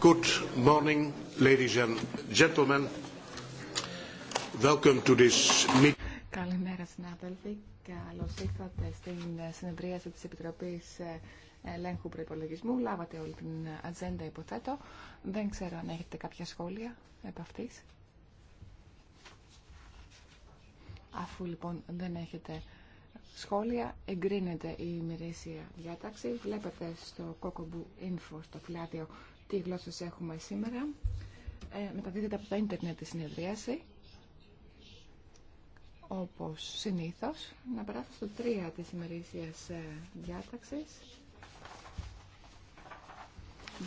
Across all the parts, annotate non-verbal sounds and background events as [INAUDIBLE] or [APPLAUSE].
Good morning, ladies and gentlemen. Welcome to this meeting. Καλημέρα, συνάδελφοι. Καλώ ήρθατε στην συνεδρίαση της επιτροπής Ελέγχου Προπολογισμού. Λάβατε όλη την ατζέντα, υποθέτω. Δεν ξέρω αν έχετε κάποια σχόλια επ' αυτής. Αφού λοιπόν δεν έχετε σχόλια, εγκρίνεται η ημερήσια διάταξη. Βλέπετε στο Κόκομπου Info, στο φυλάδιο τι γλώσσες έχουμε σήμερα. Ε, μεταδίδεται από το ίντερνετ τη συνεδρίαση. Όπως συνήθως, να περάσω στο 3 της ημερήσιας ε, διάταξης.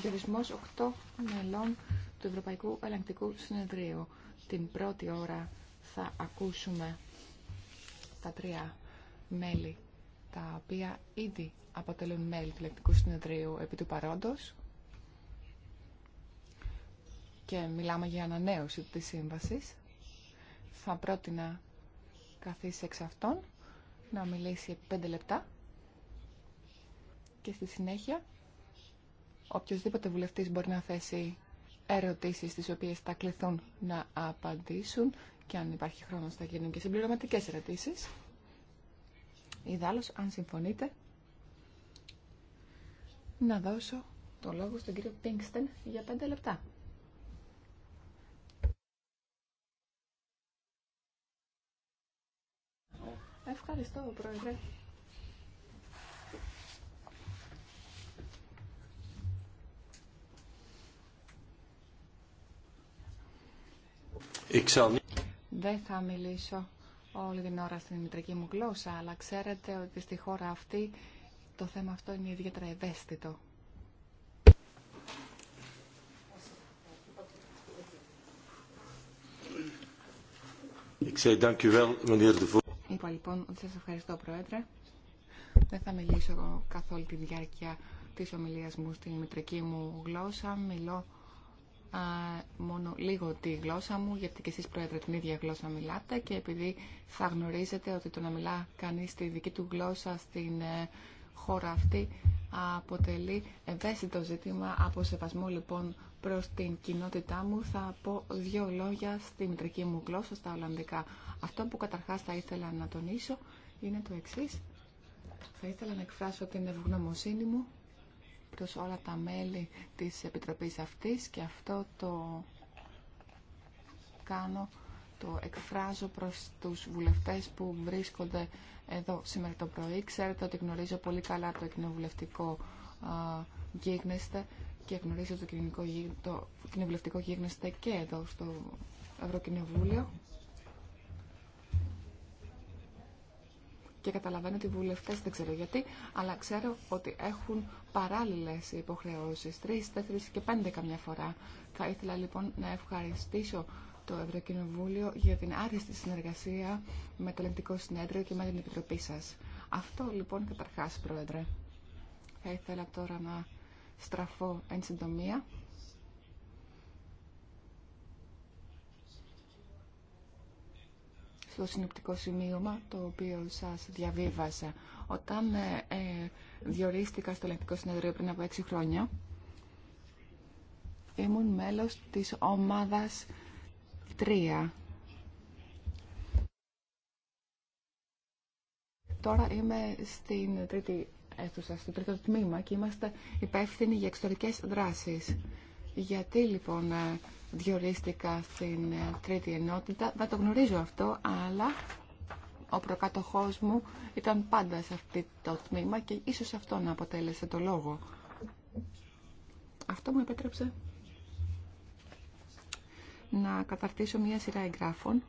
Διορισμός 8 μελών του Ευρωπαϊκού Ελεγκτικού Συνεδρίου. Την πρώτη ώρα θα ακούσουμε τα τρία μέλη, τα οποία ήδη αποτελούν μέλη του Ελεγκτικού Συνεδρίου επί του παρόντος και μιλάμε για ανανέωση της σύμβασης. Θα πρότεινα καθίσει εξ αυτών να μιλήσει επί 5 λεπτά και στη συνέχεια οποιοδήποτε βουλευτής μπορεί να θέσει ερωτήσεις τις οποίες θα κληθούν να απαντήσουν και αν υπάρχει χρόνος θα γίνουν και συμπληρωματικές ερωτήσεις. Ιδάλλως, αν συμφωνείτε, να δώσω το λόγο στον κύριο Πίνξτεν για 5 λεπτά. Ευχαριστώ, Πρόεδρε. Δεν θα μιλήσω όλη την ώρα στην μητρική μου γλώσσα, αλλά ξέρετε ότι στη χώρα αυτή το θέμα αυτό είναι ιδιαίτερα ευαίσθητο. Ik zei Είπα λοιπόν σας ευχαριστώ Πρόεδρε. Δεν θα μιλήσω καθ' όλη τη διάρκεια της ομιλίας μου στην μητρική μου γλώσσα. Μιλώ α, μόνο λίγο τη γλώσσα μου, γιατί και εσείς Πρόεδρε την ίδια γλώσσα μιλάτε και επειδή θα γνωρίζετε ότι το να μιλά κανείς τη δική του γλώσσα στην ε, χώρα αυτή αποτελεί ευαίσθητο ζήτημα από σεβασμό λοιπόν προς την κοινότητά μου. Θα πω δύο λόγια στη μητρική μου γλώσσα, στα Ολλανδικά. Αυτό που καταρχάς θα ήθελα να τονίσω είναι το εξής. Θα ήθελα να εκφράσω την ευγνωμοσύνη μου προς όλα τα μέλη της Επιτροπής αυτής και αυτό το κάνω το εκφράζω προς τους βουλευτές που βρίσκονται εδώ σήμερα το πρωί. Ξέρετε ότι γνωρίζω πολύ καλά το κοινοβουλευτικό γίγνεσθε και γνωρίζω το, το κοινοβουλευτικό γίγνεσθε και εδώ στο Ευρωκοινοβούλιο. Και καταλαβαίνω ότι οι βουλευτές δεν ξέρω γιατί, αλλά ξέρω ότι έχουν παράλληλες υποχρεώσεις, τρεις, τέσσερις και πέντε καμιά φορά. Θα ήθελα λοιπόν να ευχαριστήσω το Ευρωκοινοβούλιο για την άριστη συνεργασία με το Ελεκτικό Συνέδριο και με την Επιτροπή σας. Αυτό λοιπόν καταρχά, Πρόεδρε. Θα ήθελα τώρα να στραφώ εν συντομία. στο συνοπτικό σημείωμα το οποίο σας διαβίβασα. Όταν ε, ε, διορίστηκα στο Ελεκτικό Συνεδρίο πριν από έξι χρόνια, ήμουν μέλος της ομάδας Τώρα είμαι στην τρίτη αίθουσα, στο τρίτο τμήμα και είμαστε υπεύθυνοι για εξωτερικές δράσεις. Γιατί λοιπόν διορίστηκα στην τρίτη ενότητα, δεν το γνωρίζω αυτό, αλλά ο προκατοχός μου ήταν πάντα σε αυτό το τμήμα και ίσως αυτό να αποτέλεσε το λόγο. Αυτό μου επέτρεψε να καταρτήσω μία σειρά εγγράφων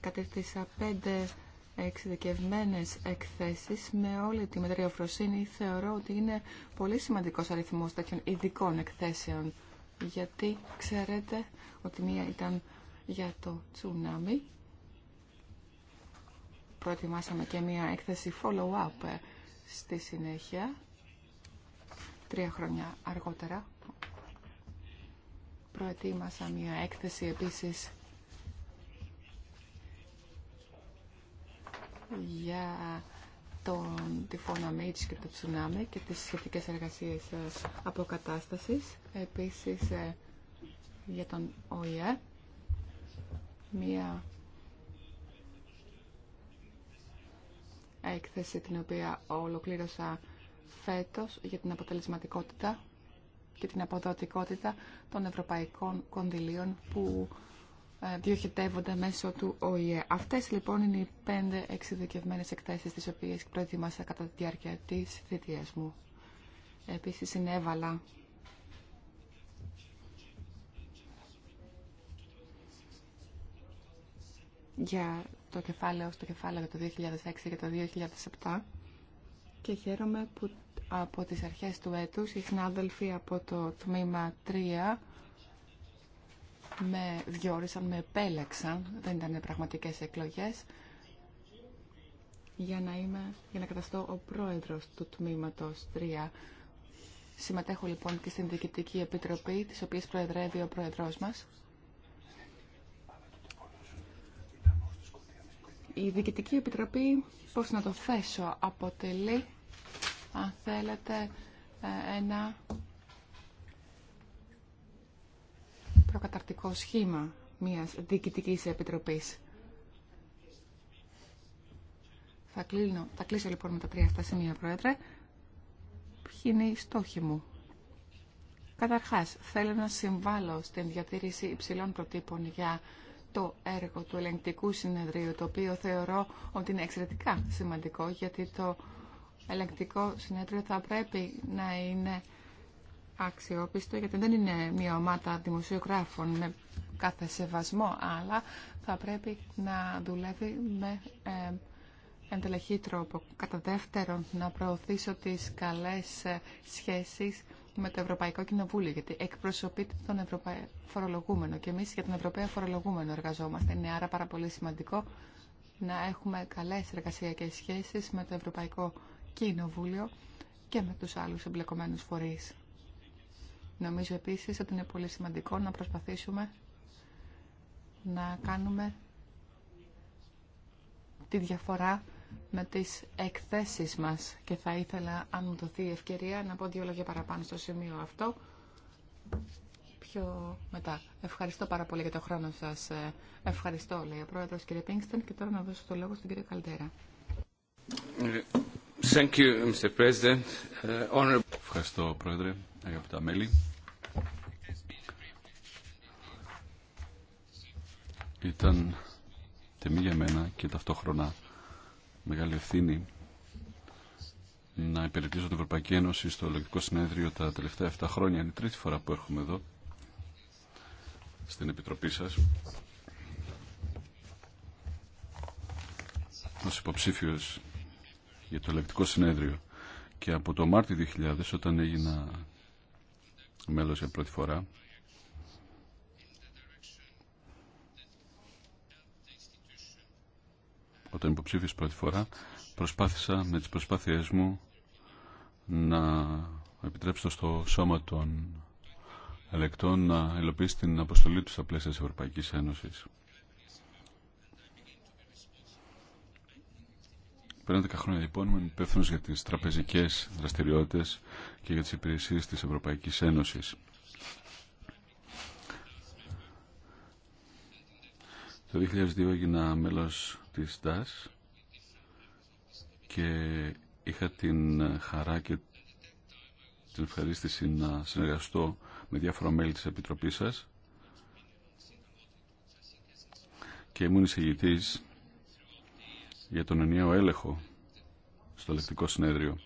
κατήρθησα πέντε εξειδικευμένες εκθέσεις με όλη τη μετριοφροσύνη θεωρώ ότι είναι πολύ σημαντικός αριθμός τέτοιων ειδικών εκθέσεων γιατί ξέρετε ότι μία ήταν για το τσουνάμι προετοιμάσαμε και μία έκθεση follow-up Στη συνέχεια, τρία χρόνια αργότερα, προετοίμασα μια έκθεση επίσης για τον τυφώνα Μέιτς και το τσουνάμι και τις σχετικές εργασίες αποκατάστασης. Επίσης ε, για τον ΟΙΑ μία έκθεση την οποία ολοκλήρωσα φέτος για την αποτελεσματικότητα και την αποδοτικότητα των ευρωπαϊκών κονδυλίων που ε, διοχετεύονται μέσω του ΟΗΕ. Αυτές λοιπόν είναι οι πέντε εξειδικευμένες εκθέσεις τις οποίες προετοίμασα κατά τη διάρκεια της θητείας μου. Επίσης συνέβαλα για το κεφάλαιο στο κεφάλαιο για το 2006 και το 2007 και χαίρομαι που από τις αρχές του έτους οι συνάδελφοι από το τμήμα 3 με διόρισαν, με επέλεξαν, δεν ήταν πραγματικές εκλογές, για να, είμαι, για να καταστώ ο πρόεδρος του τμήματος 3. Συμμετέχω λοιπόν και στην Διοικητική Επιτροπή, της οποίας προεδρεύει ο πρόεδρός μας. Η Διοικητική Επιτροπή, πώς να το θέσω, αποτελεί, αν θέλετε, ε, ένα προκαταρτικό σχήμα μιας Διοικητικής Επιτροπής. Θα, κλείνω, θα κλείσω λοιπόν με τα τρία αυτά σημεία, Πρόεδρε. Ποιοι είναι οι στόχοι μου. Καταρχάς, θέλω να συμβάλλω στην διατήρηση υψηλών προτύπων για το έργο του ελεγκτικού συνεδρίου, το οποίο θεωρώ ότι είναι εξαιρετικά σημαντικό, γιατί το ελεγκτικό συνέδριο θα πρέπει να είναι αξιόπιστο, γιατί δεν είναι μια ομάδα δημοσιογράφων με κάθε σεβασμό, αλλά θα πρέπει να δουλεύει με εντελεχή τρόπο. Κατά δεύτερον, να προωθήσω τις καλές ε, σχέσεις με το Ευρωπαϊκό Κοινοβούλιο, γιατί εκπροσωπείται τον ευρωπαϊκό φορολογούμενο και εμεί για τον Ευρωπαίο φορολογούμενο εργαζόμαστε. Είναι άρα πάρα πολύ σημαντικό να έχουμε καλές εργασιακέ σχέσεις με το Ευρωπαϊκό Κοινοβούλιο και με τους άλλους εμπλεκομένους φορείς. Νομίζω επίσης ότι είναι πολύ σημαντικό να προσπαθήσουμε να κάνουμε τη διαφορά με τις εκθέσεις μας και θα ήθελα, αν μου δοθεί η ευκαιρία, να πω δύο λόγια παραπάνω στο σημείο αυτό. Πιο μετά. Ευχαριστώ πάρα πολύ για το χρόνο σας. Ε, ευχαριστώ, λέει ο Πρόεδρος κύριε Πίνγκστεν και τώρα να δώσω το λόγο στον κύριο Καλτέρα. Ε, ευχαριστώ, Πρόεδρε, αγαπητά μέλη. Ήταν τιμή για μένα και ταυτόχρονα μεγάλη ευθύνη να υπηρετήσω την Ευρωπαϊκή Ένωση στο Λογικό Συνέδριο τα τελευταία 7 χρόνια. Είναι η τρίτη φορά που έρχομαι εδώ στην Επιτροπή σας ως υποψήφιος για το Ελεκτικό Συνέδριο και από το Μάρτιο 2000 όταν έγινα μέλος για πρώτη φορά όταν υποψήφισε πρώτη φορά προσπάθησα με τις προσπάθειές μου να επιτρέψω στο σώμα των ελεκτών να υλοποιήσει την αποστολή του στα πλαίσια της Ευρωπαϊκής Ένωσης. Πέραν 10 χρόνια λοιπόν είμαι υπεύθυνο για τις τραπεζικές δραστηριότητες και για τις υπηρεσίες της Ευρωπαϊκής Ένωσης. Το 2002 έγινα μέλος της ΔΑΣ και είχα την χαρά και την ευχαρίστηση να συνεργαστώ με διάφορα μέλη της Επιτροπής σας και ήμουν εισηγητής για τον ενιαίο έλεγχο στο λεκτικό συνέδριο.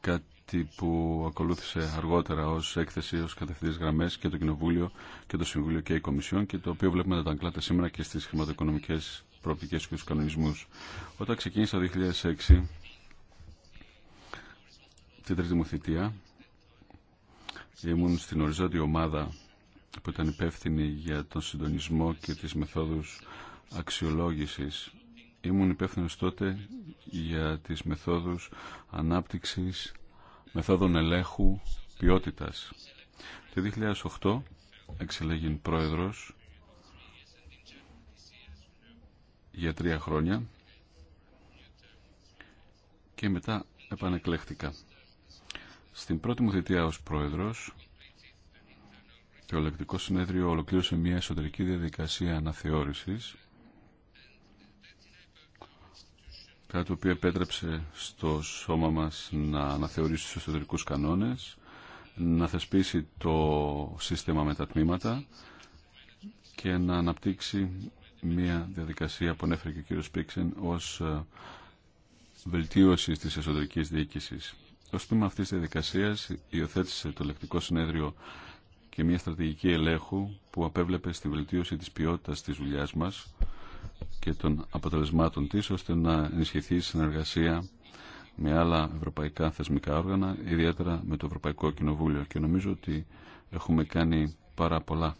Κάτι που ακολούθησε αργότερα ως έκθεση, ως κατευθυντής γραμμές και το Κοινοβούλιο και το Συμβούλιο και η Κομισιόν και το οποίο βλέπουμε να τα αγκλάται σήμερα και στις χρηματοοικονομικές προοπτικές και στους κανονισμούς. Όταν ξεκίνησα το 2006 την τρίτη μου θητεία ήμουν στην οριζόντια ομάδα που ήταν υπεύθυνη για τον συντονισμό και τις μεθόδους αξιολόγησης ήμουν υπεύθυνο τότε για τις μεθόδους ανάπτυξης μεθόδων ελέγχου ποιότητας. Το 2008 εξελέγει πρόεδρος για τρία χρόνια και μετά επανεκλέχτηκα. Στην πρώτη μου θητεία ως πρόεδρος το ελεκτικό συνέδριο ολοκλήρωσε μια εσωτερική διαδικασία αναθεώρησης κάτι το οποίο επέτρεψε στο σώμα μας να αναθεωρήσει τους εσωτερικούς κανόνες, να θεσπίσει το σύστημα με τα τμήματα και να αναπτύξει μια διαδικασία που ανέφερε και ο κύριος Πίξεν ως ε, βελτίωση της εσωτερικής διοίκησης. Ως τμήμα αυτής της διαδικασίας υιοθέτησε το λεκτικό συνέδριο και μια στρατηγική ελέγχου που απέβλεπε στη βελτίωση της ποιότητας της δουλειά μας και των αποτελεσμάτων της ώστε να ενισχυθεί η συνεργασία με άλλα ευρωπαϊκά θεσμικά όργανα, ιδιαίτερα με το Ευρωπαϊκό Κοινοβούλιο και νομίζω ότι έχουμε κάνει πάρα πολλά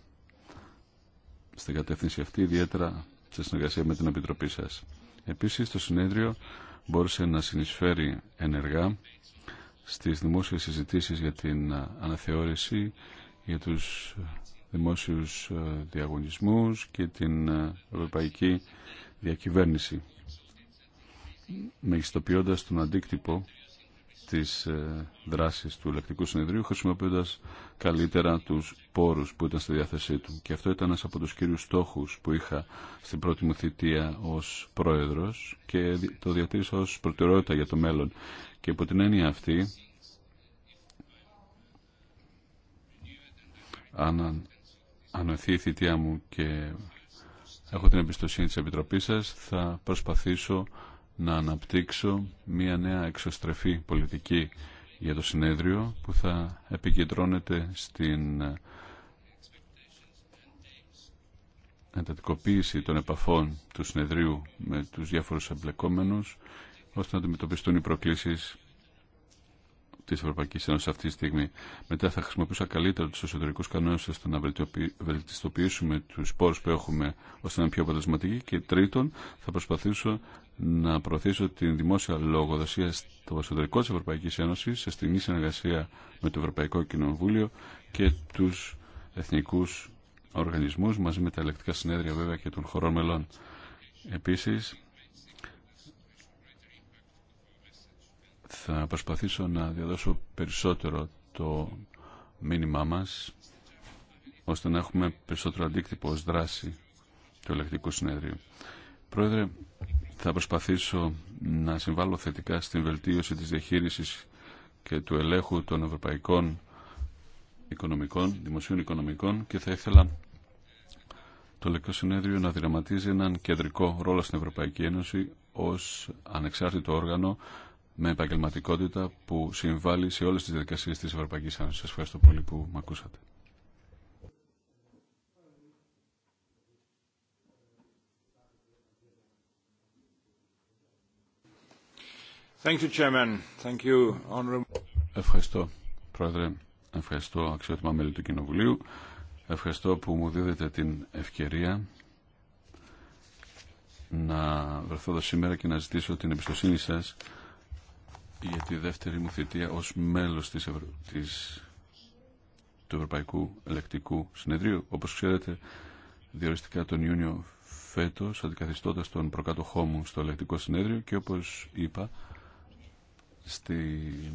στην κατεύθυνση αυτή, ιδιαίτερα σε συνεργασία με την Επιτροπή σας. Επίσης, το συνέδριο μπόρεσε να συνεισφέρει ενεργά στις δημόσιες συζητήσεις για την αναθεώρηση για τους δημόσιους ε, διαγωνισμούς και την ε, ευρωπαϊκή διακυβέρνηση μεγιστοποιώντας τον αντίκτυπο της ε, δράσης του ελεκτικού συνεδρίου χρησιμοποιώντας καλύτερα τους πόρους που ήταν στη διάθεσή του. Και αυτό ήταν ένας από τους κύριους στόχους που είχα στην πρώτη μου θητεία ως πρόεδρος και το διατήρησα ως προτεραιότητα για το μέλλον. Και από την έννοια αυτή, αν ανοηθεί η θητεία μου και έχω την εμπιστοσύνη της Επιτροπής σας, θα προσπαθήσω να αναπτύξω μια νέα εξωστρεφή πολιτική για το συνέδριο που θα επικεντρώνεται στην εντατικοποίηση των επαφών του συνεδρίου με τους διάφορους εμπλεκόμενους ώστε να αντιμετωπιστούν οι προκλήσεις τη Ευρωπαϊκή Ένωση αυτή τη στιγμή. Μετά θα χρησιμοποιούσα καλύτερα του εσωτερικού κανόνε ώστε να βελτιστοποιήσουμε του πόρου που έχουμε ώστε να είναι πιο αποτελεσματικοί. Και τρίτον, θα προσπαθήσω να προωθήσω την δημόσια λογοδοσία στο εσωτερικό τη Ευρωπαϊκή Ένωση σε στενή συνεργασία με το Ευρωπαϊκό Κοινοβούλιο και του εθνικού οργανισμού μαζί με τα ελεκτικά συνέδρια βέβαια και των χωρών μελών. Επίσης, Θα προσπαθήσω να διαδώσω περισσότερο το μήνυμά μας ώστε να έχουμε περισσότερο αντίκτυπο ως δράση του ελεκτικού συνέδριου. Πρόεδρε, θα προσπαθήσω να συμβάλλω θετικά στην βελτίωση της διαχείρισης και του ελέγχου των ευρωπαϊκών οικονομικών, δημοσίων οικονομικών και θα ήθελα το Ελεκτικό Συνέδριο να δραματίζει έναν κεντρικό ρόλο στην Ευρωπαϊκή Ένωση ως ανεξάρτητο όργανο με επαγγελματικότητα που συμβάλλει σε όλες τις διαδικασίες της Ευρωπαϊκής Ένωσης. Σας ευχαριστώ πολύ που με ακούσατε. Ευχαριστώ, Πρόεδρε. Ευχαριστώ, αξιότιμα μέλη του Κοινοβουλίου. Ευχαριστώ που μου δίδετε την ευκαιρία να βρεθώ εδώ σήμερα και να ζητήσω την εμπιστοσύνη σας για τη δεύτερη μου θητεία ως μέλος της, της... του Ευρωπαϊκού Ελεκτικού Συνεδρίου. Όπως ξέρετε, διοριστικά τον Ιούνιο φέτος, αντικαθιστώντας τον προκάτοχό μου στο Ελεκτικό Συνέδριο και όπως είπα, στην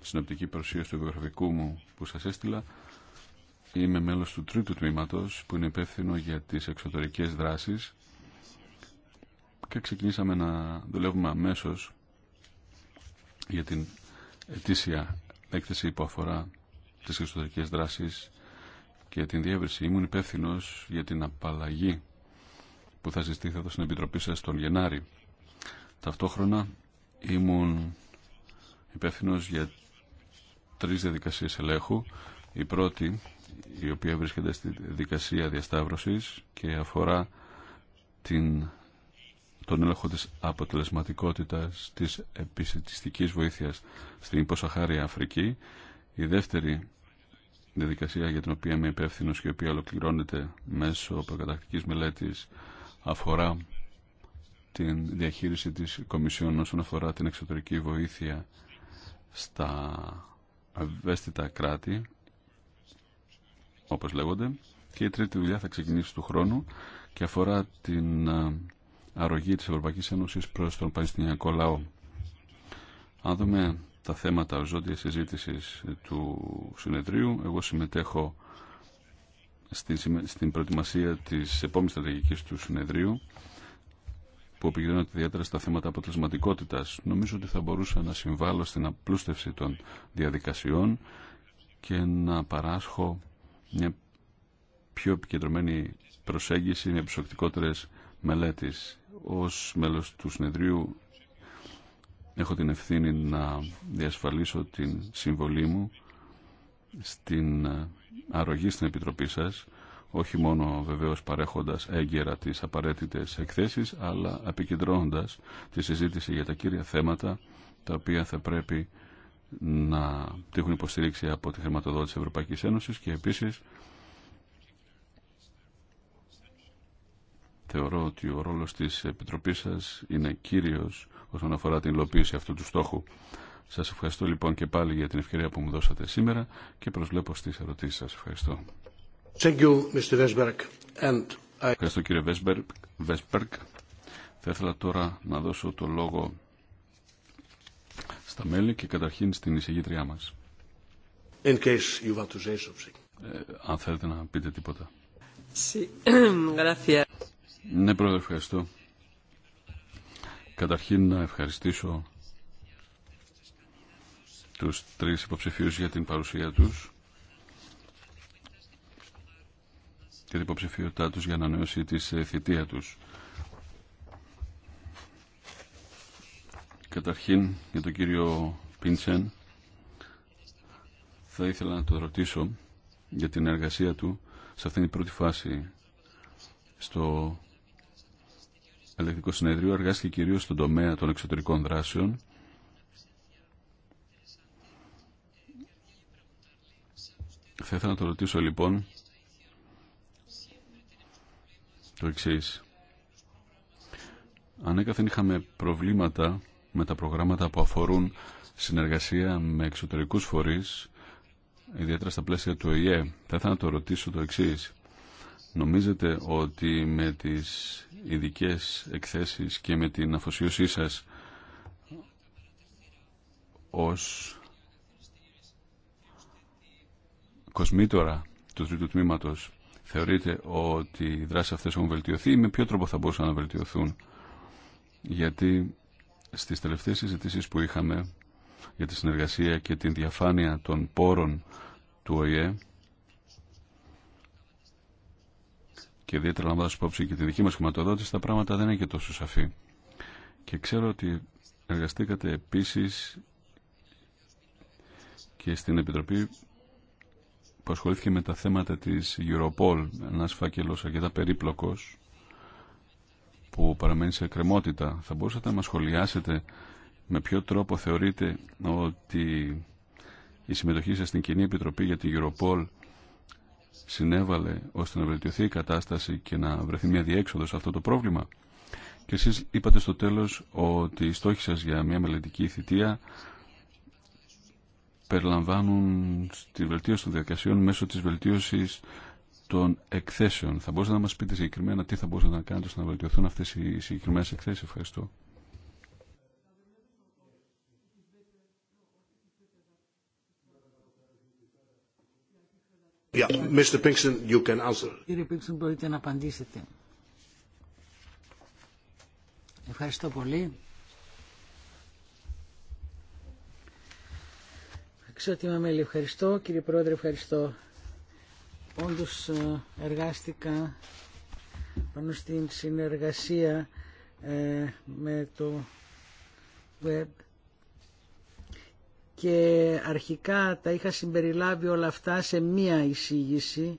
συνοπτική παρουσίαση του βιογραφικού μου που σας έστειλα, είμαι μέλος του τρίτου τμήματος που είναι υπεύθυνο για τις εξωτερικές δράσεις και ξεκινήσαμε να δουλεύουμε αμέσως για την ετήσια έκθεση που αφορά τι εξωτερικές δράσει και την διεύρυνση. Ήμουν υπεύθυνο για την απαλλαγή που θα συστήθω εδώ στην Επιτροπή σα τον Γενάρη. Ταυτόχρονα ήμουν υπεύθυνο για τρει διαδικασίε ελέγχου. Η πρώτη, η οποία βρίσκεται στη δικασία διασταύρωση και αφορά την τον έλεγχο της αποτελεσματικότητας της επιστημιστικής βοήθειας στην υποσαχάρια Αφρική. Η δεύτερη διαδικασία για την οποία είμαι υπεύθυνο και η οποία ολοκληρώνεται μέσω προκατακτικής μελέτης αφορά την διαχείριση της Κομισιόν όσον αφορά την εξωτερική βοήθεια στα ευαίσθητα κράτη όπως λέγονται και η τρίτη δουλειά θα ξεκινήσει του χρόνου και αφορά την ε, αρρωγή της Ευρωπαϊκής Ένωσης προς τον Παλαιστινιακό λαό. Αν δούμε τα θέματα οριζόντιας συζήτηση του συνεδρίου, εγώ συμμετέχω στην, προετοιμασία της επόμενης στρατηγικής του συνεδρίου που επικοινωνούνται ιδιαίτερα στα θέματα αποτελεσματικότητα. Νομίζω ότι θα μπορούσα να συμβάλλω στην απλούστευση των διαδικασιών και να παράσχω μια πιο επικεντρωμένη προσέγγιση με μελέτης. Ως μέλος του συνεδρίου έχω την ευθύνη να διασφαλίσω την συμβολή μου στην ε, αρρωγή στην Επιτροπή σας, όχι μόνο βεβαίως παρέχοντας έγκαιρα τις απαραίτητες εκθέσεις, αλλά επικεντρώνοντας τη συζήτηση για τα κύρια θέματα τα οποία θα πρέπει να τύχουν υποστήριξη από τη χρηματοδότηση της Ευρωπαϊκής Ένωσης και επίσης θεωρώ ότι ο ρόλος της Επιτροπής σας είναι κύριος όσον αφορά την υλοποίηση αυτού του στόχου. Σας ευχαριστώ λοιπόν και πάλι για την ευκαιρία που μου δώσατε σήμερα και προσβλέπω στις ερωτήσεις σας. Ευχαριστώ. Thank you, Mr. And Ευχαριστώ κύριε Βέσπερκ. Θα ήθελα τώρα να δώσω το λόγο στα μέλη και καταρχήν στην εισηγήτριά μας. Ε, αν θέλετε να πείτε τίποτα. Sí. [CLEARS THROAT] Ναι, πρόεδρε, ευχαριστώ. Καταρχήν να ευχαριστήσω τους τρεις υποψηφίους για την παρουσία τους και την υποψηφιότητά τους για ανανέωση της θητεία τους. Καταρχήν για τον κύριο Πίντσεν θα ήθελα να το ρωτήσω για την εργασία του σε αυτήν την πρώτη φάση στο Ελεκτικό Συνεδρίο εργάστηκε κυρίως στον τομέα των εξωτερικών δράσεων Θα ήθελα να το ρωτήσω λοιπόν το εξή. Ανέκαθεν είχαμε προβλήματα με τα προγράμματα που αφορούν συνεργασία με εξωτερικούς φορείς, ιδιαίτερα στα πλαίσια του ΟΗΕ. Θα ήθελα να το ρωτήσω το εξής. Νομίζετε ότι με τις ειδικέ εκθέσεις και με την αφοσίωσή σας ως κοσμήτορα του τρίτου τμήματος θεωρείτε ότι οι δράσεις αυτές έχουν βελτιωθεί ή με ποιο τρόπο θα μπορούσαν να βελτιωθούν γιατί στις τελευταίες συζητήσει που είχαμε για τη συνεργασία και την διαφάνεια των πόρων του ΟΗΕ και ιδιαίτερα λαμβάνοντα υπόψη και τη δική μα χρηματοδότηση, τα πράγματα δεν είναι και τόσο σαφή. Και ξέρω ότι εργαστήκατε επίση και στην Επιτροπή που ασχολήθηκε με τα θέματα της Europol, ένας φάκελος αρκετά περίπλοκος που παραμένει σε κρεμότητα. Θα μπορούσατε να μας σχολιάσετε με ποιο τρόπο θεωρείτε ότι η συμμετοχή σας στην Κοινή Επιτροπή για την Europol συνέβαλε ώστε να βελτιωθεί η κατάσταση και να βρεθεί μια διέξοδο σε αυτό το πρόβλημα. Και εσείς είπατε στο τέλος ότι οι στόχοι σας για μια μελλοντική θητεία περιλαμβάνουν τη βελτίωση των διαδικασιών μέσω της βελτίωσης των εκθέσεων. Θα μπορούσατε να μας πείτε συγκεκριμένα τι θα μπορούσατε να κάνετε ώστε να βελτιωθούν αυτές οι συγκεκριμένες εκθέσεις. Ευχαριστώ. Mr. Κύριε Πίξον, μπορείτε να απαντήσετε. Ευχαριστώ πολύ. Αξιότιμα μέλη, ευχαριστώ. Κύριε Πρόεδρε, ευχαριστώ. Όντως ε, εργάστηκα πάνω στην συνεργασία ε, με το web και αρχικά τα είχα συμπεριλάβει όλα αυτά σε μία εισήγηση.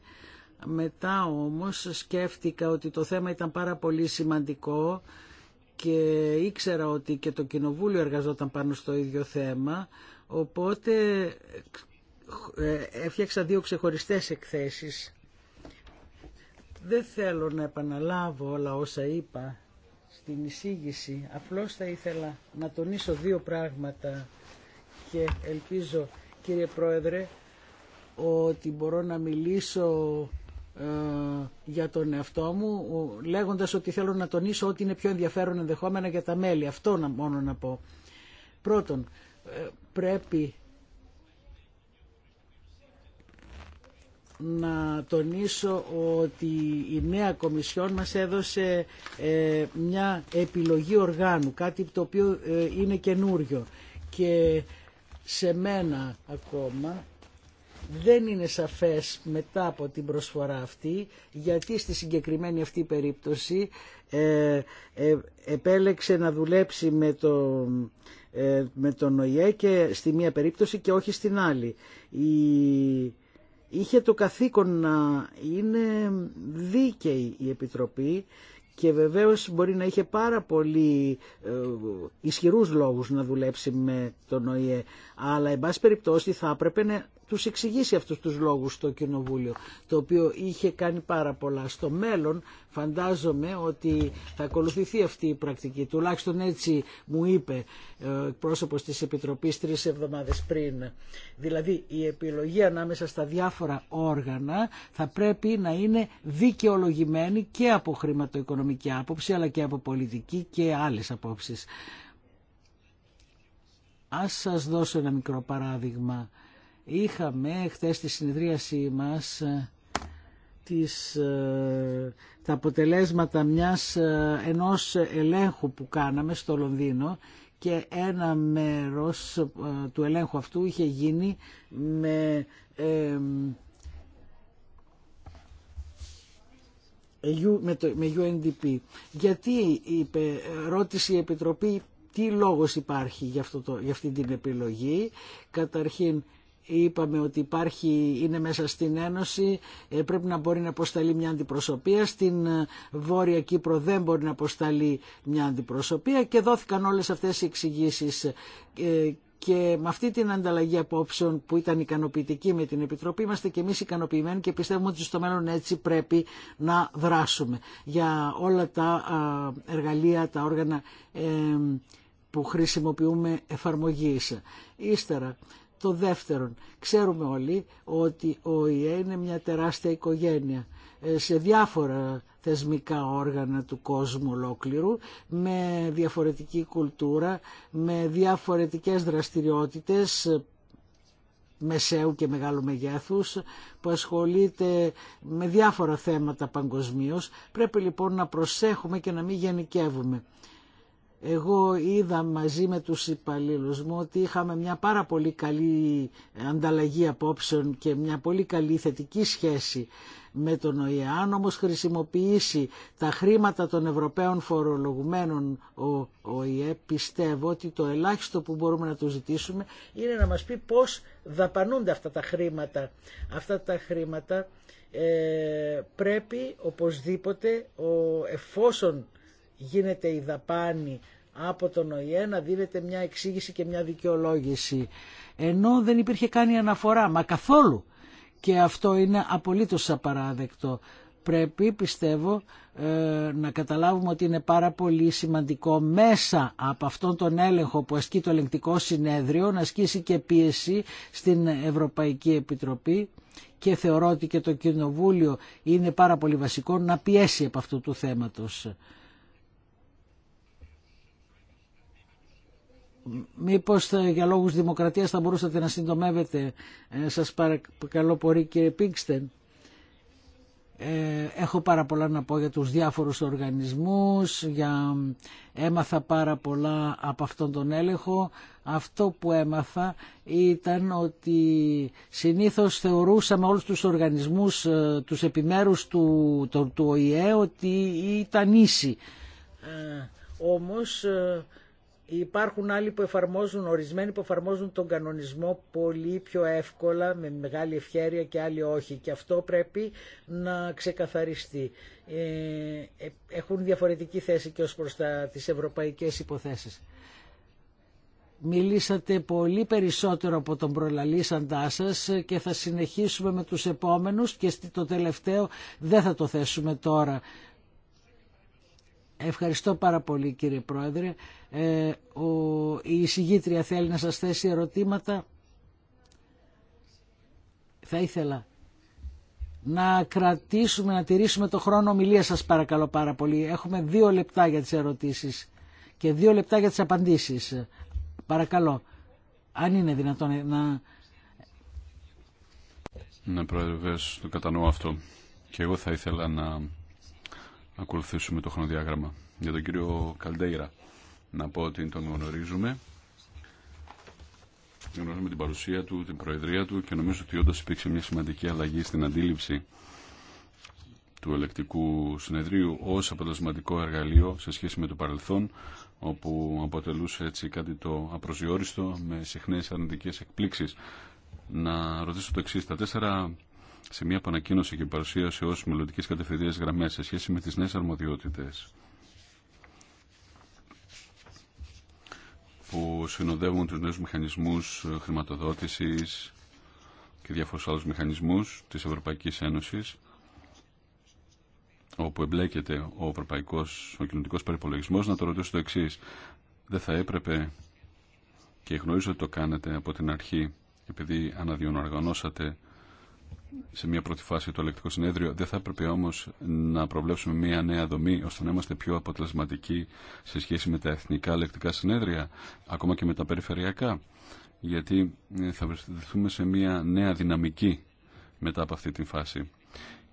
Μετά όμως σκέφτηκα ότι το θέμα ήταν πάρα πολύ σημαντικό και ήξερα ότι και το Κοινοβούλιο εργαζόταν πάνω στο ίδιο θέμα, οπότε ε, έφτιαξα δύο ξεχωριστές εκθέσεις. Δεν θέλω να επαναλάβω όλα όσα είπα στην εισήγηση, απλώς θα ήθελα να τονίσω δύο πράγματα και ελπίζω κύριε Πρόεδρε ότι μπορώ να μιλήσω ε, για τον εαυτό μου λέγοντας ότι θέλω να τονίσω ότι είναι πιο ενδιαφέρον ενδεχόμενα για τα μέλη. Αυτό να, μόνο να πω. Πρώτον, ε, πρέπει να τονίσω ότι η νέα Κομισιόν μας έδωσε ε, μια επιλογή οργάνου, κάτι το οποίο είναι καινούριο και σε μένα ακόμα δεν είναι σαφές μετά από την προσφορά αυτή γιατί στη συγκεκριμένη αυτή περίπτωση ε, ε, επέλεξε να δουλέψει με, το, ε, με τον ΟΙΕ και στη μία περίπτωση και όχι στην άλλη. Η, είχε το καθήκον να είναι δίκαιη η Επιτροπή και βεβαίως μπορεί να είχε πάρα πολύ ε, ισχυρούς λόγους να δουλέψει με τον ΟΗΕ αλλά εν πάση περιπτώσει θα έπρεπε να τους εξηγήσει αυτούς τους λόγους στο Κοινοβούλιο, το οποίο είχε κάνει πάρα πολλά. Στο μέλλον φαντάζομαι ότι θα ακολουθηθεί αυτή η πρακτική. Τουλάχιστον έτσι μου είπε ε, ο πρόσωπος της Επιτροπής τρεις εβδομάδες πριν. Δηλαδή η επιλογή ανάμεσα στα διάφορα όργανα θα πρέπει να είναι δικαιολογημένη και από χρηματοοικονομική άποψη αλλά και από πολιτική και άλλες απόψεις. Ας σας δώσω ένα μικρό παράδειγμα Είχαμε χτες τη συνεδρίασή μας ε, τις, ε, τα αποτελέσματα μιας, ε, ενός ελέγχου που κάναμε στο Λονδίνο και ένα μέρος του ελέγχου αυτού είχε γίνει με ε, με, το, με UNDP. Γιατί είπε, ρώτησε η Επιτροπή τι λόγος υπάρχει για, για αυτή την επιλογή. Καταρχήν είπαμε ότι υπάρχει, είναι μέσα στην Ένωση, ε, πρέπει να μπορεί να αποσταλεί μια αντιπροσωπεία. Στην ε, Βόρεια Κύπρο δεν μπορεί να αποσταλεί μια αντιπροσωπεία και δόθηκαν όλες αυτές οι εξηγήσει. Ε, και με αυτή την ανταλλαγή απόψεων που ήταν ικανοποιητική με την Επιτροπή είμαστε και εμείς ικανοποιημένοι και πιστεύουμε ότι στο μέλλον έτσι πρέπει να δράσουμε για όλα τα εργαλεία, τα όργανα που χρησιμοποιούμε εφαρμογής. Ύστερα, το δεύτερον, ξέρουμε όλοι ότι ο ΙΕ είναι μια τεράστια οικογένεια ε, σε διάφορα θεσμικά όργανα του κόσμου ολόκληρου, με διαφορετική κουλτούρα, με διαφορετικές δραστηριότητες ε, μεσαίου και μεγάλου μεγέθους που ασχολείται με διάφορα θέματα παγκοσμίως. Πρέπει λοιπόν να προσέχουμε και να μην γενικεύουμε. Εγώ είδα μαζί με τους υπαλλήλους μου ότι είχαμε μια πάρα πολύ καλή ανταλλαγή απόψεων και μια πολύ καλή θετική σχέση με τον ΟΗΕ. Αν όμως χρησιμοποιήσει τα χρήματα των Ευρωπαίων φορολογουμένων ο ΟΗΕ, πιστεύω ότι το ελάχιστο που μπορούμε να του ζητήσουμε είναι να μας πει πώς δαπανούνται αυτά τα χρήματα. Αυτά τα χρήματα ε, πρέπει οπωσδήποτε, ο, εφόσον γίνεται η δαπάνη από τον ΟΗΕ να δίνεται μια εξήγηση και μια δικαιολόγηση. Ενώ δεν υπήρχε καν η αναφορά, μα καθόλου. Και αυτό είναι απολύτως απαράδεκτο. Πρέπει, πιστεύω, ε, να καταλάβουμε ότι είναι πάρα πολύ σημαντικό μέσα από αυτόν τον έλεγχο που ασκεί το ελεγκτικό συνέδριο να ασκήσει και πίεση στην Ευρωπαϊκή Επιτροπή και θεωρώ ότι και το Κοινοβούλιο είναι πάρα πολύ βασικό να πιέσει από αυτού του θέματος. Μήπως ε, για λόγους δημοκρατίας θα μπορούσατε να συντομεύετε. Ε, σας παρακαλώ πολύ κύριε Πίγκστεν. Ε, έχω πάρα πολλά να πω για τους διάφορους οργανισμούς, για... έμαθα πάρα πολλά από αυτόν τον έλεγχο. Αυτό που έμαθα ήταν ότι συνήθως θεωρούσαμε όλους τους οργανισμούς, τους επιμέρους του, του, του ΟΗΕ ότι ήταν ίσοι. Ε, όμως Υπάρχουν άλλοι που εφαρμόζουν, ορισμένοι που εφαρμόζουν τον κανονισμό πολύ πιο εύκολα, με μεγάλη ευχέρεια και άλλοι όχι. Και αυτό πρέπει να ξεκαθαριστεί. Ε, ε, έχουν διαφορετική θέση και ως προς τα, τις ευρωπαϊκές υποθέσεις. Μιλήσατε πολύ περισσότερο από τον προλαλήσαντά σας και θα συνεχίσουμε με τους επόμενους και το τελευταίο δεν θα το θέσουμε τώρα Ευχαριστώ πάρα πολύ κύριε Πρόεδρε. Ε, η εισηγήτρια θέλει να σας θέσει ερωτήματα. Θα ήθελα να κρατήσουμε, να τηρήσουμε το χρόνο ομιλία σας παρακαλώ πάρα πολύ. Έχουμε δύο λεπτά για τις ερωτήσεις και δύο λεπτά για τις απαντήσεις. Παρακαλώ, αν είναι δυνατόν να... Ναι, Πρόεδρε, το κατανοώ αυτό. Και εγώ θα ήθελα να ακολουθήσουμε το χρονοδιάγραμμα. Για τον κύριο Καλντέιρα να πω ότι τον γνωρίζουμε. Γνωρίζουμε την παρουσία του, την προεδρία του και νομίζω ότι όντω υπήρξε μια σημαντική αλλαγή στην αντίληψη του ελεκτικού συνεδρίου ως αποτελεσματικό εργαλείο σε σχέση με το παρελθόν όπου αποτελούσε έτσι κάτι το απροσδιορίστο με συχνέ αρνητικέ εκπλήξει. Να ρωτήσω το εξή. Τα τέσσερα σε μια επανακοίνωση και παρουσίαση ω μελλοντικέ κατευθυντήρε γραμμέ σε σχέση με τι νέε αρμοδιότητε που συνοδεύουν του νέου μηχανισμού χρηματοδότηση και διάφορου άλλου μηχανισμού τη Ευρωπαϊκή Ένωση όπου εμπλέκεται ο Ευρωπαϊκό ο κοινωνικός περιπολογισμός, να το ρωτήσω το εξή. Δεν θα έπρεπε, και γνωρίζω ότι το κάνετε από την αρχή, επειδή αναδιονοργανώσατε σε μια πρώτη φάση το ελεκτικό συνέδριο. Δεν θα έπρεπε όμω να προβλέψουμε μια νέα δομή ώστε να είμαστε πιο αποτελεσματικοί σε σχέση με τα εθνικά ελεκτικά συνέδρια, ακόμα και με τα περιφερειακά. Γιατί ε, θα βρεθούμε σε μια νέα δυναμική μετά από αυτή τη φάση.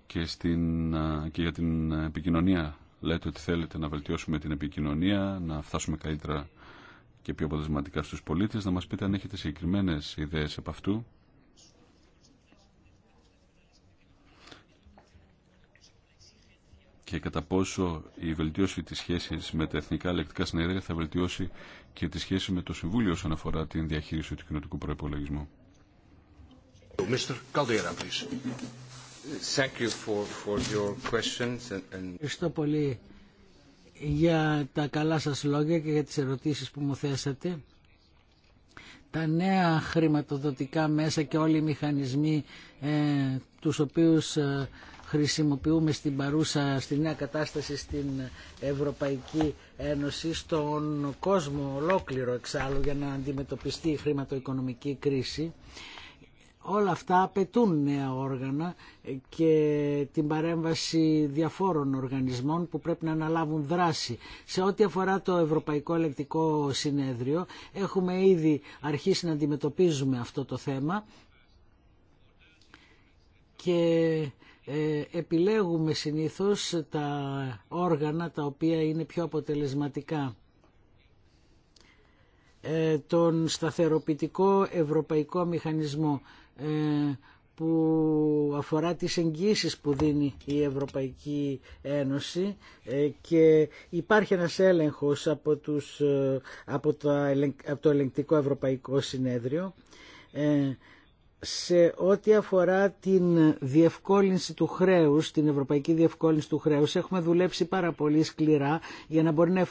Και, στην, και για την επικοινωνία λέτε ότι θέλετε να βελτιώσουμε την επικοινωνία, να φτάσουμε καλύτερα και πιο αποτελεσματικά στους πολίτες. Να μας πείτε αν έχετε συγκεκριμένες ιδέες από αυτού και κατά πόσο η βελτίωση της σχέσης με τα εθνικά ελεκτικά συνέδρια θα βελτιώσει και τη σχέση με το Συμβούλιο όσον αφορά την διαχείριση του κοινωτικού προϋπολογισμού. Ευχαριστώ πολύ για τα καλά σας λόγια και για τις ερωτήσεις που μου θέσατε. Τα νέα χρηματοδοτικά μέσα και όλοι οι μηχανισμοί ε, τους οποίους ε, χρησιμοποιούμε στην παρούσα, στη νέα κατάσταση στην Ευρωπαϊκή Ένωση, στον κόσμο ολόκληρο εξάλλου για να αντιμετωπιστεί η χρηματοοικονομική κρίση. Όλα αυτά απαιτούν νέα όργανα και την παρέμβαση διαφόρων οργανισμών που πρέπει να αναλάβουν δράση. Σε ό,τι αφορά το Ευρωπαϊκό Ελεκτικό Συνέδριο, έχουμε ήδη αρχίσει να αντιμετωπίζουμε αυτό το θέμα και ε, επιλέγουμε συνήθως τα όργανα τα οποία είναι πιο αποτελεσματικά. Ε, τον σταθεροποιητικό ευρωπαϊκό μηχανισμό ε, που αφορά τις εγγύσεις που δίνει η Ευρωπαϊκή Ένωση και υπάρχει ένας έλεγχος από, τους, από, το, από το ελεγκτικό Ευρωπαϊκό Συνέδριο σε ό,τι αφορά την διευκόλυνση του χρέους, την ευρωπαϊκή διευκόλυνση του χρέους, έχουμε δουλέψει πάρα πολύ σκληρά για να μπορεί να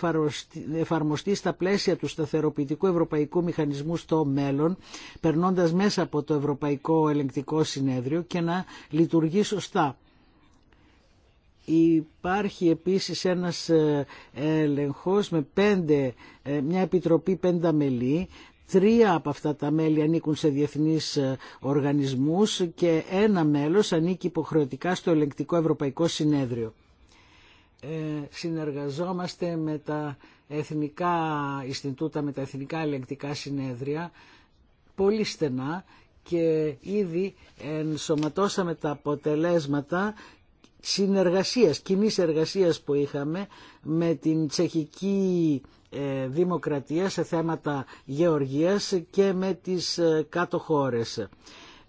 εφαρμοστεί στα πλαίσια του σταθεροποιητικού ευρωπαϊκού μηχανισμού στο μέλλον, περνώντας μέσα από το Ευρωπαϊκό Ελεγκτικό Συνέδριο και να λειτουργεί σωστά. Υπάρχει επίσης ένας ε, έλεγχος με ε, μια επιτροπή πέντα μελή Τρία από αυτά τα μέλη ανήκουν σε διεθνείς ε, οργανισμούς και ένα μέλος ανήκει υποχρεωτικά στο Ελεγκτικό Ευρωπαϊκό Συνέδριο. Ε, συνεργαζόμαστε με τα εθνικά Ινστιτούτα, με τα εθνικά ελεγκτικά συνέδρια πολύ στενά και ήδη ενσωματώσαμε τα αποτελέσματα συνεργασίας, κοινή εργασίας που είχαμε με την τσεχική ε, δημοκρατία σε θέματα γεωργίας και με τις ε, κάτω χώρες.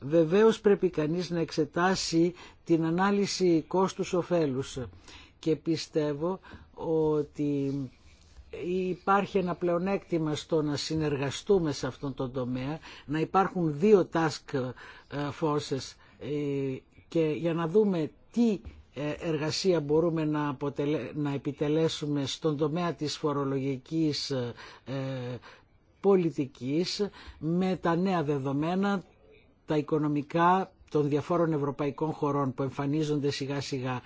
Βεβαίως πρέπει κανείς να εξετάσει την ανάλυση κόστους-οφέλους και πιστεύω ότι υπάρχει ένα πλεονέκτημα στο να συνεργαστούμε σε αυτόν τον τομέα, να υπάρχουν δύο task ε, forces και για να δούμε τι ε, εργασία μπορούμε να, επιτελέσουμε στον τομέα της φορολογικής ε, πολιτικής με τα νέα δεδομένα, τα οικονομικά των διαφόρων ευρωπαϊκών χωρών που εμφανίζονται σιγά σιγά.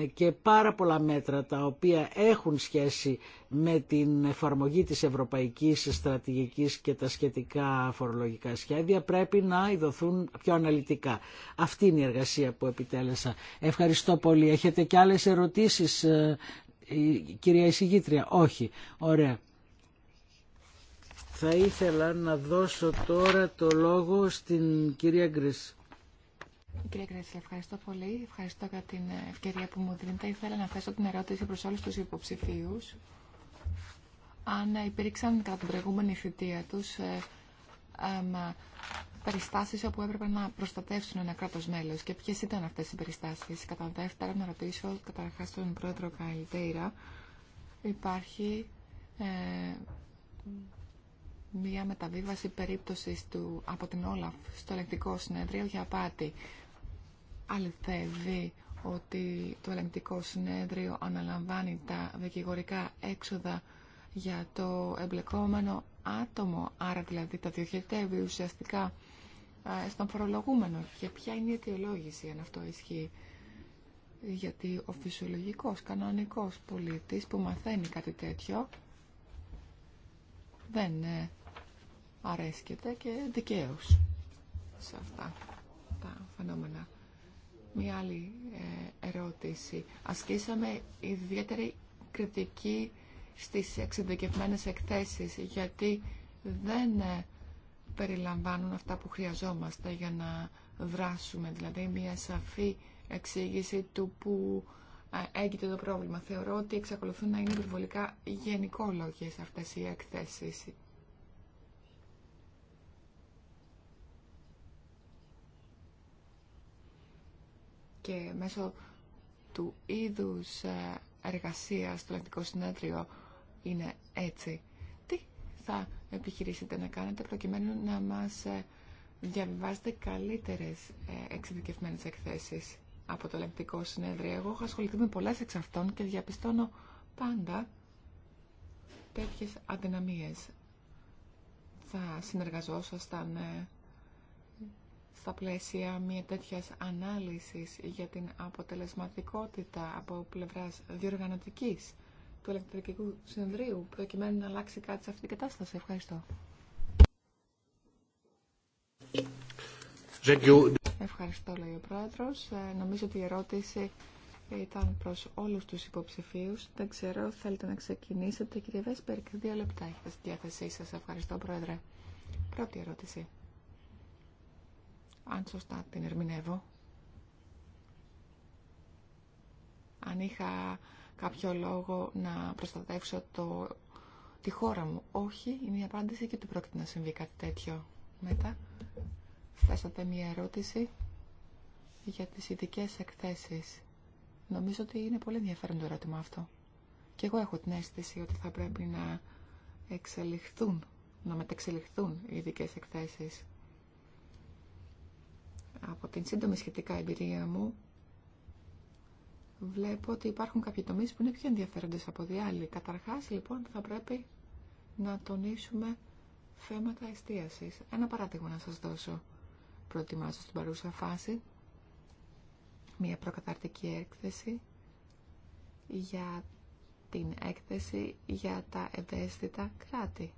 Ε, και πάρα πολλά μέτρα τα οποία έχουν σχέση με την εφαρμογή της ευρωπαϊκής στρατηγικής και τα σχετικά φορολογικά σχέδια πρέπει να ειδωθούν πιο αναλυτικά. Αυτή είναι η εργασία που επιτέλεσα. Ευχαριστώ πολύ. Έχετε και άλλες ερωτήσεις ε, κυρία εισηγήτρια. Όχι. Ωραία. Θα ήθελα να δώσω τώρα το λόγο στην κυρία Γκρίς. Κύριε Κρέτσλε, ευχαριστώ πολύ. Ευχαριστώ για την ευκαιρία που μου δίνετε. Ήθελα να θέσω την ερώτηση προς όλους τους υποψηφίους. Αν υπήρξαν κατά την προηγούμενη θητεία τους ε, ε, περιστάσεις όπου έπρεπε να προστατεύσουν ένα κράτος μέλος και ποιες ήταν αυτές οι περιστάσεις. Κατά δεύτερα, να ρωτήσω καταρχά τον πρόεδρο Καϊτέιρα. Υπάρχει ε, μια μεταβίβαση περίπτωσης του από την Όλαφ στο ελεγκτικό συνέδριο για απάτη. Αληθεύει ότι το ελεγκτικό συνέδριο αναλαμβάνει τα δικηγορικά έξοδα για το εμπλεκόμενο άτομο, άρα δηλαδή τα διοχετεύει ουσιαστικά στον φορολογούμενο. Και ποια είναι η αιτιολόγηση αν αυτό ισχύει. Γιατί ο φυσιολογικός, κανονικός πολίτης που μαθαίνει κάτι τέτοιο δεν ε, αρέσκεται και δικαίω σε αυτά τα φαινόμενα. Μία άλλη ε, ερώτηση. Ασκήσαμε ιδιαίτερη κριτική στις εξειδικευμένες εκθέσεις γιατί δεν ε, περιλαμβάνουν αυτά που χρειαζόμαστε για να δράσουμε. Δηλαδή μια σαφή εξήγηση του που ε, έγινε το πρόβλημα. Θεωρώ ότι εξακολουθούν να είναι υπερβολικά γενικόλογες αυτές οι εκθέσεις και μέσω του είδους ε, εργασία στο Ελληνικό Συνέδριο είναι έτσι. Τι θα επιχειρήσετε να κάνετε προκειμένου να μας ε, διαβιβάζετε καλύτερες ε, εξειδικευμένες εκθέσεις από το Ελεγκτικό Συνέδριο. Εγώ έχω ασχοληθεί με πολλές εξ αυτών και διαπιστώνω πάντα τέτοιες αδυναμίες. Θα συνεργαζόσασταν στα πλαίσια μια τέτοια ανάλυσης για την αποτελεσματικότητα από πλευράς διοργανωτική του ηλεκτρικού συνεδρίου προκειμένου να αλλάξει κάτι σε αυτήν την κατάσταση. Ευχαριστώ. Ευχαριστώ, λέει ο Πρόεδρος. Ε, νομίζω ότι η ερώτηση ήταν προς όλους τους υποψηφίους. Δεν ξέρω, θέλετε να ξεκινήσετε. Κύριε και δύο λεπτά έχετε στη διάθεσή σα. Ευχαριστώ, Πρόεδρε. Πρώτη ερώτηση αν σωστά την ερμηνεύω. Αν είχα κάποιο λόγο να προστατεύσω το, τη χώρα μου. Όχι, είναι η απάντηση και του πρόκειται να συμβεί κάτι τέτοιο. Μετά θέσατε μία ερώτηση για τις ειδικέ εκθέσεις. Νομίζω ότι είναι πολύ ενδιαφέρον το ερώτημα αυτό. Και εγώ έχω την αίσθηση ότι θα πρέπει να εξελιχθούν, να μεταξελιχθούν οι ειδικέ εκθέσεις από την σύντομη σχετικά εμπειρία μου, βλέπω ότι υπάρχουν κάποιοι τομείς που είναι πιο ενδιαφέροντες από ότι Καταρχάς, λοιπόν, θα πρέπει να τονίσουμε θέματα εστίασης. Ένα παράδειγμα να σας δώσω. Προετοιμάζω στην παρούσα φάση μια προκαταρτική έκθεση για την έκθεση για τα ευαίσθητα κράτη.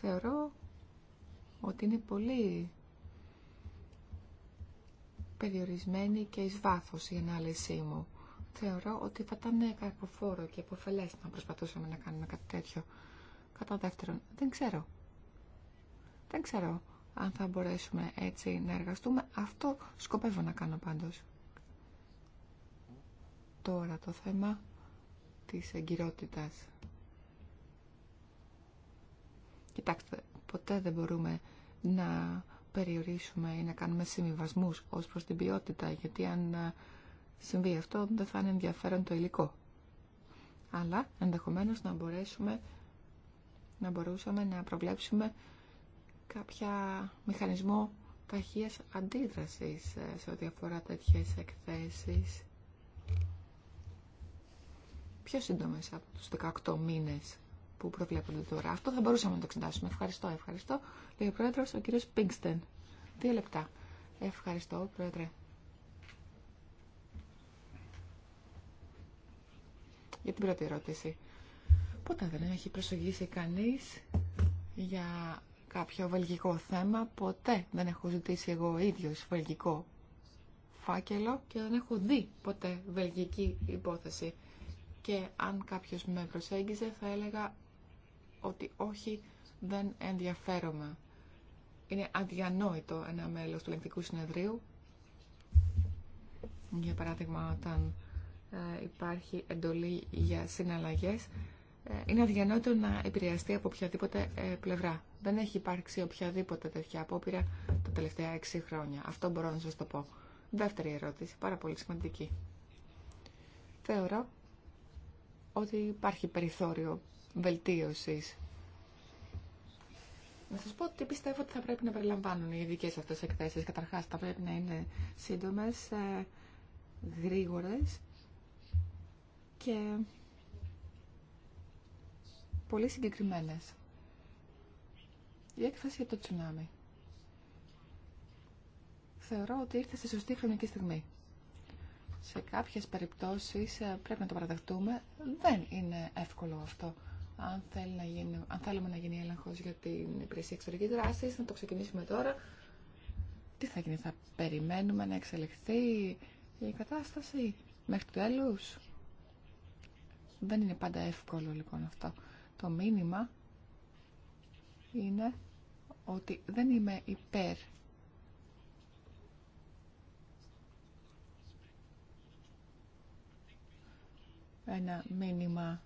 Θεωρώ ότι είναι πολύ περιορισμένη και εις βάθος η ανάλυση μου. Θεωρώ ότι θα ήταν κακοφόρο και υποφελές να προσπαθούσαμε να κάνουμε κάτι τέτοιο. Κατά δεύτερον, δεν ξέρω. Δεν ξέρω αν θα μπορέσουμε έτσι να εργαστούμε. Αυτό σκοπεύω να κάνω πάντως. Τώρα το θέμα της εγκυρότητας. Κοιτάξτε, ποτέ δεν μπορούμε να περιορίσουμε ή να κάνουμε συμβιβασμούς ως προς την ποιότητα, γιατί αν ε, συμβεί αυτό δεν θα είναι ενδιαφέρον το υλικό. Αλλά ενδεχομένως να μπορέσουμε να μπορούσαμε να προβλέψουμε κάποια μηχανισμό ταχείας αντίδρασης ε, σε ό,τι αφορά τέτοιες εκθέσεις πιο σύντομες από τους 18 μήνες που προβλέπονται τώρα. Αυτό θα μπορούσαμε να το εξετάσουμε. Ευχαριστώ, ευχαριστώ. Λέει ο πρόεδρο, ο κύριο Πίγκστεν. Δύο λεπτά. Ευχαριστώ, πρόεδρε. Για την πρώτη ερώτηση. Ποτέ δεν έχει προσογήσει κανείς για κάποιο βελγικό θέμα. Ποτέ δεν έχω ζητήσει εγώ ίδιος βελγικό φάκελο και δεν έχω δει ποτέ βελγική υπόθεση. Και αν κάποιος με προσέγγιζε θα έλεγα ότι όχι δεν ενδιαφέρομαι. Είναι αδιανόητο ένα μέλος του ελεγκτικού συνεδρίου. Για παράδειγμα, όταν ε, υπάρχει εντολή για συναλλαγές, ε, είναι αδιανόητο να επηρεαστεί από οποιαδήποτε ε, πλευρά. Δεν έχει υπάρξει οποιαδήποτε τέτοια απόπειρα τα τελευταία έξι χρόνια. Αυτό μπορώ να σας το πω. Δεύτερη ερώτηση, πάρα πολύ σημαντική. Θεωρώ ότι υπάρχει περιθώριο βελτίωσης. Να σα πω ότι πιστεύω ότι θα πρέπει να περιλαμβάνουν οι ειδικέ αυτέ εκθέσει. Καταρχά, θα πρέπει να είναι σύντομε, γρήγορε και πολύ συγκεκριμένε. Η έκθεση για το τσουνάμι. Θεωρώ ότι ήρθε στη σωστή χρονική στιγμή. Σε κάποιες περιπτώσεις ε, πρέπει να το παραδεχτούμε. Δεν είναι εύκολο αυτό αν, αν θέλουμε να γίνει έλεγχο για την υπηρεσία εξωτερική δράση, να το ξεκινήσουμε τώρα. Τι θα γίνει, θα περιμένουμε να εξελιχθεί η κατάσταση μέχρι τέλου. Δεν είναι πάντα εύκολο λοιπόν αυτό. Το μήνυμα είναι ότι δεν είμαι υπέρ ένα μήνυμα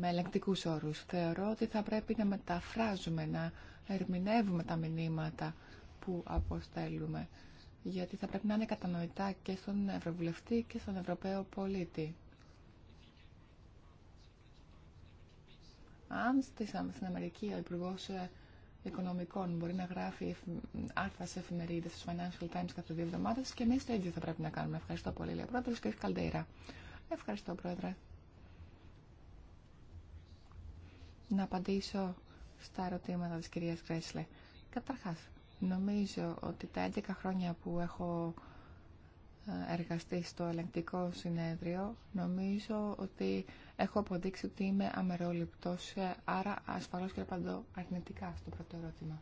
με ελεγκτικού όρου. Θεωρώ ότι θα πρέπει να μεταφράζουμε, να ερμηνεύουμε τα μηνύματα που αποστέλουμε. Γιατί θα πρέπει να είναι κατανοητά και στον Ευρωβουλευτή και στον Ευρωπαίο πολίτη. Αν στην Αμερική ο Υπουργό ε, Οικονομικών μπορεί να γράφει άρθρα σε εφημερίδε στου Financial Times κάθε δύο εβδομάδε και εμεί το ίδιο θα πρέπει να κάνουμε. Ευχαριστώ πολύ, Λέει και Ευχαριστώ, Πρόεδρε. να απαντήσω στα ερωτήματα της κυρίας Γκρέσλε. Καταρχάς, νομίζω ότι τα 11 χρόνια που έχω ε, εργαστεί στο ελεγκτικό συνέδριο, νομίζω ότι έχω αποδείξει ότι είμαι αμερόληπτος, ε, άρα ασφαλώς και απαντώ αρνητικά στο πρώτο ερώτημα.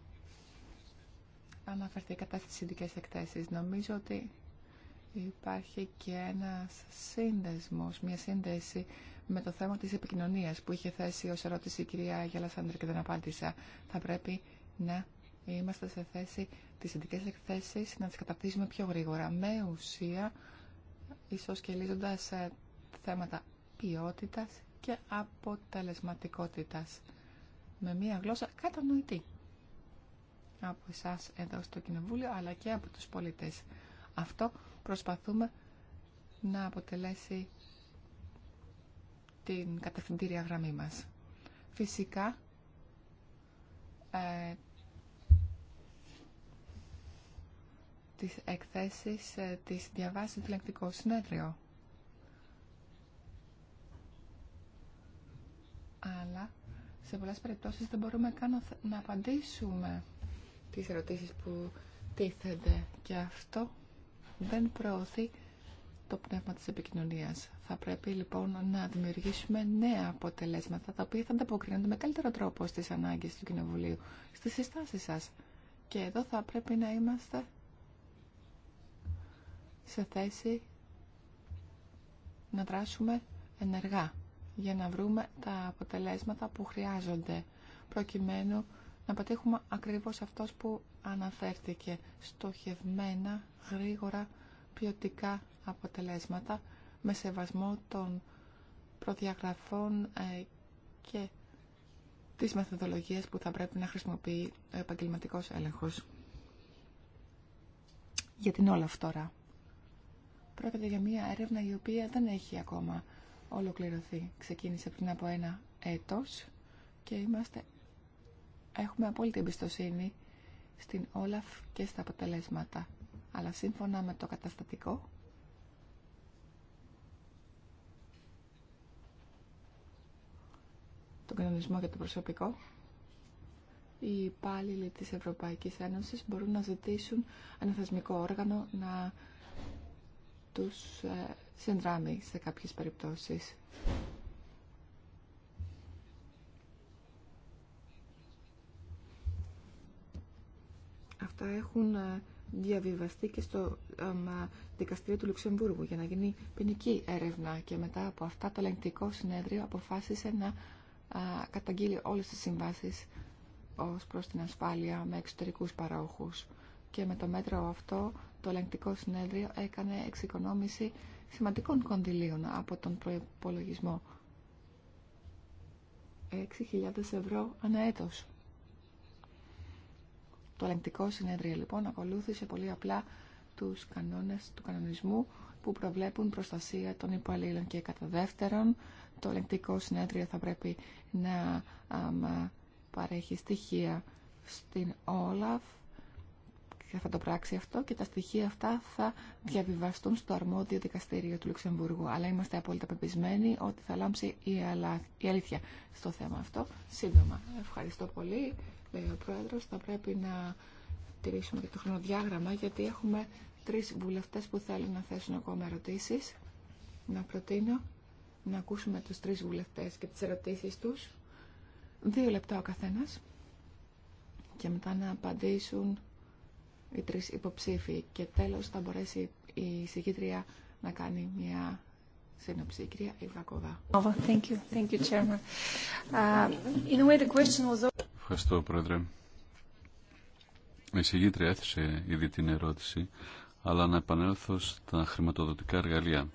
Αναφερθήκατε στις ειδικές εκτέσεις. Νομίζω ότι υπάρχει και ένας σύνδεσμος, μια σύνδεση με το θέμα της επικοινωνίας που είχε θέσει ως ερώτηση η κυρία Γιάλα Σάντρη και δεν απάντησα. Θα πρέπει να είμαστε σε θέση τις ειδικές εκθέσεις να τις καταπτύσσουμε πιο γρήγορα με ουσία ισοσκελίζοντας ε, θέματα ποιότητας και αποτελεσματικότητας με μία γλώσσα κατανοητή από εσά εδώ στο Κοινοβούλιο αλλά και από τους πολίτες. Αυτό προσπαθούμε να αποτελέσει την κατευθυντήρια γραμμή μας. Φυσικά, ε, τις εκθέσεις ε, της διαβάσης του Συνέδριου. Αλλά σε πολλές περιπτώσεις δεν μπορούμε καν να απαντήσουμε τις ερωτήσεις που τίθενται και αυτό δεν προωθεί το πνεύμα της επικοινωνίας. Θα πρέπει λοιπόν να δημιουργήσουμε νέα αποτελέσματα τα οποία θα ανταποκρίνονται με καλύτερο τρόπο στις ανάγκες του Κοινοβουλίου, στις συστάσεις σας. Και εδώ θα πρέπει να είμαστε σε θέση να δράσουμε ενεργά για να βρούμε τα αποτελέσματα που χρειάζονται προκειμένου να πετύχουμε ακριβώς αυτός που αναφέρθηκε στοχευμένα, γρήγορα, ποιοτικά αποτελέσματα με σεβασμό των προδιαγραφών ε, και τις μεθοδολογίες που θα πρέπει να χρησιμοποιεί ο επαγγελματικός έλεγχος. Για την όλα τώρα. Πρόκειται για μια έρευνα η οποία δεν έχει ακόμα ολοκληρωθεί. Ξεκίνησε πριν από ένα έτος και είμαστε... έχουμε απόλυτη εμπιστοσύνη στην Όλαφ και στα αποτελέσματα. Αλλά σύμφωνα με το καταστατικό κανονισμό για το προσωπικό, οι υπάλληλοι της Ευρωπαϊκής Ένωσης μπορούν να ζητήσουν ένα θεσμικό όργανο να τους ε, συνδράμει σε κάποιες περιπτώσεις. Αυτά έχουν ε, διαβιβαστεί και στο δικαστήριο του Λουξεμβούργου για να γίνει ποινική έρευνα και μετά από αυτά το ελεγκτικό συνέδριο αποφάσισε να καταγγείλει όλες τις συμβάσεις ως προς την ασφάλεια με εξωτερικούς παρόχους. Και με το μέτρο αυτό το ελεγκτικό συνέδριο έκανε εξοικονόμηση σημαντικών κονδυλίων από τον προϋπολογισμό. 6.000 ευρώ ανά έτος. Το ελεγκτικό συνέδριο λοιπόν ακολούθησε πολύ απλά τους κανόνες του κανονισμού που προβλέπουν προστασία των υπαλλήλων και κατά δεύτερον το ελεγκτικό συνέδριο θα πρέπει να παρέχει στοιχεία στην Όλαφ και θα το πράξει αυτό και τα στοιχεία αυτά θα διαβιβαστούν στο αρμόδιο δικαστήριο του Λουξεμβούργου. Αλλά είμαστε απόλυτα πεπισμένοι ότι θα λάμψει η, η αλήθεια στο θέμα αυτό. Σύντομα. Ευχαριστώ πολύ. Λέει ο Πρόεδρος, θα πρέπει να τηρήσουμε και το χρονοδιάγραμμα γιατί έχουμε τρεις βουλευτές που θέλουν να θέσουν ακόμα ερωτήσεις. Να προτείνω να ακούσουμε τους τρεις βουλευτές και τις ερωτήσεις τους. Δύο λεπτά ο καθένας και μετά να απαντήσουν οι τρεις υποψήφοι και τέλος θα μπορέσει η συγκήτρια να κάνει μια σύνοψη. κυρία Ιβρακοβά. Ευχαριστώ, Πρόεδρε. Η συγκήτρια έθεσε ήδη την ερώτηση, αλλά να επανέλθω στα χρηματοδοτικά εργαλεία.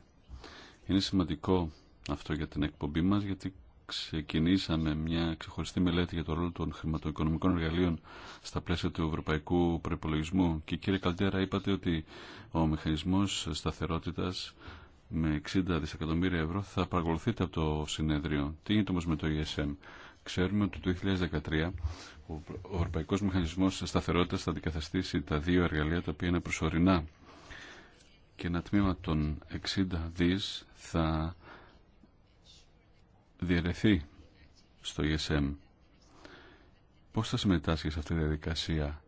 Είναι σημαντικό αυτό για την εκπομπή μας γιατί ξεκινήσαμε μια ξεχωριστή μελέτη για το ρόλο των χρηματοοικονομικών εργαλείων στα πλαίσια του ευρωπαϊκού προπολογισμού και κύριε Καλτέρα είπατε ότι ο μηχανισμός σταθερότητας με 60 δισεκατομμύρια ευρώ θα παρακολουθείτε από το συνέδριο. Τι γίνεται όμως με το ESM. Ξέρουμε ότι το 2013 ο Ευρωπαϊκός Μηχανισμός Σταθερότητας θα αντικαταστήσει τα δύο εργαλεία τα οποία είναι προσωρινά και ένα τμήμα των 60 δις θα διαιρεθεί στο ESM. Πώς θα συμμετάσχει σε αυτή τη διαδικασία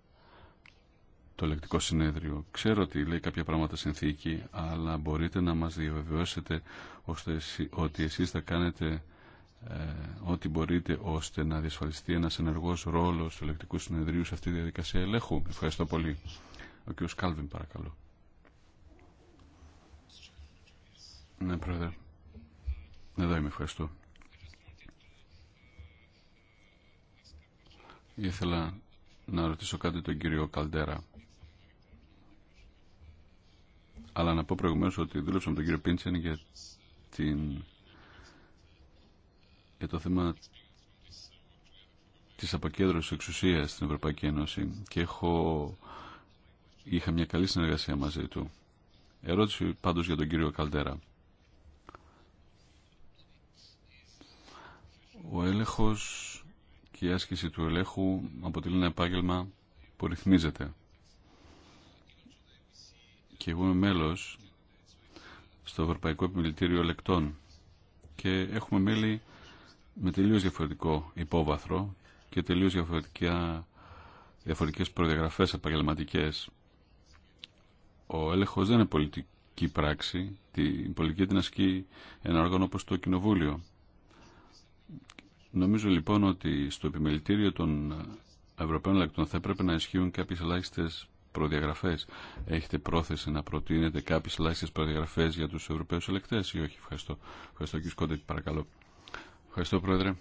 το λεκτικό συνέδριο. Ξέρω ότι λέει κάποια πράγματα συνθήκη, αλλά μπορείτε να μας διαβεβαιώσετε ώστε ότι εσείς θα κάνετε ε, ό,τι μπορείτε ώστε να διασφαλιστεί ένας ενεργός ρόλος του ελεκτικού συνεδρίου σε αυτή τη διαδικασία ελέγχου. Ευχαριστώ πολύ. Ο κ. Κάλβιν παρακαλώ. Ναι, Πρόεδρε. Εδώ είμαι. Ευχαριστώ. Ήθελα να ρωτήσω κάτι τον κύριο Καλτέρα. Αλλά να πω προηγουμένω ότι δούλεψα με τον κύριο Πίντσεν για, το θέμα της αποκέντρωσης εξουσίας στην Ευρωπαϊκή Ένωση και έχω... είχα μια καλή συνεργασία μαζί του. Ερώτηση πάντως για τον κύριο Καλτέρα. Ο έλεγχος και η άσκηση του ελέγχου αποτελεί ένα επάγγελμα που ρυθμίζεται. Και εγώ είμαι μέλος στο Ευρωπαϊκό Επιμελητήριο Ελεκτών και έχουμε μέλη με τελείως διαφορετικό υπόβαθρο και τελείως διαφορετικά, διαφορετικές προδιαγραφές επαγγελματικέ. Ο έλεγχος δεν είναι πολιτική πράξη, την πολιτική την ασκεί ένα όργανο όπως το Κοινοβούλιο. Νομίζω λοιπόν ότι στο επιμελητήριο των Ευρωπαίων Ελεκτών θα έπρεπε να ισχύουν κάποιες ελάχιστε προδιαγραφές. Έχετε πρόθεση να προτείνετε κάποιες ελάχιστε προδιαγραφές για τους Ευρωπαίους ελεκτές ή όχι. Ευχαριστώ. Ευχαριστώ κύριε Σκόντε, παρακαλώ. Ευχαριστώ Πρόεδρε.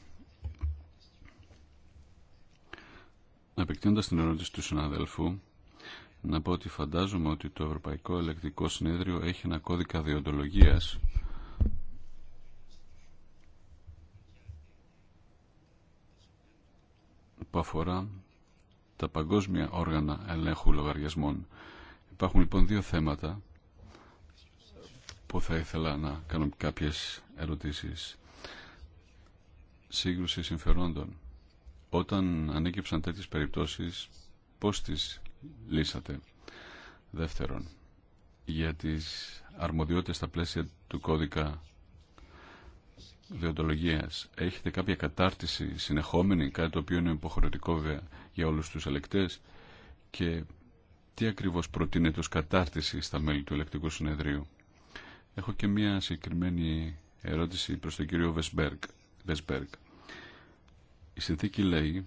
Επεκτείνοντας την ερώτηση του συναδελφού, να πω ότι φαντάζομαι ότι το Ευρωπαϊκό Ελεκτικό Συνέδριο έχει ένα κώδικα διοντολογίας που αφορά τα παγκόσμια όργανα ελέγχου λογαριασμών. Υπάρχουν λοιπόν δύο θέματα που θα ήθελα να κάνω κάποιες ερωτήσεις. Σύγκρουση συμφερόντων. Όταν ανέκυψαν τέτοιες περιπτώσεις, πώς τις λύσατε. Δεύτερον, για τις αρμοδιότητες στα πλαίσια του κώδικα Διοντολογία. Έχετε κάποια κατάρτιση συνεχόμενη, κάτι το οποίο είναι υποχρεωτικό για όλου του ελεκτέ. και τι ακριβώ προτείνεται ω κατάρτιση στα μέλη του ελεκτικού συνεδρίου. Έχω και μια συγκεκριμένη ερώτηση προ τον κύριο Βεσμπέργκ. Η συνθήκη λέει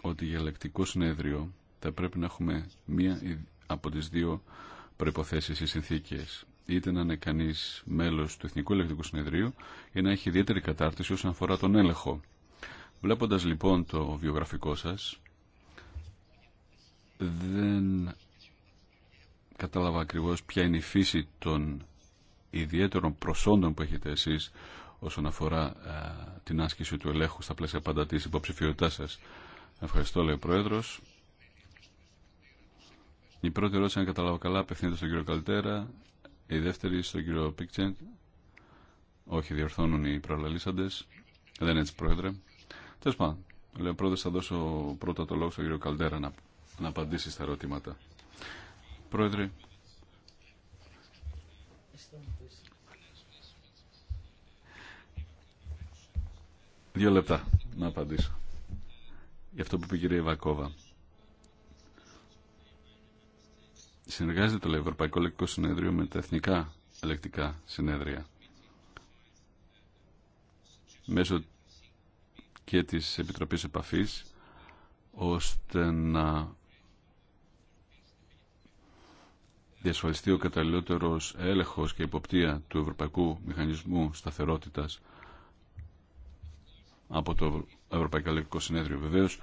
ότι για ελεκτικό συνέδριο θα πρέπει να έχουμε μία από τις δύο προϋποθέσεις ή συνθήκες είτε να είναι κανεί μέλο του Εθνικού ελεκτρικού Συνεδρίου ή να έχει ιδιαίτερη κατάρτιση όσον αφορά τον έλεγχο. Βλέποντα λοιπόν το βιογραφικό σα, δεν κατάλαβα ακριβώ ποια είναι η φύση των ιδιαίτερων προσόντων που έχετε εσεί όσον αφορά την άσκηση του ελέγχου στα πλαίσια πάντα τη υποψηφιότητά σα. Ευχαριστώ, λέει ο Πρόεδρο. Η πρώτη ερώτηση, αν κατάλαβα καλά, απευθύνεται στον κύριο Καλτέρα. Η δεύτερη στον κύριο Πίκτσεντ. Όχι, διορθώνουν οι προλαλήσαντε. Δεν είναι έτσι, Πρόεδρε. Τέλο πάντων, λέω πρώτα θα δώσω πρώτα το λόγο στον κύριο Καλτέρα να, να απαντήσει στα ερωτήματα. Πρόεδρε. Δύο λεπτά να απαντήσω. Γι' αυτό που είπε η κυρία Ιβακόβα. συνεργάζεται το Ευρωπαϊκό Ελεκτικό Συνέδριο με τα εθνικά ελεκτικά συνέδρια μέσω και της Επιτροπής Επαφής ώστε να διασφαλιστεί ο καταλληλότερος έλεγχος και υποπτία του Ευρωπαϊκού Μηχανισμού Σταθερότητας από το Ευρωπαϊκό Ελεκτικό Συνέδριο. Βεβαίως,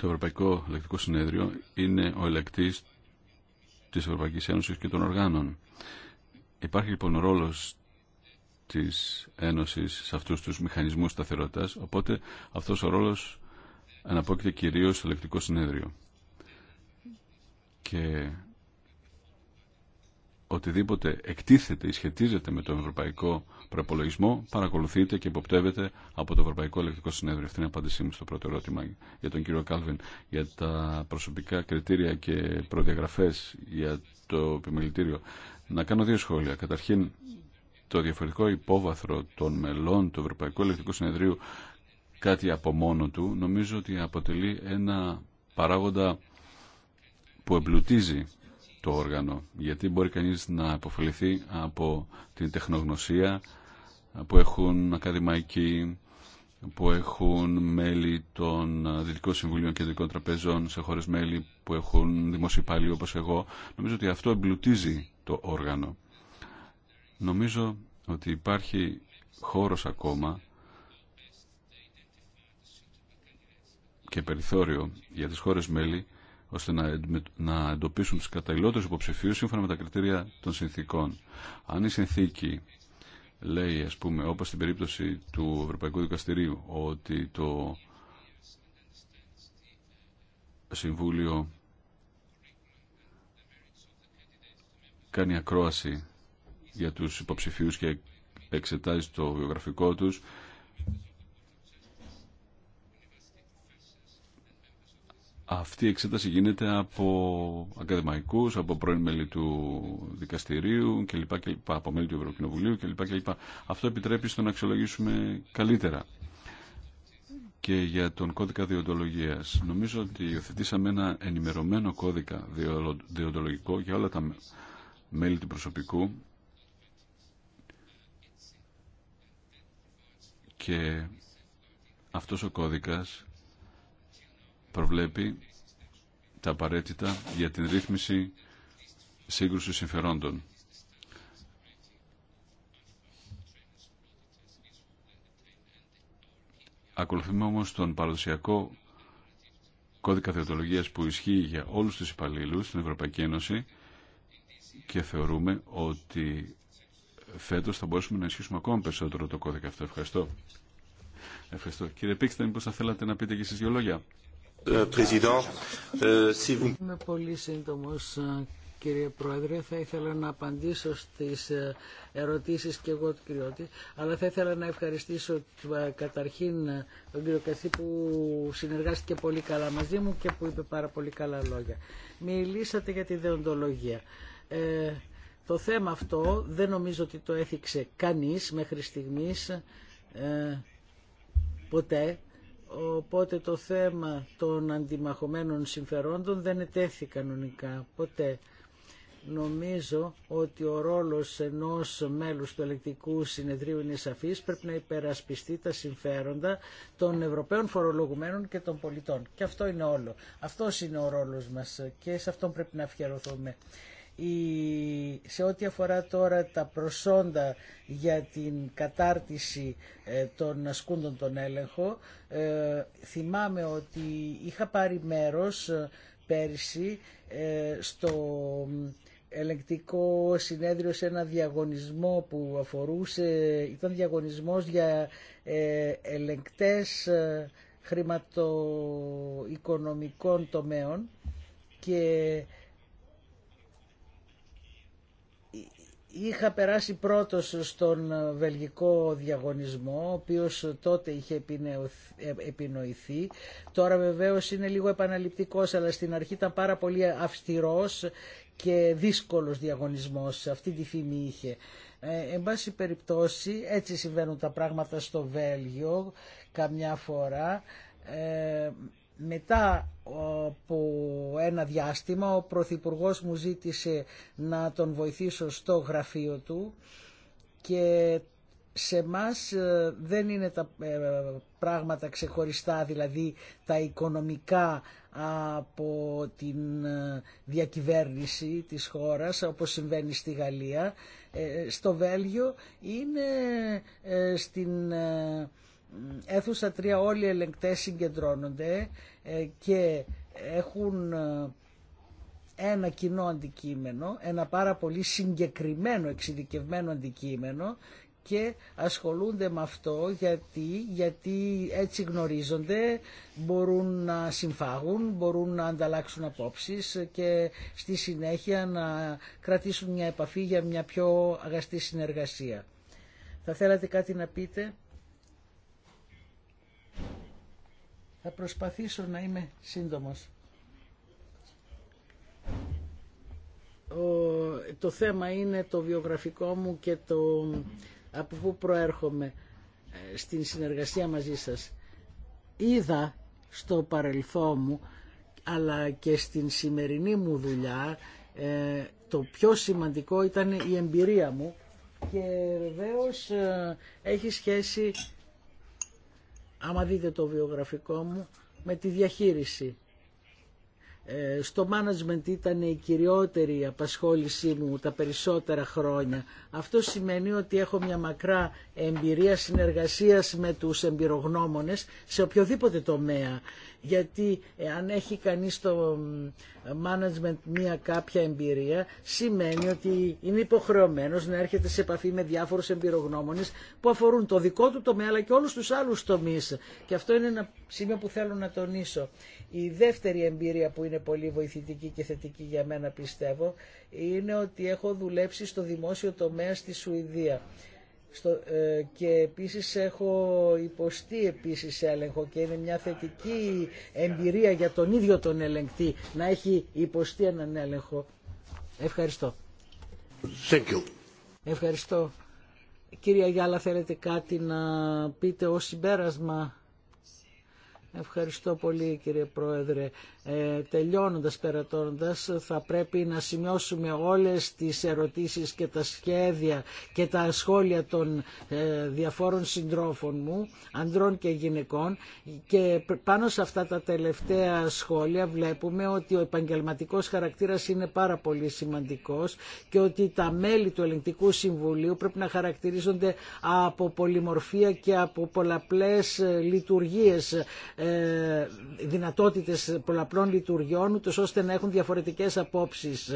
Το Ευρωπαϊκό Ελεκτικό Συνέδριο είναι ο ελεκτής της Ευρωπαϊκής Ένωσης και των οργάνων. Υπάρχει λοιπόν ο ρόλος της Ένωσης σε αυτούς τους μηχανισμούς σταθερότητας, οπότε αυτός ο ρόλος αναπόκειται κυρίως στο Ελεκτικό Συνέδριο. Και οτιδήποτε εκτίθεται ή σχετίζεται με το Ευρωπαϊκό προπολογισμό παρακολουθείται και υποπτεύεται από το Ευρωπαϊκό Ελεκτικό Συνέδριο. Αυτή είναι η απάντησή μου στο πρώτο ερώτημα για τον κύριο Κάλβιν. Για τα προσωπικά κριτήρια και προδιαγραφέ για το επιμελητήριο. Να κάνω δύο σχόλια. Καταρχήν, το διαφορετικό υπόβαθρο των μελών του Ευρωπαϊκού Ελεκτικού Συνεδρίου κάτι από μόνο του, νομίζω ότι αποτελεί ένα παράγοντα που εμπλουτίζει το όργανο, γιατί μπορεί κανείς να αποφεληθεί από την τεχνογνωσία, που έχουν ακαδημαϊκοί, που έχουν μέλη των ε, Δυτικών Συμβουλίων Κεντρικών Τραπεζών σε χώρες μέλη που έχουν υπάλληλοι όπως εγώ. Νομίζω ότι αυτό εμπλουτίζει το όργανο. Νομίζω ότι υπάρχει χώρος ακόμα και περιθώριο για τις χώρες μέλη ώστε να, να εντοπίσουν τους καταλληλότερους υποψηφίους σύμφωνα με τα κριτήρια των συνθήκων. Αν η συνθήκη λέει ας πούμε όπως στην περίπτωση του Ευρωπαϊκού Δικαστηρίου ότι το Συμβούλιο κάνει ακρόαση για τους υποψηφίους και εξετάζει το βιογραφικό τους Αυτή η εξέταση γίνεται από ακαδημαϊκούς, από πρώην μέλη του δικαστηρίου κλπ. κλπ από μέλη του Ευρωκοινοβουλίου και λοιπά. Αυτό επιτρέπει στο να αξιολογήσουμε καλύτερα και για τον κώδικα διοντολογίας. Νομίζω ότι υιοθετήσαμε ένα ενημερωμένο κώδικα διοντολογικό για όλα τα μέλη του προσωπικού και αυτός ο κώδικας προβλέπει τα απαραίτητα για την ρύθμιση σύγκρουσης συμφερόντων. Ακολουθούμε όμως τον παραδοσιακό κώδικα θεωτολογίας που ισχύει για όλους τους υπαλλήλους στην Ευρωπαϊκή Ένωση και θεωρούμε ότι φέτος θα μπορέσουμε να ισχύσουμε ακόμα περισσότερο το κώδικα αυτό. Ευχαριστώ. Ευχαριστώ. Κύριε Πίξτε, μήπως θα θέλατε να πείτε και εσείς δύο λόγια. Ε, ε, Είμαι πολύ σύντομος ε, κύριε Πρόεδρε. Θα ήθελα να απαντήσω στις ερωτήσεις και εγώ του κυριώτη, αλλά θα ήθελα να ευχαριστήσω καταρχήν τον κύριο που συνεργάστηκε πολύ καλά μαζί μου και που είπε πάρα πολύ καλά λόγια. Μιλήσατε για τη δεοντολογία. το θέμα αυτό δεν νομίζω ότι το έθιξε κανείς μέχρι στιγμής ε, ποτέ Οπότε το θέμα των αντιμαχωμένων συμφερόντων δεν ετέθη κανονικά ποτέ. Νομίζω ότι ο ρόλος ενός μέλους του ελεκτικού συνεδρίου είναι σαφής, πρέπει να υπερασπιστεί τα συμφέροντα των Ευρωπαίων φορολογουμένων και των πολιτών. Και αυτό είναι όλο. Αυτός είναι ο ρόλος μας και σε αυτόν πρέπει να αφιερωθούμε σε ό,τι αφορά τώρα τα προσόντα για την κατάρτιση ε, των ασκούντων τον έλεγχο, ε, θυμάμαι ότι είχα πάρει μέρος ε, πέρυσι στο ελεγκτικό συνέδριο σε ένα διαγωνισμό που αφορούσε, ήταν διαγωνισμός για ελεγκτές χρηματοοικονομικών τομέων και Είχα περάσει πρώτος στον βελγικό διαγωνισμό, ο οποίος τότε είχε ε, επινοηθεί. Τώρα βεβαίως είναι λίγο επαναληπτικός, αλλά στην αρχή ήταν πάρα πολύ αυστηρός και δύσκολος διαγωνισμός. Αυτή τη φήμη είχε. Ε, εν πάση περιπτώσει, έτσι συμβαίνουν τα πράγματα στο Βέλγιο καμιά φορά. Ε, μετά από ένα διάστημα ο Πρωθυπουργός μου ζήτησε να τον βοηθήσω στο γραφείο του και σε μας ε, δεν είναι τα ε, πράγματα ξεχωριστά, δηλαδή τα οικονομικά από την ε, διακυβέρνηση της χώρας, όπως συμβαίνει στη Γαλλία. Στο Βέλγιο είναι στην έθουσα Τρία όλοι οι ελεγκτές συγκεντρώνονται ε, και έχουν ε, ένα κοινό αντικείμενο, ένα πάρα πολύ συγκεκριμένο εξειδικευμένο αντικείμενο και ασχολούνται με αυτό γιατί, γιατί έτσι γνωρίζονται, μπορούν να συμφάγουν, μπορούν να ανταλλάξουν απόψεις και στη συνέχεια να κρατήσουν μια επαφή για μια πιο αγαστή συνεργασία. Θα θέλατε κάτι να πείτε. Θα προσπαθήσω να είμαι σύντομος. το θέμα είναι το βιογραφικό μου και το από πού προέρχομαι ε, στην συνεργασία μαζί σας. Είδα στο παρελθόν μου αλλά και στην σημερινή μου δουλειά ε, το πιο σημαντικό ήταν η εμπειρία μου και βεβαίως ε, έχει σχέση άμα δείτε το βιογραφικό μου, με τη διαχείριση. Ε, στο management ήταν η κυριότερη απασχόλησή μου τα περισσότερα χρόνια. Αυτό σημαίνει ότι έχω μια μακρά εμπειρία συνεργασίας με τους εμπειρογνώμονες σε οποιοδήποτε τομέα. Γιατί ε, αν έχει κανείς το ε, management μία κάποια εμπειρία σημαίνει ότι είναι υποχρεωμένος να έρχεται σε επαφή με διάφορους εμπειρογνώμονες που αφορούν το δικό του τομέα αλλά και όλους τους άλλους τομείς. Και αυτό είναι ένα σημείο που θέλω να τονίσω. Η δεύτερη εμπειρία που είναι πολύ βοηθητική και θετική για μένα πιστεύω είναι ότι έχω δουλέψει στο δημόσιο τομέα στη Σουηδία. Ε, και επίσης έχω υποστεί επίσης έλεγχο και είναι μια θετική εμπειρία για τον ίδιο τον ελεγκτή να έχει υποστεί έναν έλεγχο. Ευχαριστώ. Thank you. Ευχαριστώ. Κύριε Γιάλα, θέλετε κάτι να πείτε ως συμπέρασμα. Ευχαριστώ πολύ κύριε Πρόεδρε. Ε, τελειώνοντας, περατώνοντας, θα πρέπει να σημειώσουμε όλες τις ερωτήσεις και τα σχέδια και τα σχόλια των ε, διαφόρων συντρόφων μου, ανδρών και γυναικών και πάνω σε αυτά τα τελευταία σχόλια βλέπουμε ότι ο επαγγελματικός χαρακτήρας είναι πάρα πολύ σημαντικός και ότι τα μέλη του Ελεγκτικού Συμβουλίου πρέπει να χαρακτηρίζονται από πολυμορφία και από πολλαπλές ε, λειτουργίες ε, δυνατότητες πολλαπλών λειτουργιών ούτως ώστε να έχουν διαφορετικές απόψεις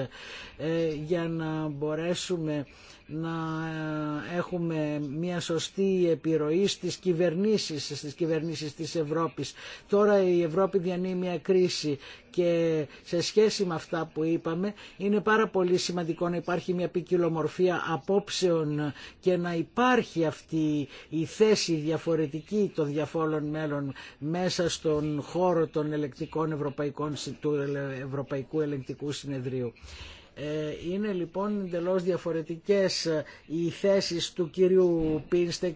ε, για να μπορέσουμε να ε, έχουμε μια σωστή επιρροή στις κυβερνήσεις, στις κυβερνήσεις της Ευρώπης. Τώρα η Ευρώπη διανύει μια κρίση και σε σχέση με αυτά που είπαμε είναι πάρα πολύ σημαντικό να υπάρχει μια ποικιλομορφία απόψεων και να υπάρχει αυτή η θέση διαφορετική των διαφόρων μέλων μέσα στον χώρο των ελεκτικών ευρωπαϊκών, του Ευρωπαϊκού Ελεγκτικού Συνεδρίου. Ε, είναι λοιπόν εντελώ διαφορετικές ε, οι θέσεις του κυρίου Πίνστεκ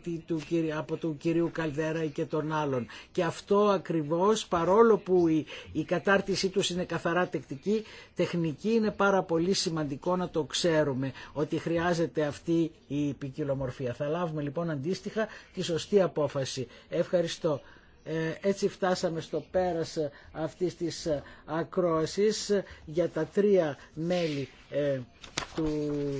από του κυρίου Καλδέρα και των άλλων. Και αυτό ακριβώς παρόλο που η, η κατάρτισή του είναι καθαρά τεκτική, τεχνική είναι πάρα πολύ σημαντικό να το ξέρουμε ότι χρειάζεται αυτή η ποικιλομορφία. Θα λάβουμε λοιπόν αντίστοιχα τη σωστή απόφαση. Ευχαριστώ. Ε, έτσι φτάσαμε στο πέρας αυτής της ακρόασης για τα τρία μέλη ε, του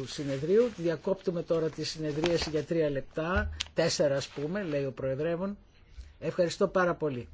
συνεδρίου. Διακόπτουμε τώρα τη συνεδρίαση για τρία λεπτά, τέσσερα ας πούμε, λέει ο Προεδρεύων. Ευχαριστώ πάρα πολύ.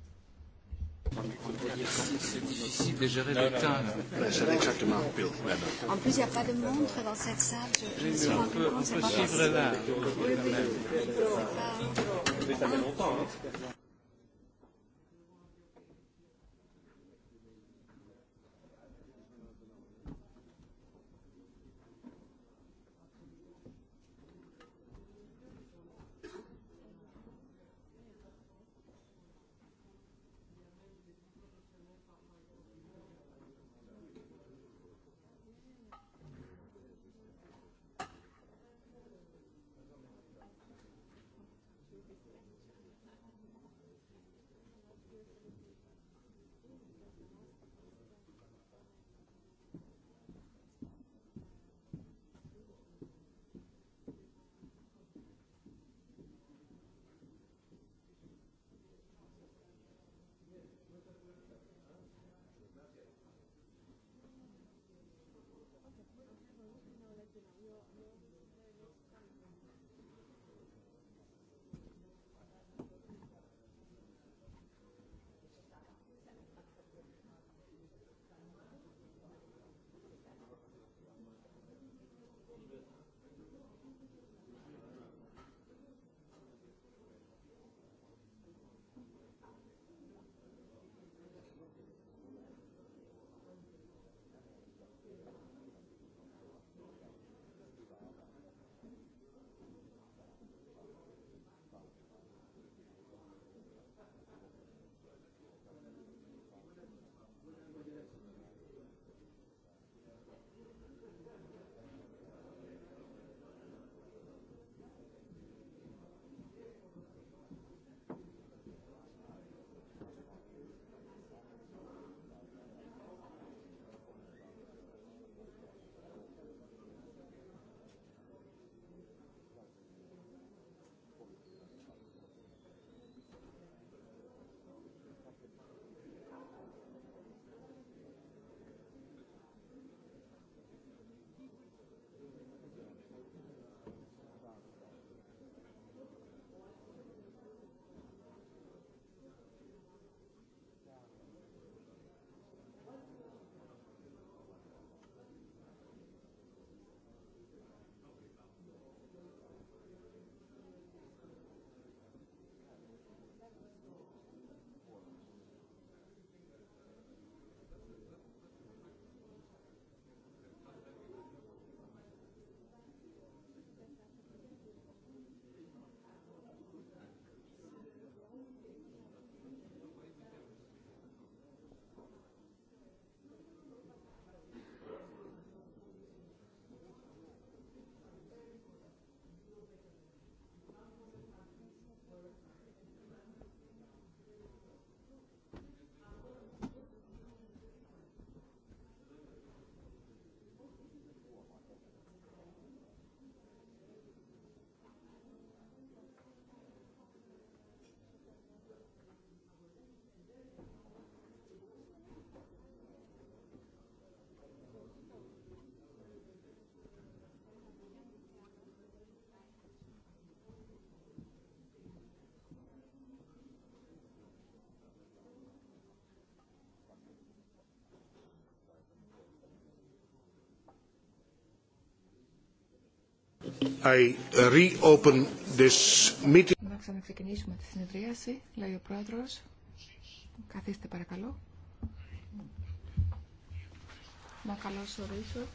I reopen Να ξαναξεκινήσουμε τη συνεδρίαση, λέει ο πρόεδρος. Καθίστε παρακαλώ. Να καλωσορίσω ορίσω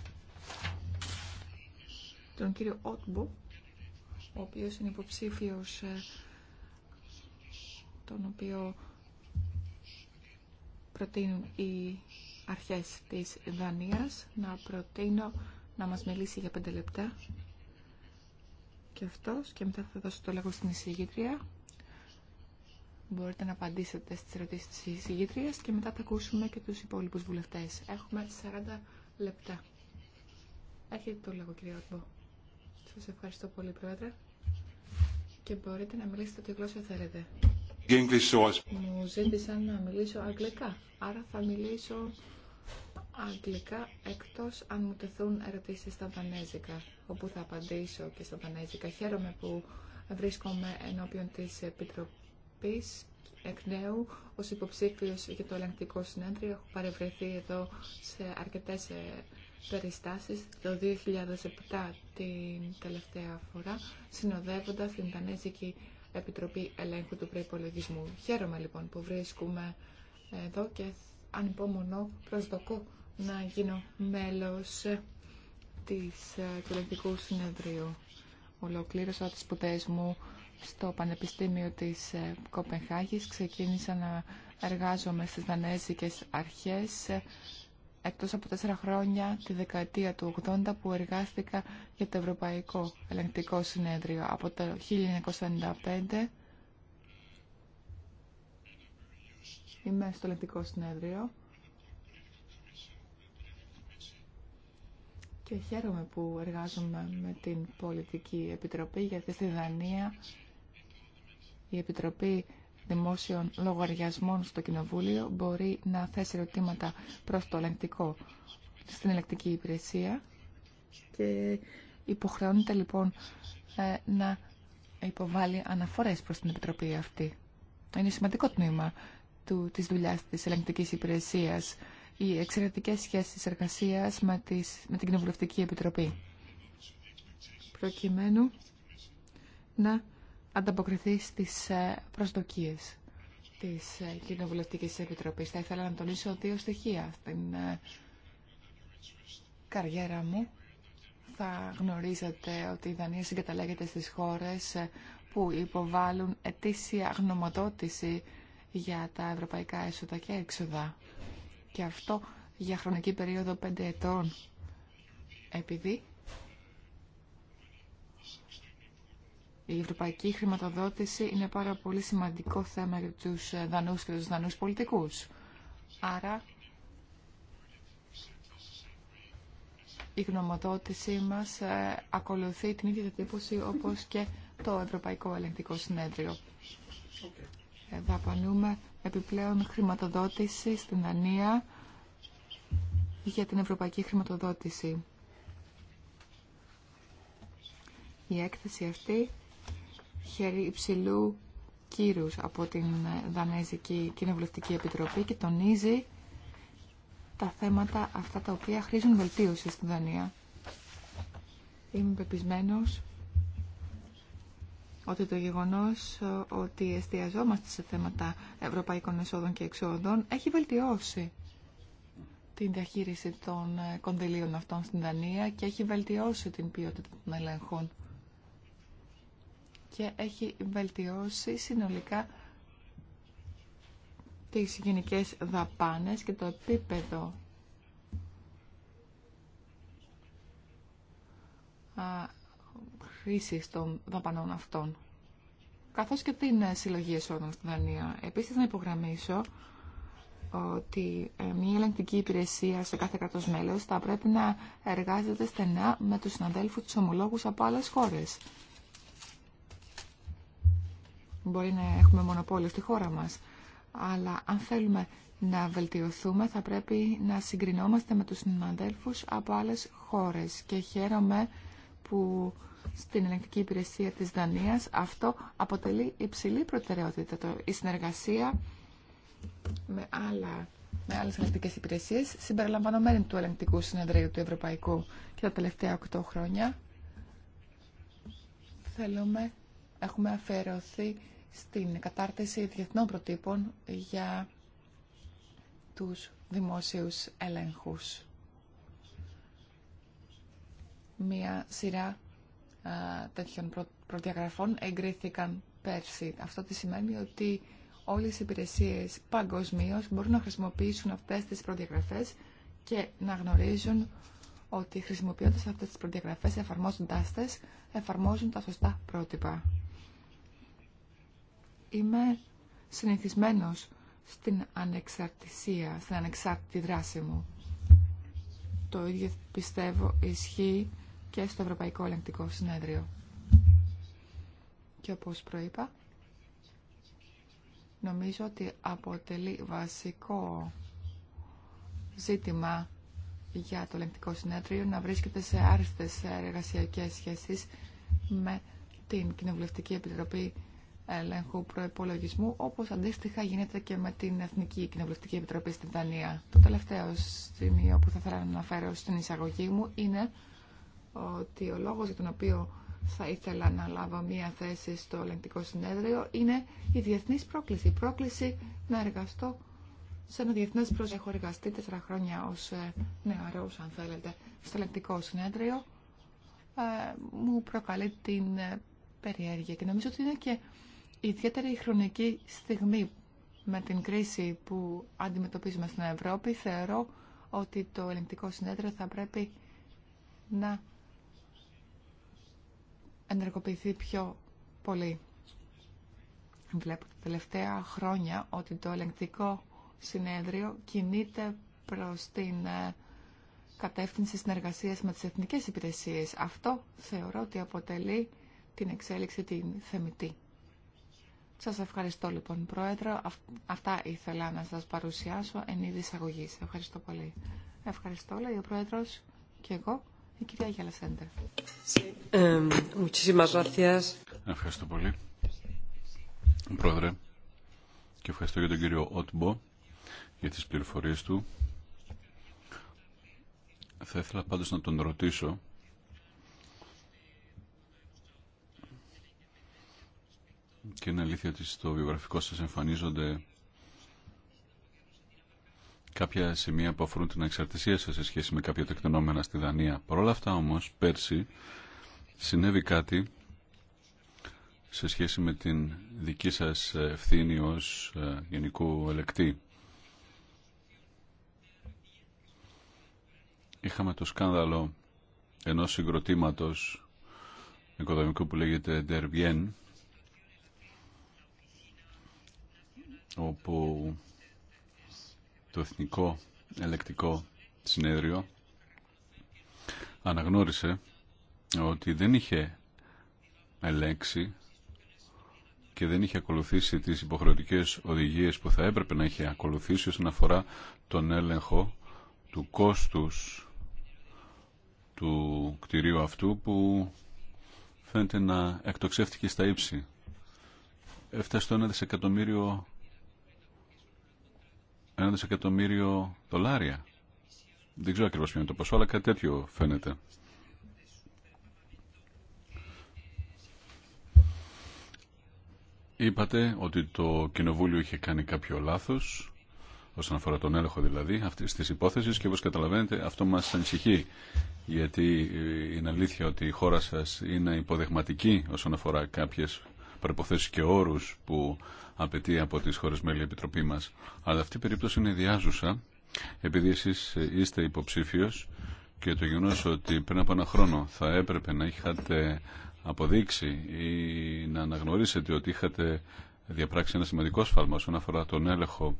τον κύριο Ότμπο, ο οποίος είναι υποψήφιος, ε, τον οποίο προτείνουν οι αρχές της Δανίας. Να προτείνω να μας μιλήσει για πέντε λεπτά και αυτός και μετά θα δώσω το λόγο στην εισηγήτρια. Μπορείτε να απαντήσετε στις ερωτήσεις της εισηγήτριας και μετά θα ακούσουμε και τους υπόλοιπους βουλευτές. Έχουμε 40 λεπτά. Έχετε το λόγο κύριε Ορμπό. Σας ευχαριστώ πολύ πρόεδρε και μπορείτε να μιλήσετε ό,τι γλώσσα θέλετε. Μου ζήτησαν να μιλήσω αγγλικά, άρα θα μιλήσω αγγλικά εκτός αν μου τεθούν ερωτήσεις στα δανέζικα όπου θα απαντήσω και στα δανέζικα. Χαίρομαι που βρίσκομαι ενώπιον της Επιτροπής εκ νέου ως υποψήφιος για το ελεγκτικό συνέδριο. Έχω παρευρεθεί εδώ σε αρκετές ε, περιστάσεις το 2007 την τελευταία φορά συνοδεύοντας την Δανέζικη Επιτροπή Ελέγχου του Προϋπολογισμού. Χαίρομαι λοιπόν που βρίσκομαι εδώ και ανυπομονώ προσδοκώ να γίνω μέλος της, ε, του Ελεγκτικού Συνεδρίου. Ολοκλήρωσα τις σπουδέ μου στο Πανεπιστήμιο της ε, Κοπενχάγης. Ξεκίνησα να εργάζομαι στις δανέζικες αρχές ε, εκτός από τέσσερα χρόνια τη δεκαετία του 80 που εργάστηκα για το Ευρωπαϊκό Ελεγκτικό Συνέδριο από το 1995 Είμαι στο Ελεγκτικό Συνέδριο και χαίρομαι που εργάζομαι με την Πολιτική Επιτροπή γιατί στη Δανία η Επιτροπή Δημόσιων Λογαριασμών στο Κοινοβούλιο μπορεί να θέσει ερωτήματα προς το ελεγκτικό στην ελεκτική υπηρεσία και υποχρεώνεται λοιπόν ε, να υποβάλει αναφορές προς την Επιτροπή αυτή. Είναι σημαντικό τμήμα του, της δουλειάς της ελεγκτικής υπηρεσίας οι εξαιρετικέ σχέσει εργασία με, με την Κοινοβουλευτική Επιτροπή προκειμένου να ανταποκριθεί στις ε, προσδοκίε της ε, κοινοβουλευτική επιτροπή. Θα ήθελα να τονίσω δύο στοιχεία στην ε, καριέρα μου. Θα γνωρίζετε ότι η Δανία συγκαταλέγεται στις χώρες που υποβάλλουν ετήσια γνωμοδότηση για τα ευρωπαϊκά έσοδα και έξοδα και αυτό για χρονική περίοδο 5 ετών. Επειδή η ευρωπαϊκή χρηματοδότηση είναι πάρα πολύ σημαντικό θέμα για τους δανούς και τους δανούς πολιτικούς. Άρα η γνωμοδότησή μας ε, ακολουθεί την ίδια διατύπωση όπως και το Ευρωπαϊκό Ελεγκτικό Συνέδριο. Ε, δαπανούμε επιπλέον χρηματοδότηση στην Δανία για την ευρωπαϊκή χρηματοδότηση. Η έκθεση αυτή χέρι υψηλού κύρους από την Δανέζικη Κοινοβουλευτική Επιτροπή και τονίζει τα θέματα αυτά τα οποία χρήζουν βελτίωση στην Δανία. Είμαι πεπισμένος ότι το γεγονός ε, ότι εστιαζόμαστε σε θέματα ευρωπαϊκών εσόδων και εξόδων έχει βελτιώσει την διαχείριση των ε, κονδυλίων αυτών στην Δανία και έχει βελτιώσει την ποιότητα των ελέγχων και έχει βελτιώσει συνολικά τις γενικές δαπάνες και το επίπεδο χρήση των δαπανών αυτών, καθώς και την ε, συλλογή εσόδων στην Δανία. Επίση να υπογραμμίσω ότι ε, μια ελεγκτική υπηρεσία σε κάθε κρατό μέλο θα πρέπει να εργάζεται στενά με του συναδέλφου του ομολόγου από άλλε χώρε. Μπορεί να έχουμε μονοπόλιο στη χώρα μας, αλλά αν θέλουμε να βελτιωθούμε θα πρέπει να συγκρινόμαστε με τους συναδέλφους από άλλε χώρες και χαίρομαι που στην ελεγκτική υπηρεσία της Δανίας αυτό αποτελεί υψηλή προτεραιότητα. Η συνεργασία με, άλλα, με άλλες ελεγκτικές υπηρεσίες συμπεριλαμβανομένη του ελεγκτικού συνεδρίου του Ευρωπαϊκού και τα τελευταία 8 χρόνια θέλουμε, έχουμε αφιερωθεί στην κατάρτιση διεθνών προτύπων για τους δημόσιους ελέγχους μία σειρά α, τέτοιων προ, προδιαγραφών εγκρίθηκαν πέρσι. Αυτό τι σημαίνει ότι όλες οι υπηρεσίες παγκοσμίω μπορούν να χρησιμοποιήσουν αυτές τις προδιαγραφές και να γνωρίζουν ότι χρησιμοποιώντας αυτές τις προδιαγραφές, εφαρμόζοντάς τις, εφαρμόζουν τα σωστά πρότυπα. Είμαι συνηθισμένος στην ανεξαρτησία, στην ανεξάρτητη δράση μου. Το ίδιο πιστεύω ισχύει και στο Ευρωπαϊκό Ελεγκτικό Συνέδριο. Και όπως προείπα, νομίζω ότι αποτελεί βασικό ζήτημα για το ελεγκτικό συνέδριο να βρίσκεται σε άριστες εργασιακές σχέσεις με την Κοινοβουλευτική Επιτροπή Ελέγχου Προϋπολογισμού, όπως αντίστοιχα γίνεται και με την Εθνική Κοινοβουλευτική Επιτροπή στην Δανία. Το τελευταίο σημείο που θα ήθελα να αναφέρω στην εισαγωγή μου είναι ότι ο λόγος για τον οποίο θα ήθελα να λάβω μία θέση στο ελεγκτικό συνέδριο είναι η διεθνής πρόκληση. Η πρόκληση να εργαστώ σε ένα διεθνέ πρόσωπο. Έχω εργαστεί τέσσερα χρόνια ω ε, νεαρό, αν θέλετε, στο Ελληνικό συνέδριο. Ε, μου προκαλεί την ε, περιέργεια και νομίζω ότι είναι και ιδιαίτερη χρονική στιγμή με την κρίση που αντιμετωπίζουμε στην Ευρώπη. Θεωρώ ότι το ελεγκτικό συνέδριο θα πρέπει να ενεργοποιηθεί πιο πολύ. Βλέπω τα τελευταία χρόνια ότι το ελεγκτικό συνέδριο κινείται προς την ε, κατεύθυνση συνεργασίας με τις εθνικές υπηρεσίες. Αυτό θεωρώ ότι αποτελεί την εξέλιξη την θεμητή. Σας ευχαριστώ λοιπόν Πρόεδρο. Αυτά ήθελα να σας παρουσιάσω εν είδη εισαγωγής. Ευχαριστώ πολύ. Ευχαριστώ λέει ο Πρόεδρος και εγώ. Ευχαριστώ πολύ. Πρόεδρε, και ευχαριστώ για τον κύριο Ότμπο για τις πληροφορίες του. Θα ήθελα πάντως να τον ρωτήσω και είναι αλήθεια ότι στο βιογραφικό σας εμφανίζονται κάποια σημεία που αφορούν την εξαρτησία σας σε σχέση με κάποια τεκτενόμενα στη Δανία. Παρ' όλα αυτά όμως, πέρσι συνέβη κάτι σε σχέση με την δική σας ευθύνη ως ε, γενικού ελεκτή. Είχαμε το σκάνδαλο ενός συγκροτήματος οικοδομικού που λέγεται Derbien όπου το Εθνικό Ελεκτικό Συνέδριο αναγνώρισε ότι δεν είχε ελέγξει και δεν είχε ακολουθήσει τις υποχρεωτικές οδηγίες που θα έπρεπε να είχε ακολουθήσει όσον αφορά τον έλεγχο του κόστους του κτηρίου αυτού που φαίνεται να εκτοξεύτηκε στα ύψη. Έφτασε το 1 δισεκατομμύριο ένα δισεκατομμύριο δολάρια. Δεν ξέρω ακριβώς ποιο είναι το ποσό, αλλά κάτι τέτοιο φαίνεται. Είπατε ότι το Κοινοβούλιο είχε κάνει κάποιο λάθος, όσον αφορά τον έλεγχο δηλαδή, αυτή τη υπόθεση και όπως καταλαβαίνετε αυτό μας ανησυχεί, γιατί ε, είναι αλήθεια ότι η χώρα σας είναι υποδεχματική όσον αφορά κάποιες προποθέσει και όρου που απαιτεί από τι χώρε μέλη επιτροπή μα. Αλλά αυτή η περίπτωση είναι διάζουσα, επειδή εσεί είστε υποψήφιο και το γεγονό ότι πριν από ένα χρόνο θα έπρεπε να είχατε αποδείξει ή να αναγνωρίσετε ότι είχατε διαπράξει ένα σημαντικό σφάλμα όσον αφορά τον έλεγχο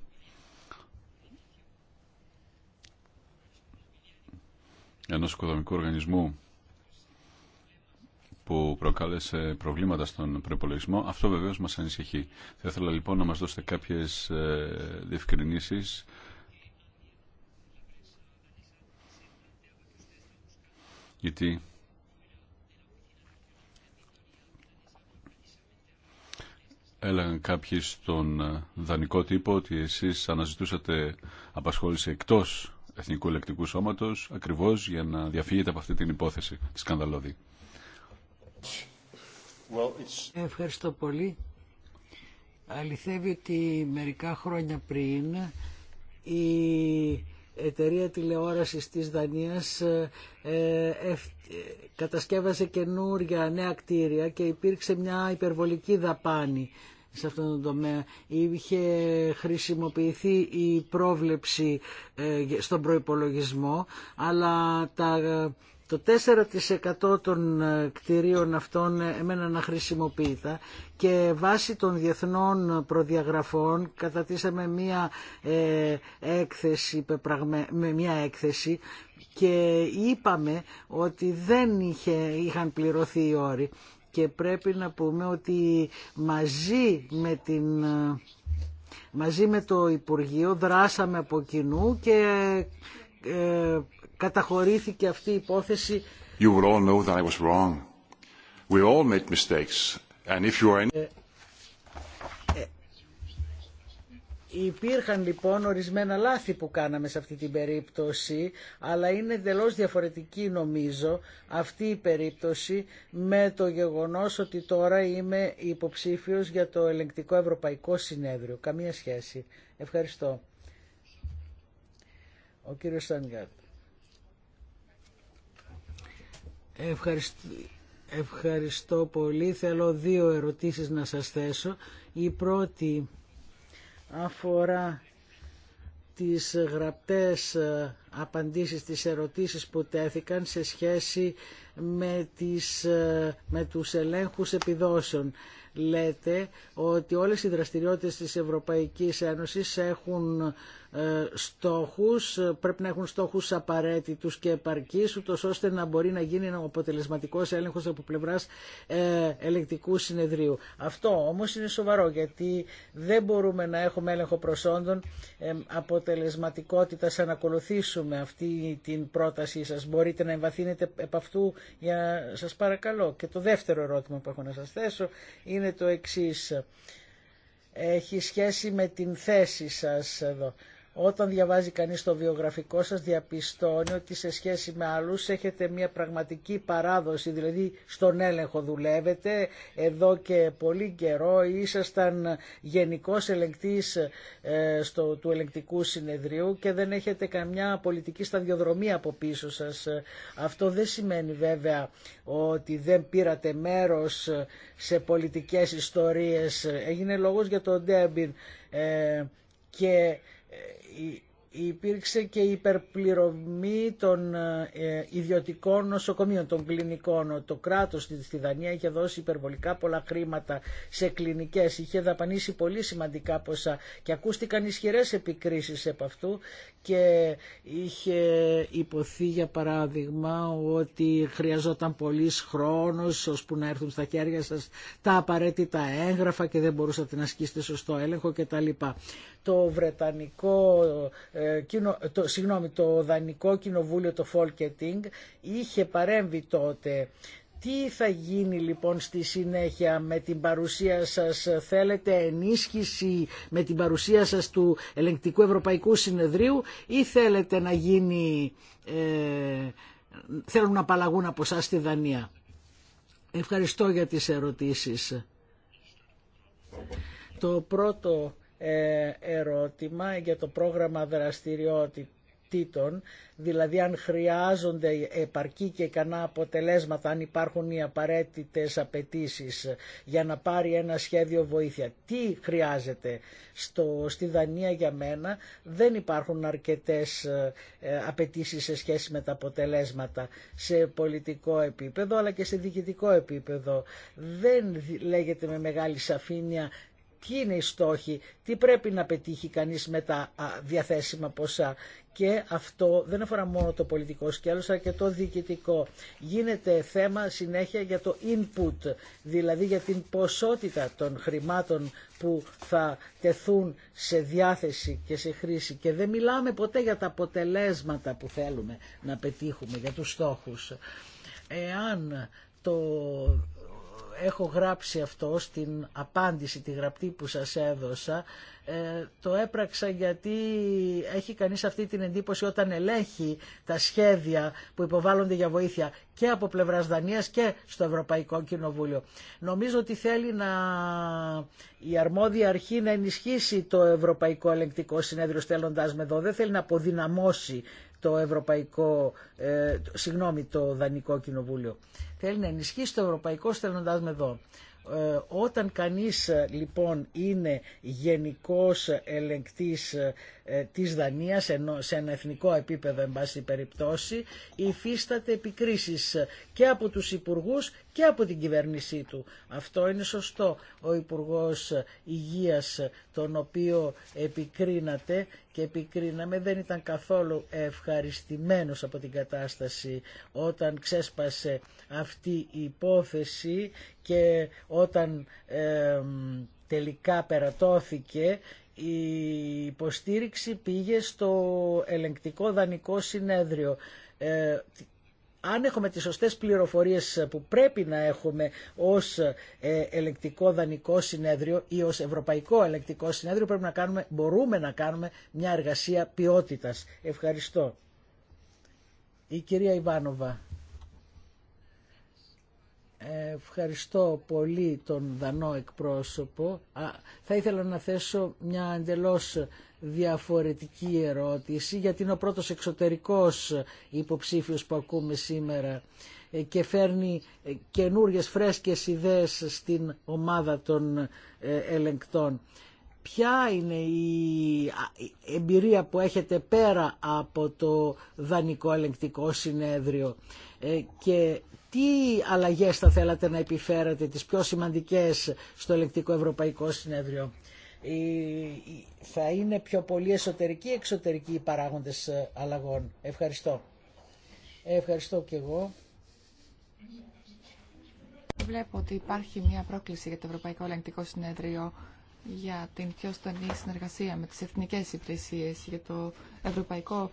ενός οικοδομικού οργανισμού που προκάλεσε προβλήματα στον προπολογισμό. Αυτό βεβαίω μα ανησυχεί. Θα ήθελα λοιπόν να μα δώσετε κάποιες ε, διευκρινήσει. γιατί έλεγαν κάποιοι στον δανεικό τύπο ότι εσείς αναζητούσατε απασχόληση εκτός Εθνικού Ελεκτικού Σώματος ακριβώς για να διαφύγετε από αυτή την υπόθεση τη σκανδαλώδη. Ευχαριστώ πολύ. Αληθεύει ότι μερικά χρόνια πριν η εταιρεία τηλεόρασης της Δανίας ε, ε, κατασκεύασε καινούρια νέα κτίρια και υπήρξε μια υπερβολική δαπάνη σε αυτόν τον τομέα. Είχε χρησιμοποιηθεί η πρόβλεψη ε, στον προϋπολογισμό, αλλά τα το 4% των ε, κτηρίων αυτών ε, εμένα να χρησιμοποιείται και βάσει των διεθνών προδιαγραφών κατατίσαμε μία, ε, έκθεση, με μία έκθεση και είπαμε ότι δεν είχε, είχαν πληρωθεί οι όροι και πρέπει να πούμε ότι μαζί με την... Μαζί το Υπουργείο δράσαμε από κοινού και καταχωρήθηκε αυτή η υπόθεση. You will all know that I was wrong. We all made mistakes. And if ε, ε, υπήρχαν λοιπόν ορισμένα λάθη που κάναμε σε αυτή την περίπτωση, αλλά είναι εντελώ διαφορετική νομίζω αυτή η περίπτωση με το γεγονός ότι τώρα είμαι υποψήφιος για το Ελεγκτικό Ευρωπαϊκό Συνέδριο. Καμία σχέση. Ευχαριστώ. Ο κύριος Σανγκάτ. Ευχαριστώ. Ευχαριστώ πολύ. Θέλω δύο ερωτήσεις να σας θέσω. Η πρώτη αφορά τις γραπτές ε, απαντήσεις, τις ερωτήσεις που τέθηκαν σε σχέση με, τις, ε, με τους ελέγχους επιδόσεων. Λέτε ότι όλες οι δραστηριότητες της Ευρωπαϊκής Ένωσης έχουν ε, στόχους, ε, πρέπει να έχουν στόχους απαραίτητους και επαρκείς, ούτως ώστε να μπορεί να γίνει ένα αποτελεσματικός έλεγχος από πλευράς ε, ελεκτικού συνεδρίου. Αυτό όμως είναι σοβαρό, γιατί δεν μπορούμε να έχουμε έλεγχο προσόντων αποτελεσματικότητας να ακολουθήσουμε αυτή την πρότασή σας. Μπορείτε να εμβαθύνετε επ' αυτού, για... σας παρακαλώ. Και το δεύτερο ερώτημα που έχω να σας θέσω είναι το εξής έχει σχέση με την θέση σας εδώ. Όταν διαβάζει κανείς το βιογραφικό σας διαπιστώνει ότι σε σχέση με άλλους έχετε μια πραγματική παράδοση, δηλαδή στον έλεγχο δουλεύετε εδώ και πολύ καιρό ήσασταν γενικός ελεγκτής ε, στο, του ελεγκτικού συνεδρίου και δεν έχετε καμιά πολιτική σταδιοδρομία από πίσω σας. Αυτό δεν σημαίνει βέβαια ότι δεν πήρατε μέρος σε πολιτικές ιστορίες. Έγινε λόγος για τον Ντέμπιν ε, και ε, υπήρξε και υπερπληρωμή των ε, ιδιωτικών νοσοκομείων, των κλινικών. Το κράτος στη Δανία είχε δώσει υπερβολικά πολλά χρήματα σε κλινικές, είχε δαπανίσει πολύ σημαντικά ποσά και ακούστηκαν ισχυρές επικρίσεις επ' αυτού και είχε υποθεί για παράδειγμα ότι χρειαζόταν πολύ χρόνος ώσπου να έρθουν στα χέρια σας τα απαραίτητα έγγραφα και δεν μπορούσατε να ασκήσετε σωστό έλεγχο κτλ το Βρετανικό, ε, το, συγγνώμη, το Δανικό Κοινοβούλιο, το Folketing, είχε παρέμβει τότε τι θα γίνει λοιπόν στη συνέχεια με την παρουσία σας, θέλετε ενίσχυση με την παρουσία σας του Ελεγκτικού Ευρωπαϊκού Συνεδρίου ή θέλετε να γίνει, ε, θέλουν να απαλλαγούν από εσά τη Δανία. Ευχαριστώ για τις ερωτήσεις. Το πρώτο ε, ερώτημα για το πρόγραμμα δραστηριοτήτων, δηλαδή αν χρειάζονται επαρκή και ικανά αποτελέσματα, αν υπάρχουν οι απαραίτητες απαιτήσει για να πάρει ένα σχέδιο βοήθεια. Τι χρειάζεται στο, στη Δανία για μένα, δεν υπάρχουν αρκετές ε, απαιτήσει σε σχέση με τα αποτελέσματα σε πολιτικό επίπεδο αλλά και σε διοικητικό επίπεδο. Δεν λέγεται με μεγάλη σαφήνεια τι είναι οι στόχοι, τι πρέπει να πετύχει κανείς με τα διαθέσιμα ποσά. Και αυτό δεν αφορά μόνο το πολιτικό σκέλος, αλλά και το διοικητικό. Γίνεται θέμα συνέχεια για το input, δηλαδή για την ποσότητα των χρημάτων που θα τεθούν σε διάθεση και σε χρήση. Και δεν μιλάμε ποτέ για τα αποτελέσματα που θέλουμε να πετύχουμε, για τους στόχους. Εάν το έχω γράψει αυτό στην απάντηση, τη γραπτή που σας έδωσα. Ε, το έπραξα γιατί έχει κανείς αυτή την εντύπωση όταν ελέγχει τα σχέδια που υποβάλλονται για βοήθεια και από πλευράς Δανίας και στο Ευρωπαϊκό Κοινοβούλιο. Νομίζω ότι θέλει να η αρμόδια αρχή να ενισχύσει το Ευρωπαϊκό Ελεγκτικό Συνέδριο στέλνοντάς με εδώ. Δεν θέλει να αποδυναμώσει το Ευρωπαϊκό, ε, συγγνώμη, το Δανικό Κοινοβούλιο. Θέλει να ενισχύσει το Ευρωπαϊκό στέλνοντάς με εδώ. Ε, όταν κανείς ε, λοιπόν είναι γενικός ελεγκτής ε, ε, της Δανίας σε ένα εθνικό επίπεδο εν πάση περιπτώσει υφίσταται επικρίσεις και από τους υπουργούς και από την κυβέρνησή του. Αυτό είναι σωστό. Ο Υπουργός Υγείας τον οποίο επικρίνατε και επικρίναμε δεν ήταν καθόλου ευχαριστημένος από την κατάσταση όταν ξέσπασε αυτή η υπόθεση και όταν τελικά περατώθηκε η υποστήριξη πήγε στο ελεγκτικό δανεικό συνέδριο. Ε, αν έχουμε τις σωστές πληροφορίες που πρέπει να έχουμε ως ε, ελεκτικό δανεικό συνέδριο ή ως ευρωπαϊκό ελεκτικό συνέδριο πρέπει να κάνουμε, μπορούμε να κάνουμε μια εργασία ποιότητας. Ευχαριστώ. Η κυρία Ιβάνοβα. Ευχαριστώ πολύ τον Δανό εκπρόσωπο. Θα ήθελα να θέσω μια εντελώς διαφορετική ερώτηση γιατί είναι ο πρώτος εξωτερικός υποψήφιος που ακούμε σήμερα ε, και φέρνει ε, καινούριες φρέσκες ιδέες στην ομάδα των ε, ελεγκτών ποια είναι η εμπειρία που έχετε πέρα από το δανεικό ελεγκτικό συνέδριο ε, και τι αλλαγές θα θέλατε να επιφέρετε, τις πιο σημαντικές στο ελεγκτικό ευρωπαϊκό συνέδριο. Ε, θα είναι πιο πολύ εσωτερικοί ή εξωτερικοί οι παράγοντες ε, αλλαγών. Ευχαριστώ. Ευχαριστώ και εγώ. Βλέπω ότι υπάρχει μια πρόκληση για το Ευρωπαϊκό Ελεγκτικό Συνέδριο για την πιο στενή συνεργασία με τις εθνικές υπηρεσίες για το Ευρωπαϊκό,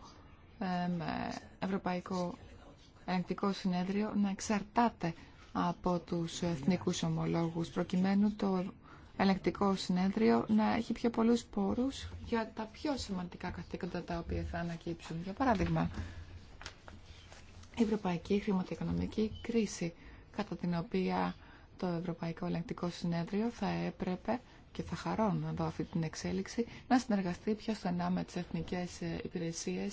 Ευρωπαϊκό Ελεκτικό Συνέδριο να εξαρτάται από τους εθνικούς ομολόγους προκειμένου το ελεγκτικό συνέδριο να έχει πιο πολλούς πόρους για τα πιο σημαντικά καθήκοντα τα οποία θα ανακύψουν. Για παράδειγμα, η Ευρωπαϊκή Χρηματοοικονομική Κρίση, κατά την οποία το Ευρωπαϊκό Ελεγκτικό Συνέδριο θα έπρεπε και θα χαρώ να δω αυτή την εξέλιξη, να συνεργαστεί πιο στενά με τι εθνικέ ε, υπηρεσίε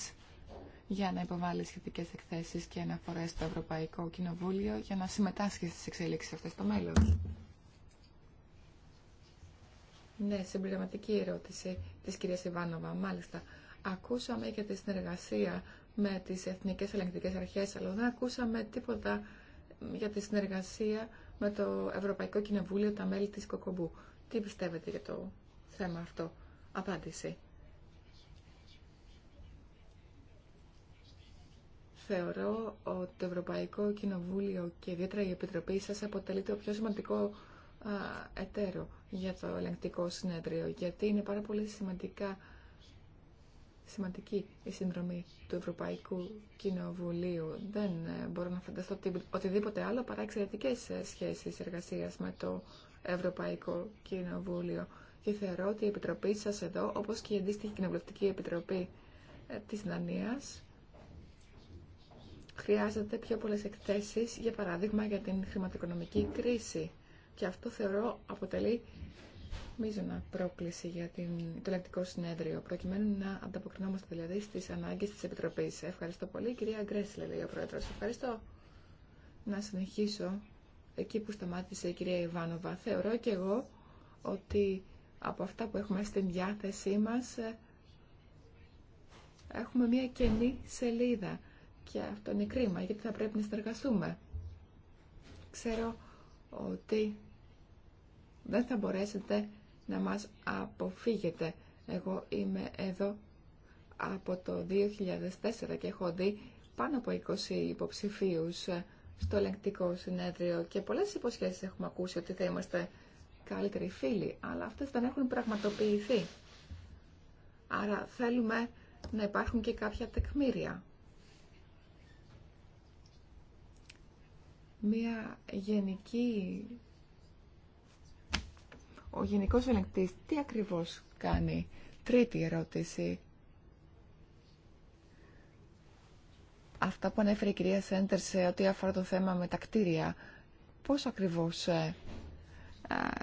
για να υποβάλει σχετικέ εκθέσει και αναφορέ στο Ευρωπαϊκό Κοινοβούλιο για να συμμετάσχει στι εξέλιξει αυτέ στο μέλλον. Ναι, συμπληρωματική ερώτηση τη κυρία Ιβάνοβα. Μάλιστα, ακούσαμε για τη συνεργασία με τι εθνικέ ελεγκτικέ αρχέ, αλλά δεν ακούσαμε τίποτα για τη συνεργασία με το Ευρωπαϊκό Κοινοβούλιο, τα μέλη της Κοκομπού. Τι πιστεύετε για το θέμα αυτό. Απάντηση. Θεωρώ ότι το Ευρωπαϊκό Κοινοβούλιο και ιδιαίτερα η Επιτροπή σας αποτελεί το πιο σημαντικό εταίρο για το ελεγκτικό συνέδριο, γιατί είναι πάρα πολύ σημαντικά, σημαντική η συνδρομή του Ευρωπαϊκού Κοινοβουλίου. Δεν ε, μπορώ να φανταστώ οτιδήποτε άλλο παρά εξαιρετικέ ε, σχέσεις εργασίας με το Ευρωπαϊκό Κοινοβούλιο. Και θεωρώ ότι η Επιτροπή σας εδώ, όπως και η αντίστοιχη Κοινοβουλευτική Επιτροπή ε, της Δανίας, χρειάζεται πιο πολλές εκθέσεις, για παράδειγμα για την χρηματοοικονομική κρίση. Και αυτό θεωρώ αποτελεί μείζωνα πρόκληση για την, το ελεκτικό συνέδριο, προκειμένου να ανταποκρινόμαστε δηλαδή στις ανάγκες της Επιτροπής. Ευχαριστώ πολύ, κυρία Γκρέσλε, λέει ο Πρόεδρος. Ευχαριστώ. Να συνεχίσω εκεί που σταμάτησε η κυρία Ιβάνοβα. Θεωρώ και εγώ ότι από αυτά που έχουμε στην διάθεσή μας ε, έχουμε μια κενή σελίδα και αυτό είναι κρίμα γιατί θα πρέπει να συνεργαστούμε. Ξέρω ότι δεν θα μπορέσετε να μας αποφύγετε. Εγώ είμαι εδώ από το 2004 και έχω δει πάνω από 20 υποψηφίους ε, στο ελεγκτικό συνέδριο και πολλές υποσχέσεις έχουμε ακούσει ότι θα είμαστε καλύτεροι φίλοι, αλλά αυτές δεν έχουν πραγματοποιηθεί. Άρα θέλουμε να υπάρχουν και κάποια τεκμήρια. Μία γενική... Ο γενικός ελεγκτής τι ακριβώς κάνει. Τρίτη ερώτηση. Αυτά που ανέφερε η κυρία Σέντερ σε ό,τι αφορά το θέμα με τα κτίρια, πώς ακριβώς ε,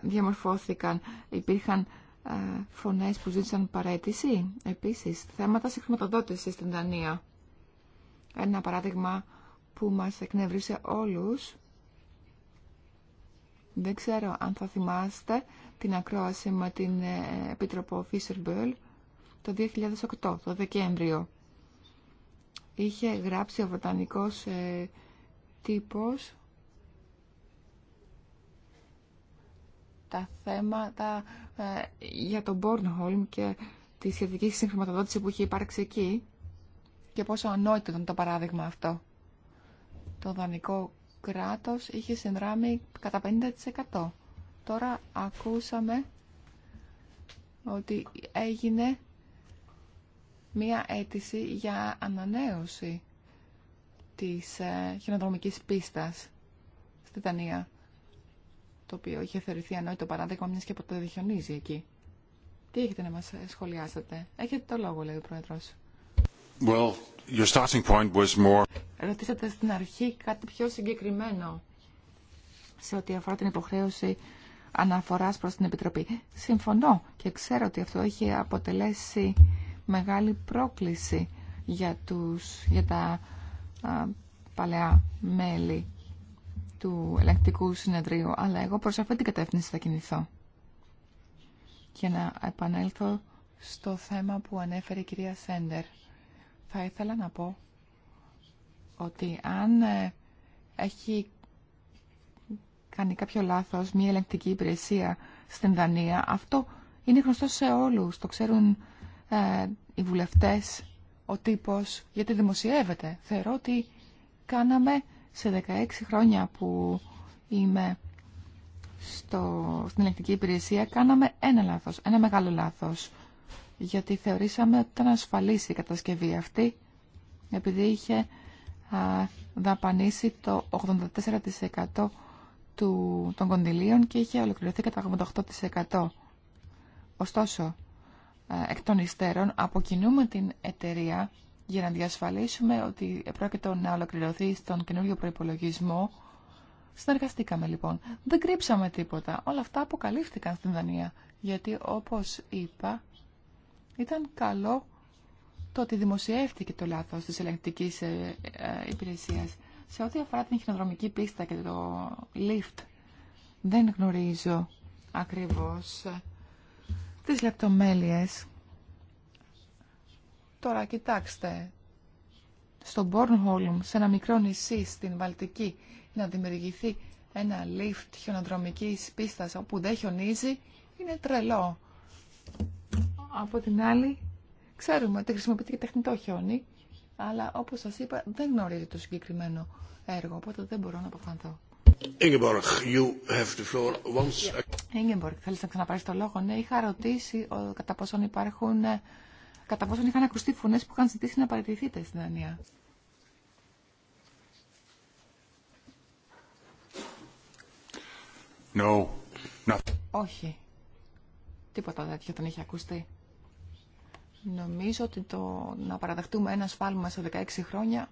διαμορφώθηκαν, υπήρχαν φωνές που ζήτησαν παρέτηση, επίσης θέματα συγχρηματοδότησης στην Δανία. Ένα παράδειγμα που μας εκνευρίσε όλους. Δεν ξέρω αν θα θυμάστε την ακρόαση με την ε, Επίτροπο Φίσερ το 2008, το Δεκέμβριο είχε γράψει ο βοτανικός ε, τύπος τα θέματα ε, για τον Bornholm και τη σχετική συγχρηματοδότηση που είχε υπάρξει εκεί και πόσο ανόητο ήταν το παράδειγμα αυτό. Το δανεικό κράτος είχε συνδράμει κατά 50%. Τώρα ακούσαμε ότι έγινε μία αίτηση για ανανέωση της ε, χιονοδρομικής πίστας στη Δανία, το οποίο είχε θεωρηθεί ανόητο παράδειγμα μιας και ποτέ δεν χιονίζει εκεί. Τι έχετε να μας σχολιάσετε. Έχετε το λόγο, λέει ο Πρόεδρος. Well, your starting point was more... Ρωτήσατε στην αρχή κάτι πιο συγκεκριμένο σε ό,τι αφορά την υποχρέωση αναφοράς προς την Επιτροπή. Συμφωνώ και ξέρω ότι αυτό έχει αποτελέσει μεγάλη πρόκληση για, τους, για τα παλαιά μέλη του ελεγκτικού συνεδρίου, αλλά εγώ προς αυτή την κατεύθυνση θα κινηθώ. και να επανέλθω στο θέμα που ανέφερε η κυρία Σέντερ, θα ήθελα να πω ότι αν ε, έχει κάνει κάποιο λάθος μια ελεγκτική υπηρεσία στην Δανία, αυτό είναι γνωστό σε όλους, το ξέρουν ε, οι βουλευτές, ο τύπος, γιατί δημοσιεύεται. Θεωρώ ότι κάναμε σε 16 χρόνια που είμαι στο, στην ελεκτική υπηρεσία, κάναμε ένα λάθος, ένα μεγάλο λάθος. Γιατί θεωρήσαμε ότι ήταν ασφαλής η κατασκευή αυτή, επειδή είχε α, δαπανίσει το 84% των κοντιλίων και είχε ολοκληρωθεί κατά 88%. Ωστόσο, ε, εκ των υστέρων αποκινούμε την εταιρεία για να διασφαλίσουμε ότι πρόκειται να ολοκληρωθεί στον καινούριο προπολογισμό. Συνεργαστήκαμε λοιπόν. Δεν κρύψαμε τίποτα. Όλα αυτά αποκαλύφθηκαν στην Δανία. Γιατί όπως είπα ήταν καλό το ότι δημοσιεύτηκε το λάθος της ελεγκτικής ε, ε, υπηρεσίας. Σε ό,τι αφορά την χειροδρομική πίστα και το lift δεν γνωρίζω ακριβώς τις λεπτομέλειες. Τώρα κοιτάξτε, στο Bornholm, σε ένα μικρό νησί στην Βαλτική, να δημιουργηθεί ένα lift χιονοδρομικής πίστας όπου δεν χιονίζει, είναι τρελό. Από την άλλη, ξέρουμε ότι χρησιμοποιείται και τεχνητό χιόνι, αλλά όπως σας είπα δεν γνωρίζει το συγκεκριμένο έργο, οπότε δεν μπορώ να αποφανθώ. Ingeborg, you να ξαναπάρεις το λόγο. Ναι, είχα ρωτήσει κατά πόσον υπάρχουν, ε, κατά πόσον είχαν ακουστεί φωνές που είχαν ζητήσει να παραιτηθείτε στην Δανία. Όχι. Τίποτα τέτοιο δεν είχε ακουστεί. Νομίζω ότι το να παραδεχτούμε ένα σφάλμα σε 16 χρόνια,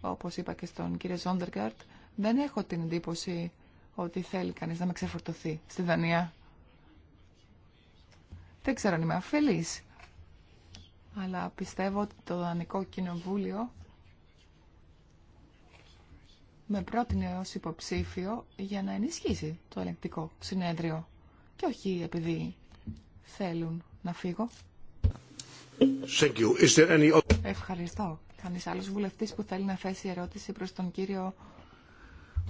όπως είπα και στον κύριο Ζόντεργκαρτ, δεν έχω την εντύπωση ότι θέλει κανείς να με ξεφορτωθεί στη Δανία. Δεν ξέρω αν είμαι αφελής, αλλά πιστεύω ότι το Δανικό Κοινοβούλιο με πρότεινε ω υποψήφιο για να ενισχύσει το ελεκτικό συνέδριο και όχι επειδή θέλουν να φύγω. Thank Ευχαριστώ. Κανείς άλλος βουλευτής που θέλει να θέσει ερώτηση προς τον κύριο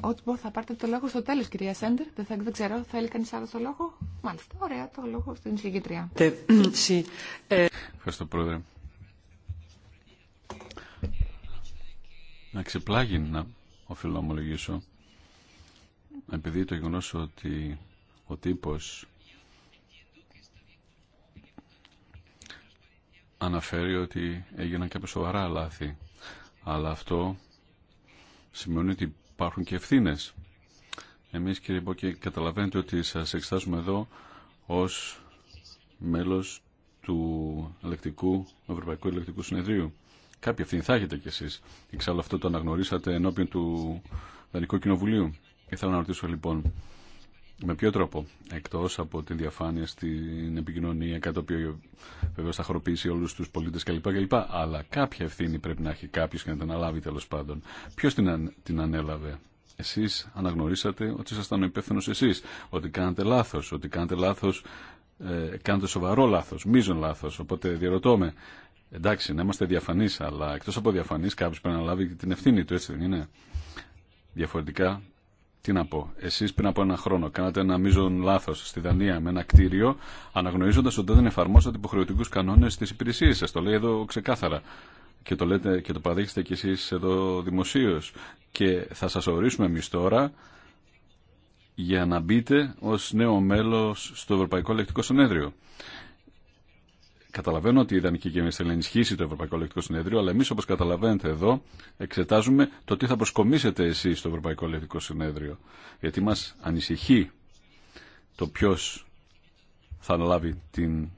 Ό,τι πω, θα πάρετε το λόγο στο τέλο κυρία Σέντερ. Δεν, θα, ξέρω, θέλει κανεί άλλο το λόγο. Μάλιστα, ωραία, το λόγο στην συγκεκριά. Ε. Ευχαριστώ, Πρόεδρε. Να ξεπλάγει να οφείλω να ομολογήσω. Επειδή το γεγονό ότι ο τύπο, αναφέρει ότι έγιναν κάποια σοβαρά λάθη. Αλλά αυτό σημαίνει ότι υπάρχουν και ευθύνε. Εμείς κύριε Μπόκη καταλαβαίνετε ότι σας εξετάζουμε εδώ ως μέλος του ελεκτικού, Ευρωπαϊκού Ελεκτικού Συνεδρίου. Κάποια ευθύνη θα έχετε κι εσείς. Εξάλλου αυτό το αναγνωρίσατε ενώπιον του Δανικού Κοινοβουλίου. Ήθελα να ρωτήσω λοιπόν, με ποιο τρόπο, εκτό από τη διαφάνεια στην επικοινωνία, κάτι το οποίο βεβαίως θα χοροπήσει όλους τους πολίτες κλπ. Αλλά κάποια ευθύνη πρέπει να έχει κάποιο και να την αναλάβει τέλο πάντων. Ποιο την, την ανέλαβε. εσεί αναγνωρίσατε ότι ήσασταν ο υπεύθυνο εσεί, ότι ε, κάνετε λάθο, ότι κάνετε λάθο, ε, σοβαρό λάθο, μείζον λάθο. Οπότε διαρωτώ με, εντάξει, να είμαστε διαφανεί, αλλά εκτό από διαφανεί, κάποιο πρέπει να λάβει την ευθύνη του, έτσι δεν είναι. Διαφορετικά τι να πω, εσεί πριν από ένα χρόνο κάνατε ένα μείζον λάθο στη Δανία με ένα κτίριο, αναγνωρίζοντα ότι δεν εφαρμόσατε υποχρεωτικού κανόνε στι υπηρεσίε σα. Το λέει εδώ ξεκάθαρα. Και το, λέτε, και το παραδείξετε κι εσείς εδώ δημοσίω. Και θα σας ορίσουμε εμεί τώρα για να μπείτε ως νέο μέλος στο Ευρωπαϊκό Ελεκτικό Συνέδριο. Καταλαβαίνω ότι η ιδανική κυβέρνηση θέλει να ενισχύσει το Ευρωπαϊκό Ελεκτικό Συνέδριο, αλλά εμεί, όπω καταλαβαίνετε εδώ, εξετάζουμε το τι θα προσκομίσετε εσεί στο Ευρωπαϊκό Ελεκτικό Συνέδριο. Γιατί μα ανησυχεί το ποιο θα αναλάβει την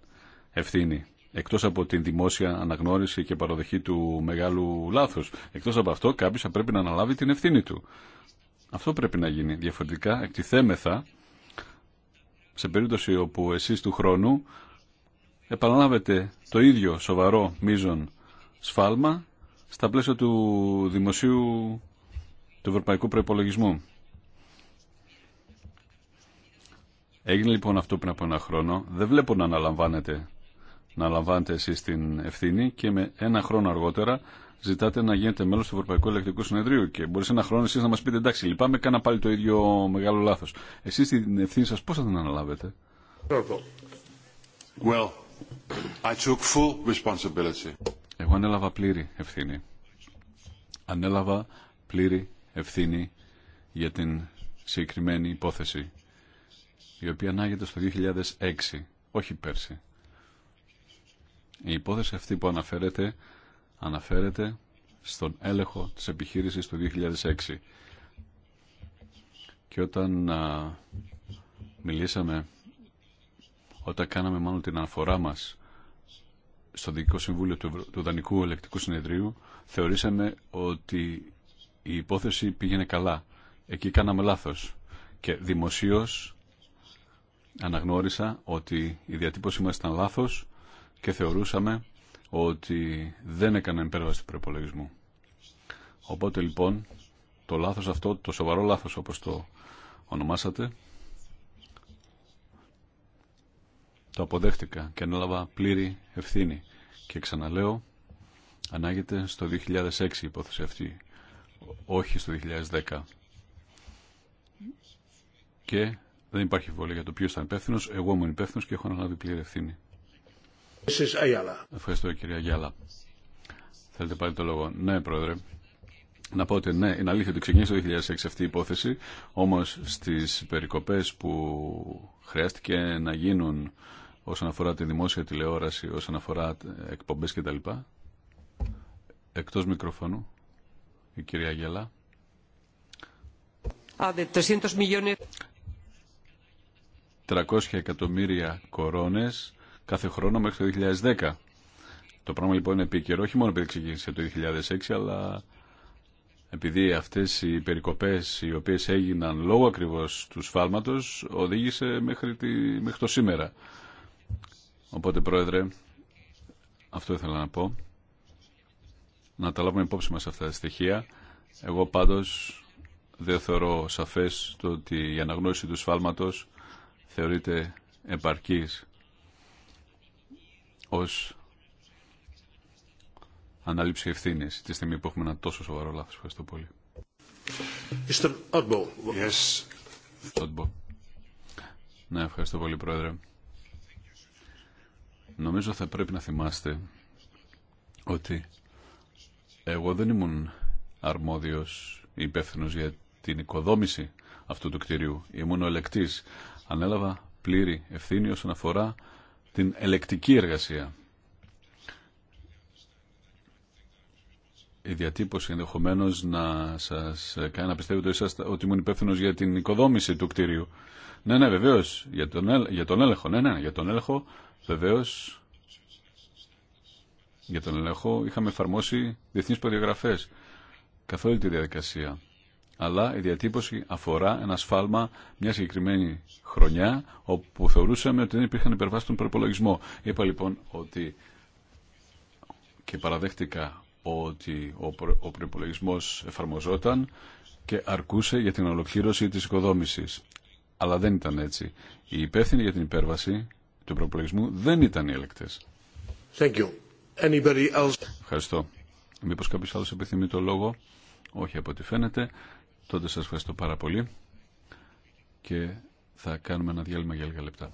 ευθύνη. Εκτό από την δημόσια αναγνώριση και παροδοχή του μεγάλου λάθου. Εκτό από αυτό, κάποιο θα πρέπει να αναλάβει την ευθύνη του. Αυτό πρέπει να γίνει. Διαφορετικά, εκτιθέμεθα σε περίπτωση όπου εσεί του χρόνου επαναλάβετε το ίδιο σοβαρό μείζον σφάλμα στα πλαίσια του δημοσίου του ευρωπαϊκού προϋπολογισμού. Έγινε λοιπόν αυτό πριν από ένα χρόνο. Δεν βλέπω να αναλαμβάνετε να λαμβάνετε εσείς την ευθύνη και με ένα χρόνο αργότερα ζητάτε να γίνετε μέλος του Ευρωπαϊκού Ελεκτρικού Συνεδρίου και μπορεί σε ένα χρόνο εσείς να μας πείτε εντάξει λυπάμαι κάνα πάλι το ίδιο μεγάλο λάθος. Εσείς την ευθύνη σας πώς θα την αναλάβετε. Well, I full responsibility. Εγώ ανέλαβα πλήρη ευθύνη. Ανέλαβα πλήρη ευθύνη για την συγκεκριμένη υπόθεση η οποία ανάγεται στο 2006, όχι πέρσι. Η υπόθεση αυτή που αναφέρεται αναφέρεται στον έλεγχο της επιχείρησης του 2006. Και όταν μιλήσαμε όταν κάναμε μάλλον την αναφορά μας στο Διοικητικό Συμβούλιο του, του Δανικού Ελεκτικού Συνεδρίου, θεωρήσαμε ότι η υπόθεση πήγαινε καλά. Εκεί κάναμε λάθος. Και δημοσίως αναγνώρισα ότι η διατύπωση μας ήταν λάθος και θεωρούσαμε ότι δεν έκανα υπέρβαση του προπολογισμού. Οπότε λοιπόν το λάθος αυτό, το σοβαρό λάθος όπως το ονομάσατε, Το αποδέχτηκα και ανέλαβα πλήρη ευθύνη. Και ξαναλέω, ανάγεται στο 2006 η υπόθεση αυτή, όχι στο 2010. Και δεν υπάρχει βολή για το ποιο ήταν υπεύθυνο. Εγώ ήμουν υπεύθυνο και έχω αναλάβει πλήρη ευθύνη. Ευχαριστώ κυρία Γιάλα. Θέλετε πάλι το λόγο. Ναι, Πρόεδρε. Να πω ότι ναι, είναι αλήθεια ότι ξεκίνησε το 2006 αυτή η υπόθεση, όμως στις περικοπές που χρειάστηκε να γίνουν όσον αφορά τη δημόσια τηλεόραση, όσον αφορά εκπομπές κτλ. Εκτός μικροφώνου, η κυρία Γελά. Α, 300 300 εκατομμύρια κορώνες κάθε χρόνο μέχρι το 2010. Το πράγμα λοιπόν είναι επίκαιρο, όχι μόνο επειδή ξεκίνησε το 2006, αλλά επειδή αυτές οι περικοπές οι οποίες έγιναν λόγω ακριβώς του σφάλματος οδήγησε μέχρι, μέχρι το σήμερα. Οπότε, Πρόεδρε, αυτό ήθελα να πω. Να τα λάβουμε υπόψη μας αυτά τα στοιχεία. Εγώ πάντως δεν θεωρώ σαφές το ότι η αναγνώριση του σφάλματος θεωρείται επαρκής ως ανάληψη ευθύνη τη στιγμή που έχουμε ένα τόσο σοβαρό λάθος. Ευχαριστώ πολύ. Yes. Ναι, ευχαριστώ πολύ, Πρόεδρε. Νομίζω θα πρέπει να θυμάστε ότι εγώ δεν ήμουν αρμόδιος υπεύθυνο για την οικοδόμηση αυτού του κτηρίου. Ήμουν ο ελεκτής. Ανέλαβα πλήρη ευθύνη όσον αφορά την ελεκτική εργασία. Η διατύπωση ενδεχομένω να σας κάνει να πιστεύετε ότι ήμουν υπεύθυνο για την οικοδόμηση του κτηρίου. Ναι, ναι, βεβαίω, για, για τον έλεγχο. Ναι, ναι, για τον έλεγχο Βεβαίω, για τον ελεγχό είχαμε εφαρμόσει διεθνεί προδιαγραφέ καθ' όλη τη διαδικασία. Αλλά η διατύπωση αφορά ένα σφάλμα μια συγκεκριμένη χρονιά όπου θεωρούσαμε ότι δεν υπήρχαν υπερβάσει στον προπολογισμό. Είπα λοιπόν ότι και παραδέχτηκα ότι ο προπολογισμό εφαρμοζόταν και αρκούσε για την ολοκλήρωση της οικοδόμησης. Αλλά δεν ήταν έτσι. Η υπεύθυνη για την υπέρβαση του προπολογισμού δεν ήταν οι ελεκτέ. Ευχαριστώ. Μήπω κάποιο άλλο επιθυμεί το λόγο. Όχι από ό,τι φαίνεται. Τότε σας ευχαριστώ πάρα πολύ και θα κάνουμε ένα διάλειμμα για λίγα λεπτά.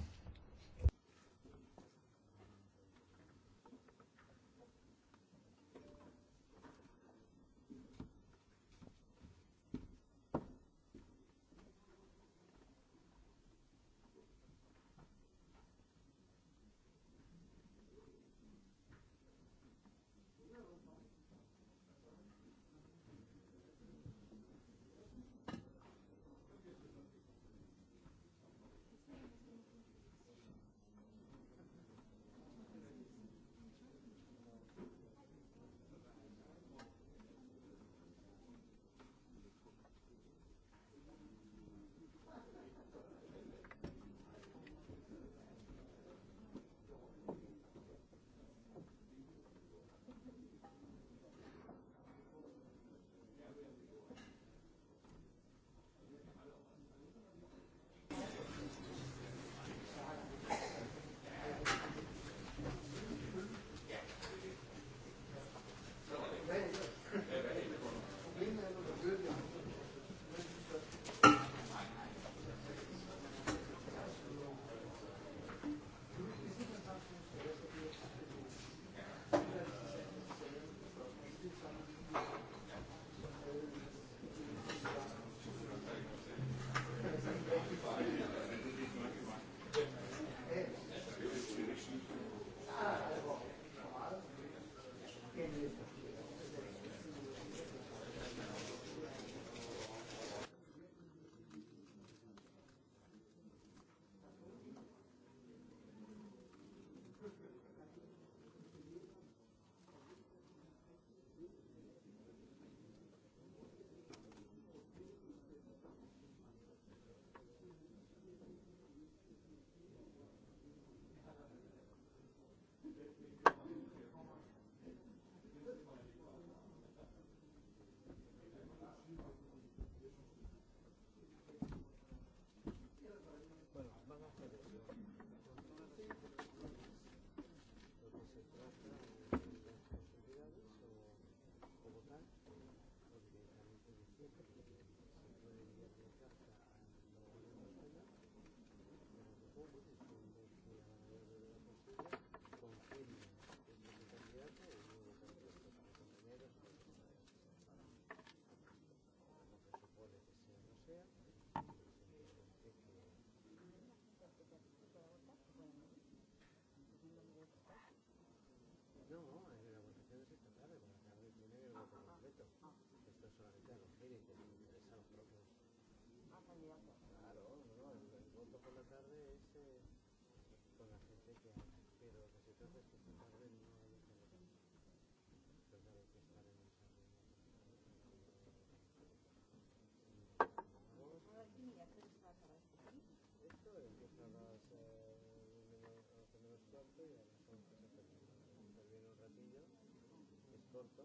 τόρτο.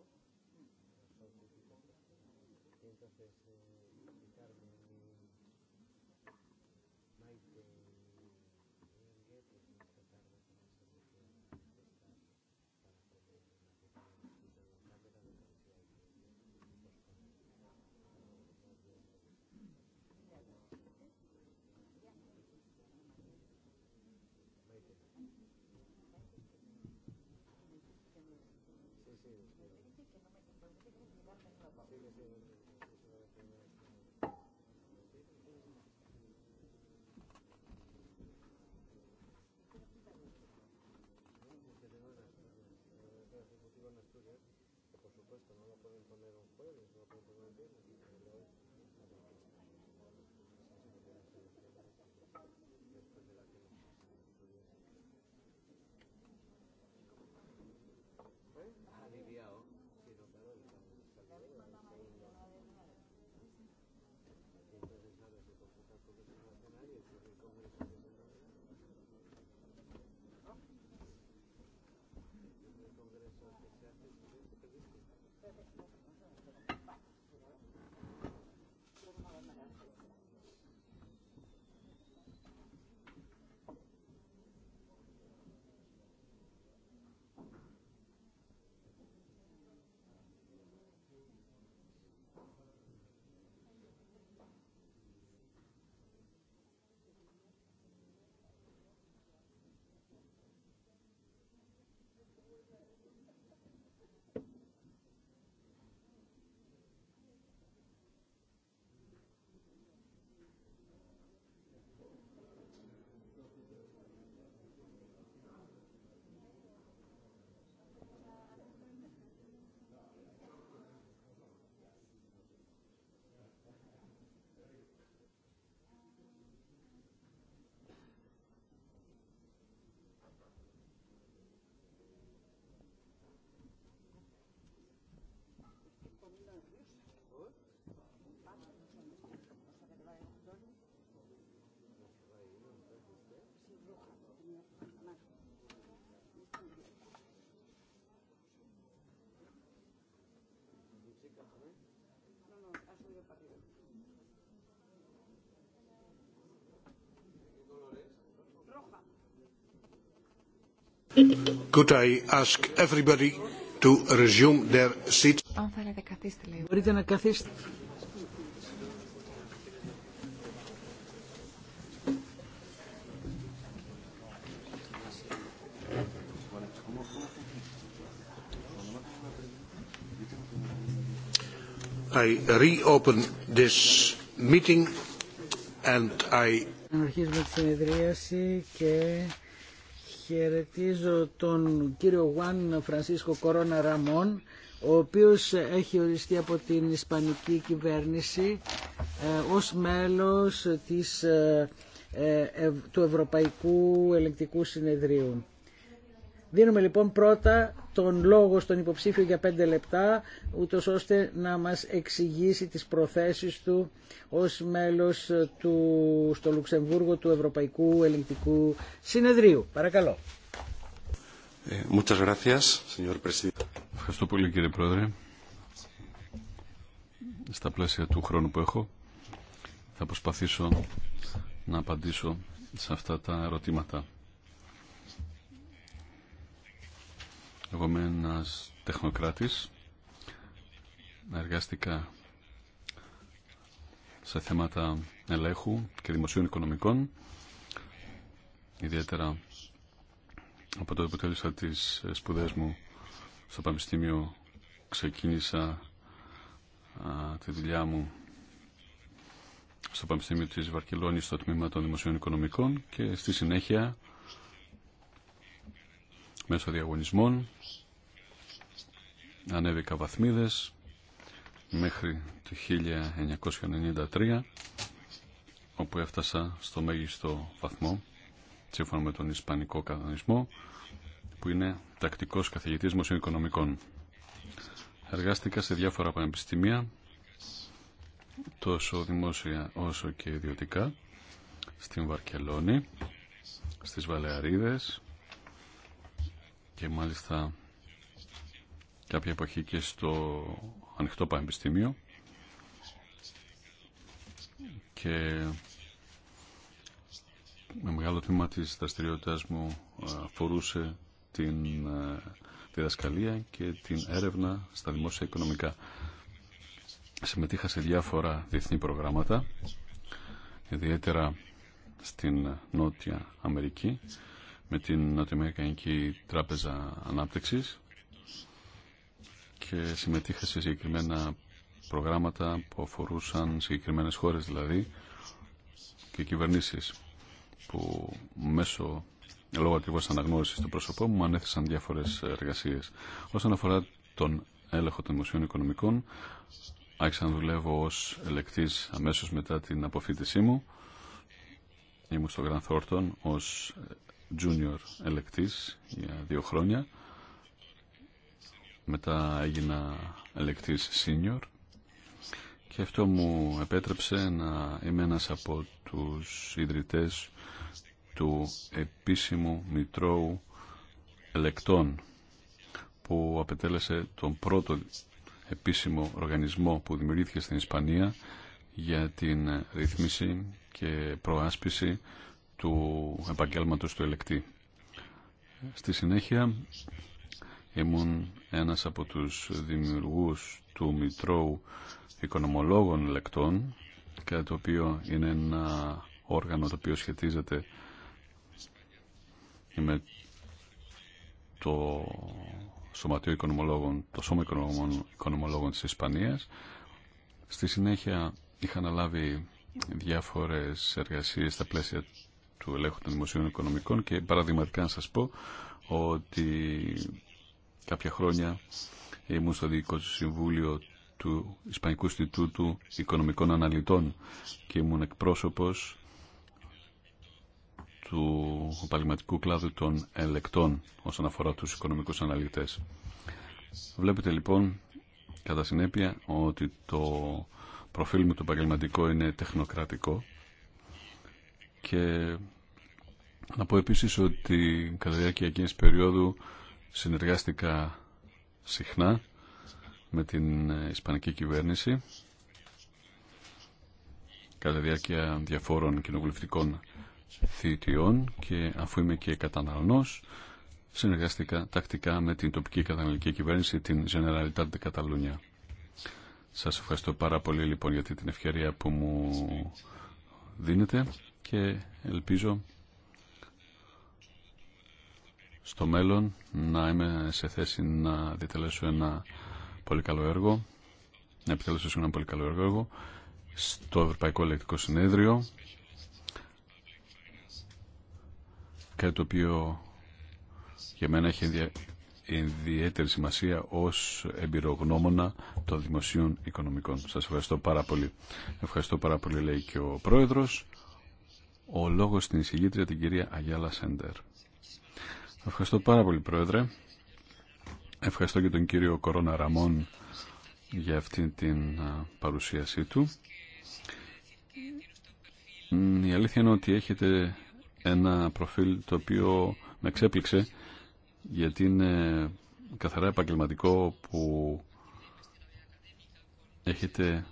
θες mm. Asturias, que por supuesto no lo pueden poner un jueves, no lo pueden poner un viernes, Could I ask everybody to resume their seats? Αν θέλετε καθίστε λίγο. Μπορείτε να καθίσετε. I τη συνεδρίαση και χαιρετίζω τον κύριο Γουάν Φρανσίσκο Κορώνα Ραμόν ο οποίος έχει οριστεί από την Ισπανική κυβέρνηση ε, ως μέλος ε, ε, του Ευρωπαϊκού Ελεκτικού Συνεδρίου. Δίνουμε λοιπόν πρώτα τον λόγο στον υποψήφιο για πέντε λεπτά, ούτω ώστε να μας εξηγήσει τις προθέσεις του ως μέλος του, στο Λουξεμβούργο του Ευρωπαϊκού Ελληνικού Συνεδρίου. Παρακαλώ. Ε, Ευχαριστώ πολύ κύριε Πρόεδρε. Στα πλαίσια του χρόνου που έχω θα προσπαθήσω να απαντήσω σε αυτά τα ερωτήματα Εγώ είμαι ένα τεχνοκράτης. Εργάστηκα σε θέματα ελέγχου και δημοσίων οικονομικών. Ιδιαίτερα από το που τέλειωσα τις σπουδές μου στο Πανεπιστήμιο ξεκίνησα τη δουλειά μου στο Πανεπιστήμιο της Βαρκελόνης στο τμήμα των Δημοσίων Οικονομικών και στη συνέχεια μέσω διαγωνισμών. Ανέβηκα βαθμίδες μέχρι το 1993 όπου έφτασα στο μέγιστο βαθμό σύμφωνα με τον Ισπανικό κανονισμό που είναι τακτικός καθηγητής Μοσίων Οικονομικών. Εργάστηκα σε διάφορα πανεπιστημία τόσο δημόσια όσο και ιδιωτικά στην Βαρκελόνη, στις Βαλεαρίδες και μάλιστα κάποια εποχή και στο Ανοιχτό Πανεπιστήμιο και με μεγάλο τμήμα της δραστηριότητά μου ε, αφορούσε την ε, διδασκαλία και την έρευνα στα δημόσια οικονομικά. Συμμετείχα σε διάφορα διεθνή προγράμματα, ιδιαίτερα στην Νότια Αμερική με την Νοτιοαμερικανική Τράπεζα Ανάπτυξης και συμμετείχα σε συγκεκριμένα προγράμματα που αφορούσαν συγκεκριμένες χώρες δηλαδή και κυβερνήσεις που μέσω λόγω ακριβώ αναγνώριση του προσωπό μου ανέθεσαν διάφορες εργασίες. Όσον αφορά τον έλεγχο των δημοσίων οικονομικών, άρχισα να δουλεύω ω ελεκτής αμέσω μετά την αποφύτησή μου. Ήμουν στο Grand ω junior ελεκτής για δύο χρόνια. Μετά έγινα ελεκτής senior και αυτό μου επέτρεψε να είμαι ένας από τους ιδρυτές του επίσημου Μητρώου Ελεκτών που απετέλεσε τον πρώτο επίσημο οργανισμό που δημιουργήθηκε στην Ισπανία για την ρύθμιση και προάσπιση του επαγγέλματος του ελεκτή. Στη συνέχεια ήμουν ένας από τους δημιουργούς του Μητρώου Οικονομολόγων Ελεκτών και το οποίο είναι ένα όργανο το οποίο σχετίζεται με το Σωματείο Οικονομολόγων, το Σώμα Οικονομολόγων της Ισπανίας. Στη συνέχεια είχα αναλάβει διάφορες εργασίες στα πλαίσια του ελέγχου των δημοσίων οικονομικών και παραδειγματικά να σας πω ότι κάποια χρόνια ήμουν στο Διοικό Συμβούλιο του Ισπανικού Ινστιτούτου Οικονομικών Αναλυτών και ήμουν εκπρόσωπος του επαγγελματικού κλάδου των ελεκτών όσον αφορά τους οικονομικούς αναλυτές. Βλέπετε λοιπόν κατά συνέπεια ότι το προφίλ μου το επαγγελματικό είναι τεχνοκρατικό και να πω επίσης ότι κατά διάρκεια εκείνης περίοδου συνεργάστηκα συχνά με την Ισπανική κυβέρνηση κατά διάρκεια διαφόρων κοινοβουλευτικών θητιών και αφού είμαι και καταναλωνός συνεργάστηκα τακτικά με την τοπική καταναλωτική κυβέρνηση την Generalitat de Catalunya. Σας ευχαριστώ πάρα πολύ λοιπόν για την ευκαιρία που μου δίνετε και ελπίζω στο μέλλον να είμαι σε θέση να διτελέσω ένα πολύ καλό έργο να επιτελέσω ένα πολύ καλό έργο στο Ευρωπαϊκό Ελεκτικό Συνέδριο κάτι το οποίο για μένα έχει ιδιαίτερη σημασία ως εμπειρογνώμονα των δημοσίων οικονομικών. Σας ευχαριστώ πάρα πολύ. Ευχαριστώ πάρα πολύ λέει και ο Πρόεδρος ο λόγος στην εισηγήτρια την κυρία Αγιάλα Σέντερ. Ευχαριστώ πάρα πολύ Πρόεδρε. Ευχαριστώ και τον κύριο Κορώνα Ραμόν για αυτή την παρουσίασή του. Η αλήθεια είναι ότι έχετε ένα προφίλ το οποίο με εξέπληξε γιατί είναι καθαρά επαγγελματικό που έχετε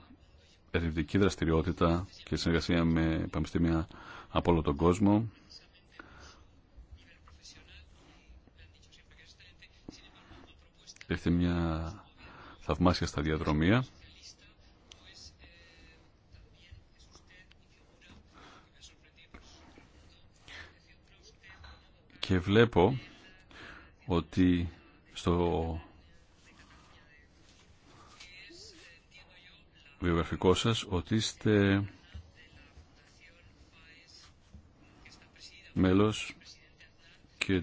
ερευνητική δραστηριότητα και συνεργασία με πανεπιστήμια από όλο τον κόσμο. Έχετε μια θαυμάσια διαδρομία Και βλέπω ότι στο βιογραφικό σας ότι είστε μέλος και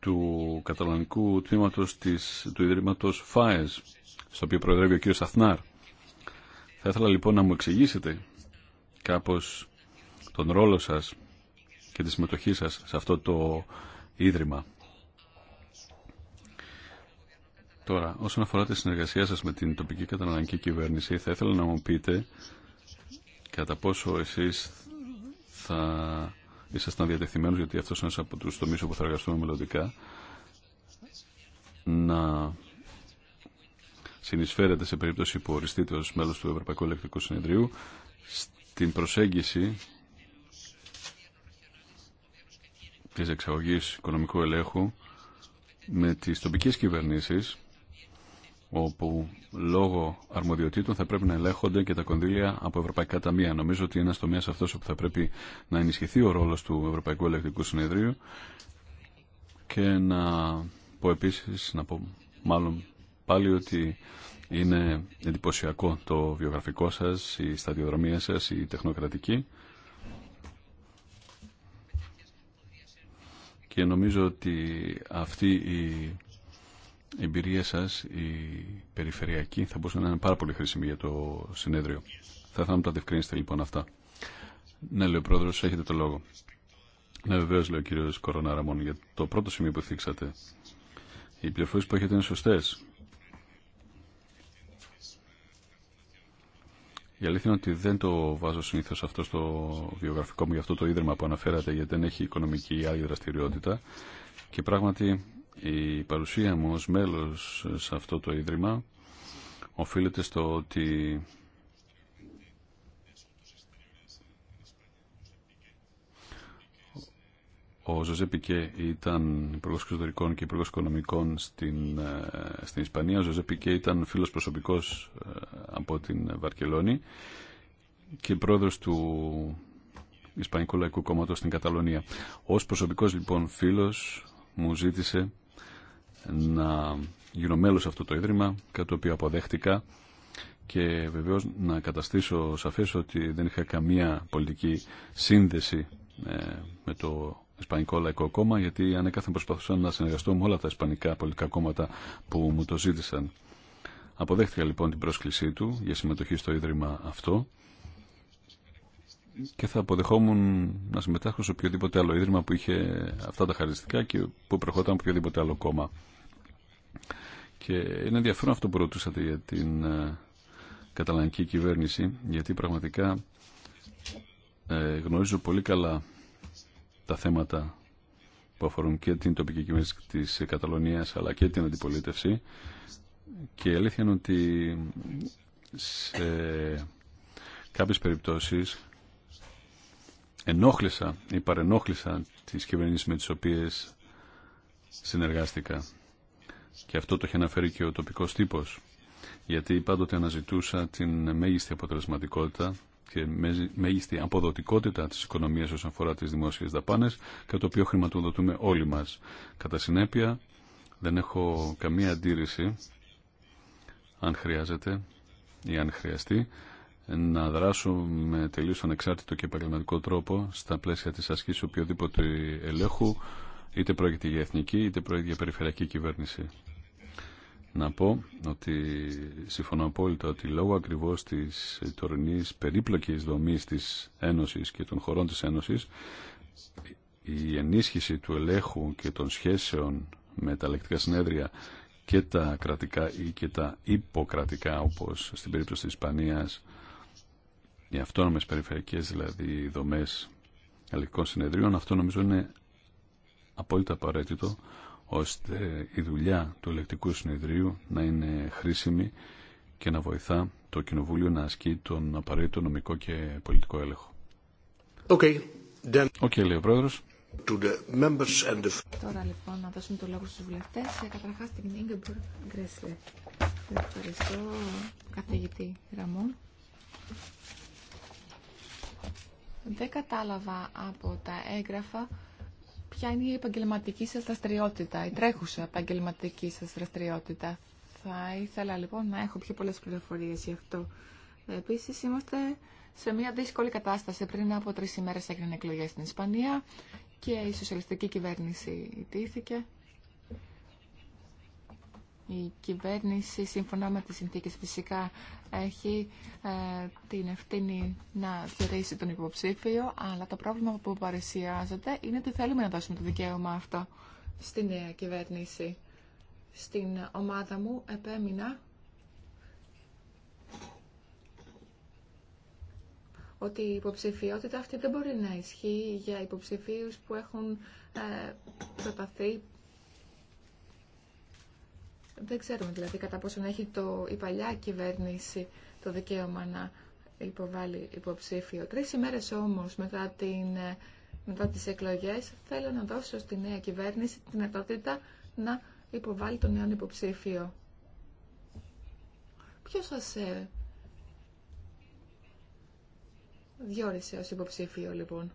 του καταλανικού τμήματος της, του Ιδρύματος ΦΑΕΣ, στο οποίο προεδρεύει ο κύριος Αθνάρ. Θα ήθελα λοιπόν να μου εξηγήσετε κάπως τον ρόλο σας και τη συμμετοχή σας σε αυτό το Ίδρυμα. Τώρα, όσον αφορά τη συνεργασία σας με την τοπική καταναλωτική κυβέρνηση, θα ήθελα να μου πείτε κατά πόσο εσείς θα ήσασταν διατεθειμένους, γιατί αυτός είναι ένας από τους τομείς όπου θα εργαστούμε μελλοντικά, να συνεισφέρετε σε περίπτωση που οριστείτε ως μέλος του Ευρωπαϊκού Ελεκτρικού Συνεδρίου στην προσέγγιση της εξαγωγής οικονομικού ελέγχου με τις τοπικές κυβερνήσεις όπου λόγω αρμοδιοτήτων θα πρέπει να ελέγχονται και τα κονδύλια από ευρωπαϊκά ταμεία. Νομίζω ότι ένα τομέα αυτό που θα πρέπει να ενισχυθεί ο ρόλο του Ευρωπαϊκού Ελεκτρικού Συνεδρίου και να πω επίση, να πω μάλλον πάλι ότι είναι εντυπωσιακό το βιογραφικό σας, η σταδιοδρομία σας, η τεχνοκρατική. Και νομίζω ότι αυτή η εμπειρία σας η περιφερειακή θα μπορούσε να είναι πάρα πολύ χρήσιμη για το συνέδριο. Θα ήθελα να τα διευκρινίσετε λοιπόν αυτά. Ναι, λέει ο πρόεδρο, έχετε το λόγο. Ναι, βεβαίω, λέει ο κύριο Κορονάραμον, για το πρώτο σημείο που θίξατε. Οι πληροφορίε που έχετε είναι σωστέ. Η αλήθεια είναι ότι δεν το βάζω συνήθω αυτό στο βιογραφικό μου, για αυτό το ίδρυμα που αναφέρατε, γιατί δεν έχει οικονομική άλλη δραστηριότητα. Και πράγματι η παρουσία μου ως μέλος σε αυτό το Ίδρυμα οφείλεται στο ότι Ο Ζωζέ Πικέ ήταν υπουργός εξωτερικών και υπουργός οικονομικών στην, ε, στην Ισπανία. Ο Ζωζέ Πικέ ήταν φίλος προσωπικός ε, από την Βαρκελόνη και πρόεδρος του Ισπανικού Λαϊκού Κόμματος στην Καταλωνία. Ως προσωπικός λοιπόν φίλος μου ζήτησε να γίνω μέλος αυτού το Ίδρυμα, κάτι το οποίο αποδέχτηκα και βεβαίως να καταστήσω σαφές ότι δεν είχα καμία πολιτική σύνδεση ε, με το Ισπανικό Λαϊκό Κόμμα γιατί ανέκαθεν προσπαθούσα να συνεργαστώ με όλα τα ισπανικά πολιτικά κόμματα που μου το ζήτησαν. Αποδέχτηκα λοιπόν την πρόσκλησή του για συμμετοχή στο Ίδρυμα αυτό και θα αποδεχόμουν να συμμετάσχω σε οποιοδήποτε άλλο ίδρυμα που είχε αυτά τα χαριστικά και που προχώταν οποιοδήποτε άλλο κόμμα. Και είναι ενδιαφέρον αυτό που ρωτούσατε για την ε, καταλανική κυβέρνηση, γιατί πραγματικά ε, γνωρίζω πολύ καλά τα θέματα που αφορούν και την τοπική κυβέρνηση της Καταλωνίας αλλά και την αντιπολίτευση και η αλήθεια είναι ότι σε κάποιες περιπτώσεις ενόχλησα ή παρενόχλησα τις κυβερνήσεις με τις οποίες συνεργάστηκα και αυτό το έχει αναφέρει και ο τοπικός τύπος. Γιατί πάντοτε αναζητούσα την μέγιστη αποτελεσματικότητα και μέγιστη αποδοτικότητα τη οικονομία όσον αφορά τις δημόσιες δαπάνες, κατά το οποίο χρηματοδοτούμε όλοι μας. Κατά συνέπεια, δεν έχω καμία αντίρρηση, αν χρειάζεται ή αν χρειαστεί, να δράσω με τελείω ανεξάρτητο και επαγγελματικό τρόπο στα πλαίσια τη ασκή οποιοδήποτε ελέγχου είτε πρόκειται για εθνική είτε πρόκειται για περιφερειακή κυβέρνηση. Να πω ότι συμφωνώ απόλυτα ότι λόγω ακριβώς της τωρινής περίπλοκης δομής της Ένωσης και των χωρών της Ένωσης η ενίσχυση του ελέγχου και των σχέσεων με τα λεκτικά συνέδρια και τα κρατικά ή και τα υποκρατικά όπως στην περίπτωση της Ισπανίας οι αυτόνομες περιφερειακές δηλαδή δομές ελεκτικών συνεδρίων αυτό νομίζω είναι απόλυτα απαραίτητο ώστε η δουλειά του ελεκτικού συνεδρίου να είναι χρήσιμη και να βοηθά το Κοινοβούλιο να ασκεί τον απαραίτητο νομικό και πολιτικό έλεγχο. Οκ, okay, okay, λέει ο Πρόεδρος. To Τώρα λοιπόν να δώσουμε το λόγο στους βουλευτές και ε, καταρχάς την Ingeborg Γκρέσλε. Ευχαριστώ καθηγητή Ραμόν. Δεν κατάλαβα από τα έγγραφα ποια είναι η επαγγελματική σας δραστηριότητα, η τρέχουσα επαγγελματική σας δραστηριότητα. Θα ήθελα λοιπόν να έχω πιο πολλές πληροφορίες γι' αυτό. Επίσης είμαστε σε μια δύσκολη κατάσταση. Πριν από τρεις ημέρες έγιναν εκλογές στην Ισπανία και η σοσιαλιστική κυβέρνηση ιτήθηκε η κυβέρνηση, σύμφωνα με τις συνθήκες φυσικά, έχει ε, την ευθύνη να θερήσει τον υποψήφιο, αλλά το πρόβλημα που παρουσιάζεται είναι ότι θέλουμε να δώσουμε το δικαίωμα αυτό στην νέα ε, κυβέρνηση. Στην ομάδα μου επέμεινα ότι η υποψηφιότητα αυτή δεν μπορεί να ισχύει για υποψηφίους που έχουν ε, δεν ξέρουμε δηλαδή κατά να έχει το, η παλιά κυβέρνηση το δικαίωμα να υποβάλει υποψήφιο. Τρεις ημέρες όμως μετά, την, ε, μετά τις εκλογές θέλω να δώσω στη νέα κυβέρνηση την δυνατότητα να υποβάλει τον νέο υποψήφιο. Ποιος σας ε, διόρισε ως υποψήφιο λοιπόν.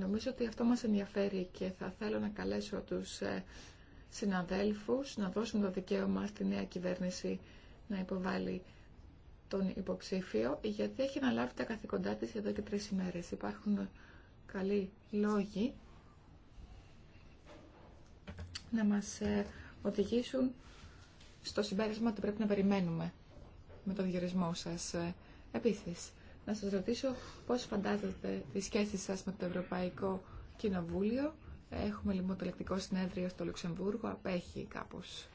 Νομίζω ότι αυτό μας ενδιαφέρει και θα θέλω να καλέσω τους ε, συναδέλφους να δώσουν το δικαίωμα στη νέα κυβέρνηση να υποβάλει τον υποψήφιο, γιατί έχει αναλάβει τα καθηκοντά της εδώ και τρεις ημέρες. Υπάρχουν καλοί λόγοι να μας ε, οδηγήσουν στο συμπέρασμα ότι πρέπει να περιμένουμε με τον διορισμό σας. Ε, επίσης, να σας ρωτήσω πώς φαντάζεστε τις σχέσεις σας με το Ευρωπαϊκό Κοινοβούλιο Έχουμε λοιπόν το ελεκτικό συνέδριο στο Λουξεμβούργο, απέχει κάπως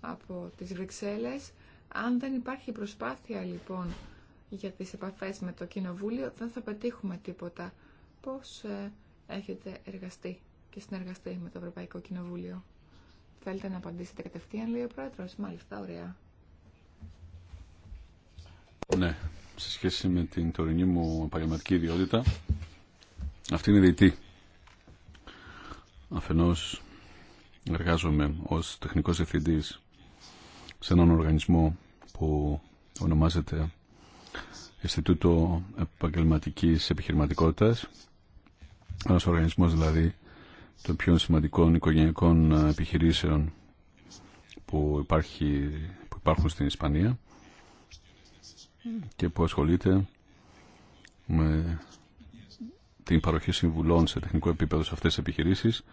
από τις Βρυξέλλες. Αν δεν υπάρχει προσπάθεια λοιπόν για τις επαφές με το Κοινοβούλιο, δεν θα πετύχουμε τίποτα. Πώς ε, έχετε εργαστεί και συνεργαστεί με το Ευρωπαϊκό Κοινοβούλιο. Θέλετε να απαντήσετε κατευθείαν, λέει ο Πρόεδρος. Μάλιστα, ωραία. Ναι, σε σχέση με την τωρινή μου επαγγελματική ιδιότητα, αυτή είναι διητή Αφενός εργάζομαι ως τεχνικός διευθυντής σε έναν οργανισμό που ονομάζεται Ιστιτούτο Επαγγελματικής Επιχειρηματικότητας ένας οργανισμός δηλαδή των πιο σημαντικών οικογενειακών ε, επιχειρήσεων που, υπάρχει, που υπάρχουν στην Ισπανία και που ασχολείται με την παροχή συμβουλών σε τεχνικό επίπεδο σε αυτές τις επιχειρήσεις.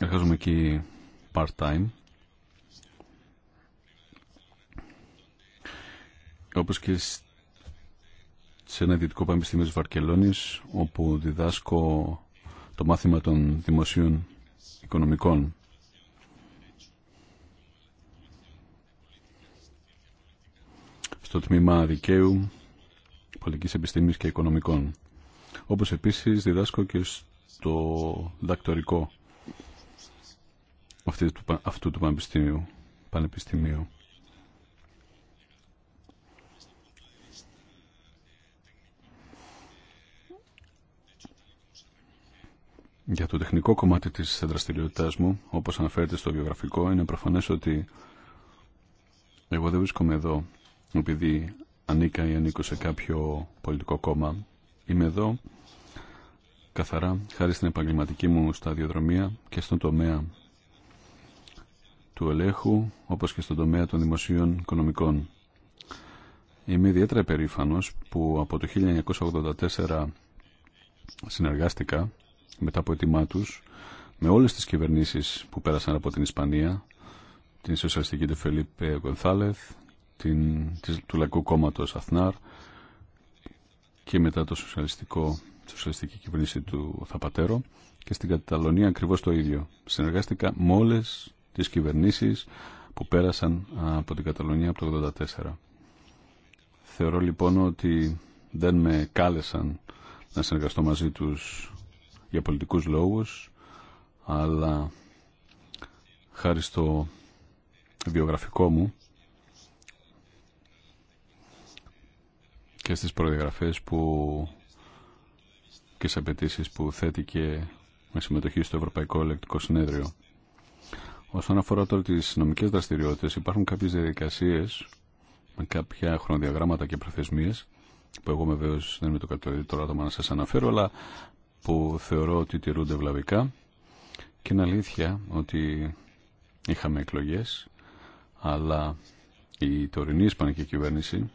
Εργάζομαι εκεί part-time. Όπως και σε ένα ιδιωτικό πανεπιστήμιο της Βαρκελόνης, όπου διδάσκω το μάθημα των δημοσίων οικονομικών. Στο τμήμα δικαίου, πολιτικής επιστήμης και οικονομικών όπως επίσης διδάσκω και στο δακτορικό αυτού του πανεπιστημίου. πανεπιστημίου. Για το τεχνικό κομμάτι της δραστηριότητά μου, όπως αναφέρεται στο βιογραφικό, είναι προφανές ότι εγώ δεν βρίσκομαι εδώ επειδή ανήκα ή ανήκω σε κάποιο πολιτικό κόμμα. Είμαι εδώ καθαρά χάρη στην επαγγελματική μου σταδιοδρομία και στον τομέα του ελέγχου όπως και στον τομέα των δημοσίων οικονομικών. Είμαι ιδιαίτερα περήφανος που από το 1984 συνεργάστηκα μετά από ετοιμά με όλες τις κυβερνήσεις που πέρασαν από την Ισπανία, την Σοσιαλιστική του Φελίπε Γκονθάλεθ, την, της, του Λαϊκού Κόμματος Αθνάρ και μετά το Σοσιαλιστικό σοσιαλιστική κυβέρνηση του Θαπατέρο και στην Καταλωνία ακριβώς το ίδιο. Συνεργάστηκα με όλε τις κυβερνήσεις που πέρασαν από την Καταλωνία από το 1984. Θεωρώ λοιπόν ότι δεν με κάλεσαν να συνεργαστώ μαζί τους για πολιτικούς λόγους, αλλά χάρη στο βιογραφικό μου και στις προδιαγραφές που και σε απαιτήσει που θέτηκε με συμμετοχή στο Ευρωπαϊκό Ελεκτικό Συνέδριο. Όσον αφορά τώρα τι νομικέ δραστηριότητε, υπάρχουν κάποιε διαδικασίε με κάποια χρονοδιαγράμματα και προθεσμίε που εγώ βεβαίω δεν είμαι το καλύτερο άτομο να σα αναφέρω, αλλά που θεωρώ ότι τηρούνται βλαβικά και είναι αλήθεια ότι είχαμε εκλογέ, αλλά η τωρινή Ισπανική κυβέρνηση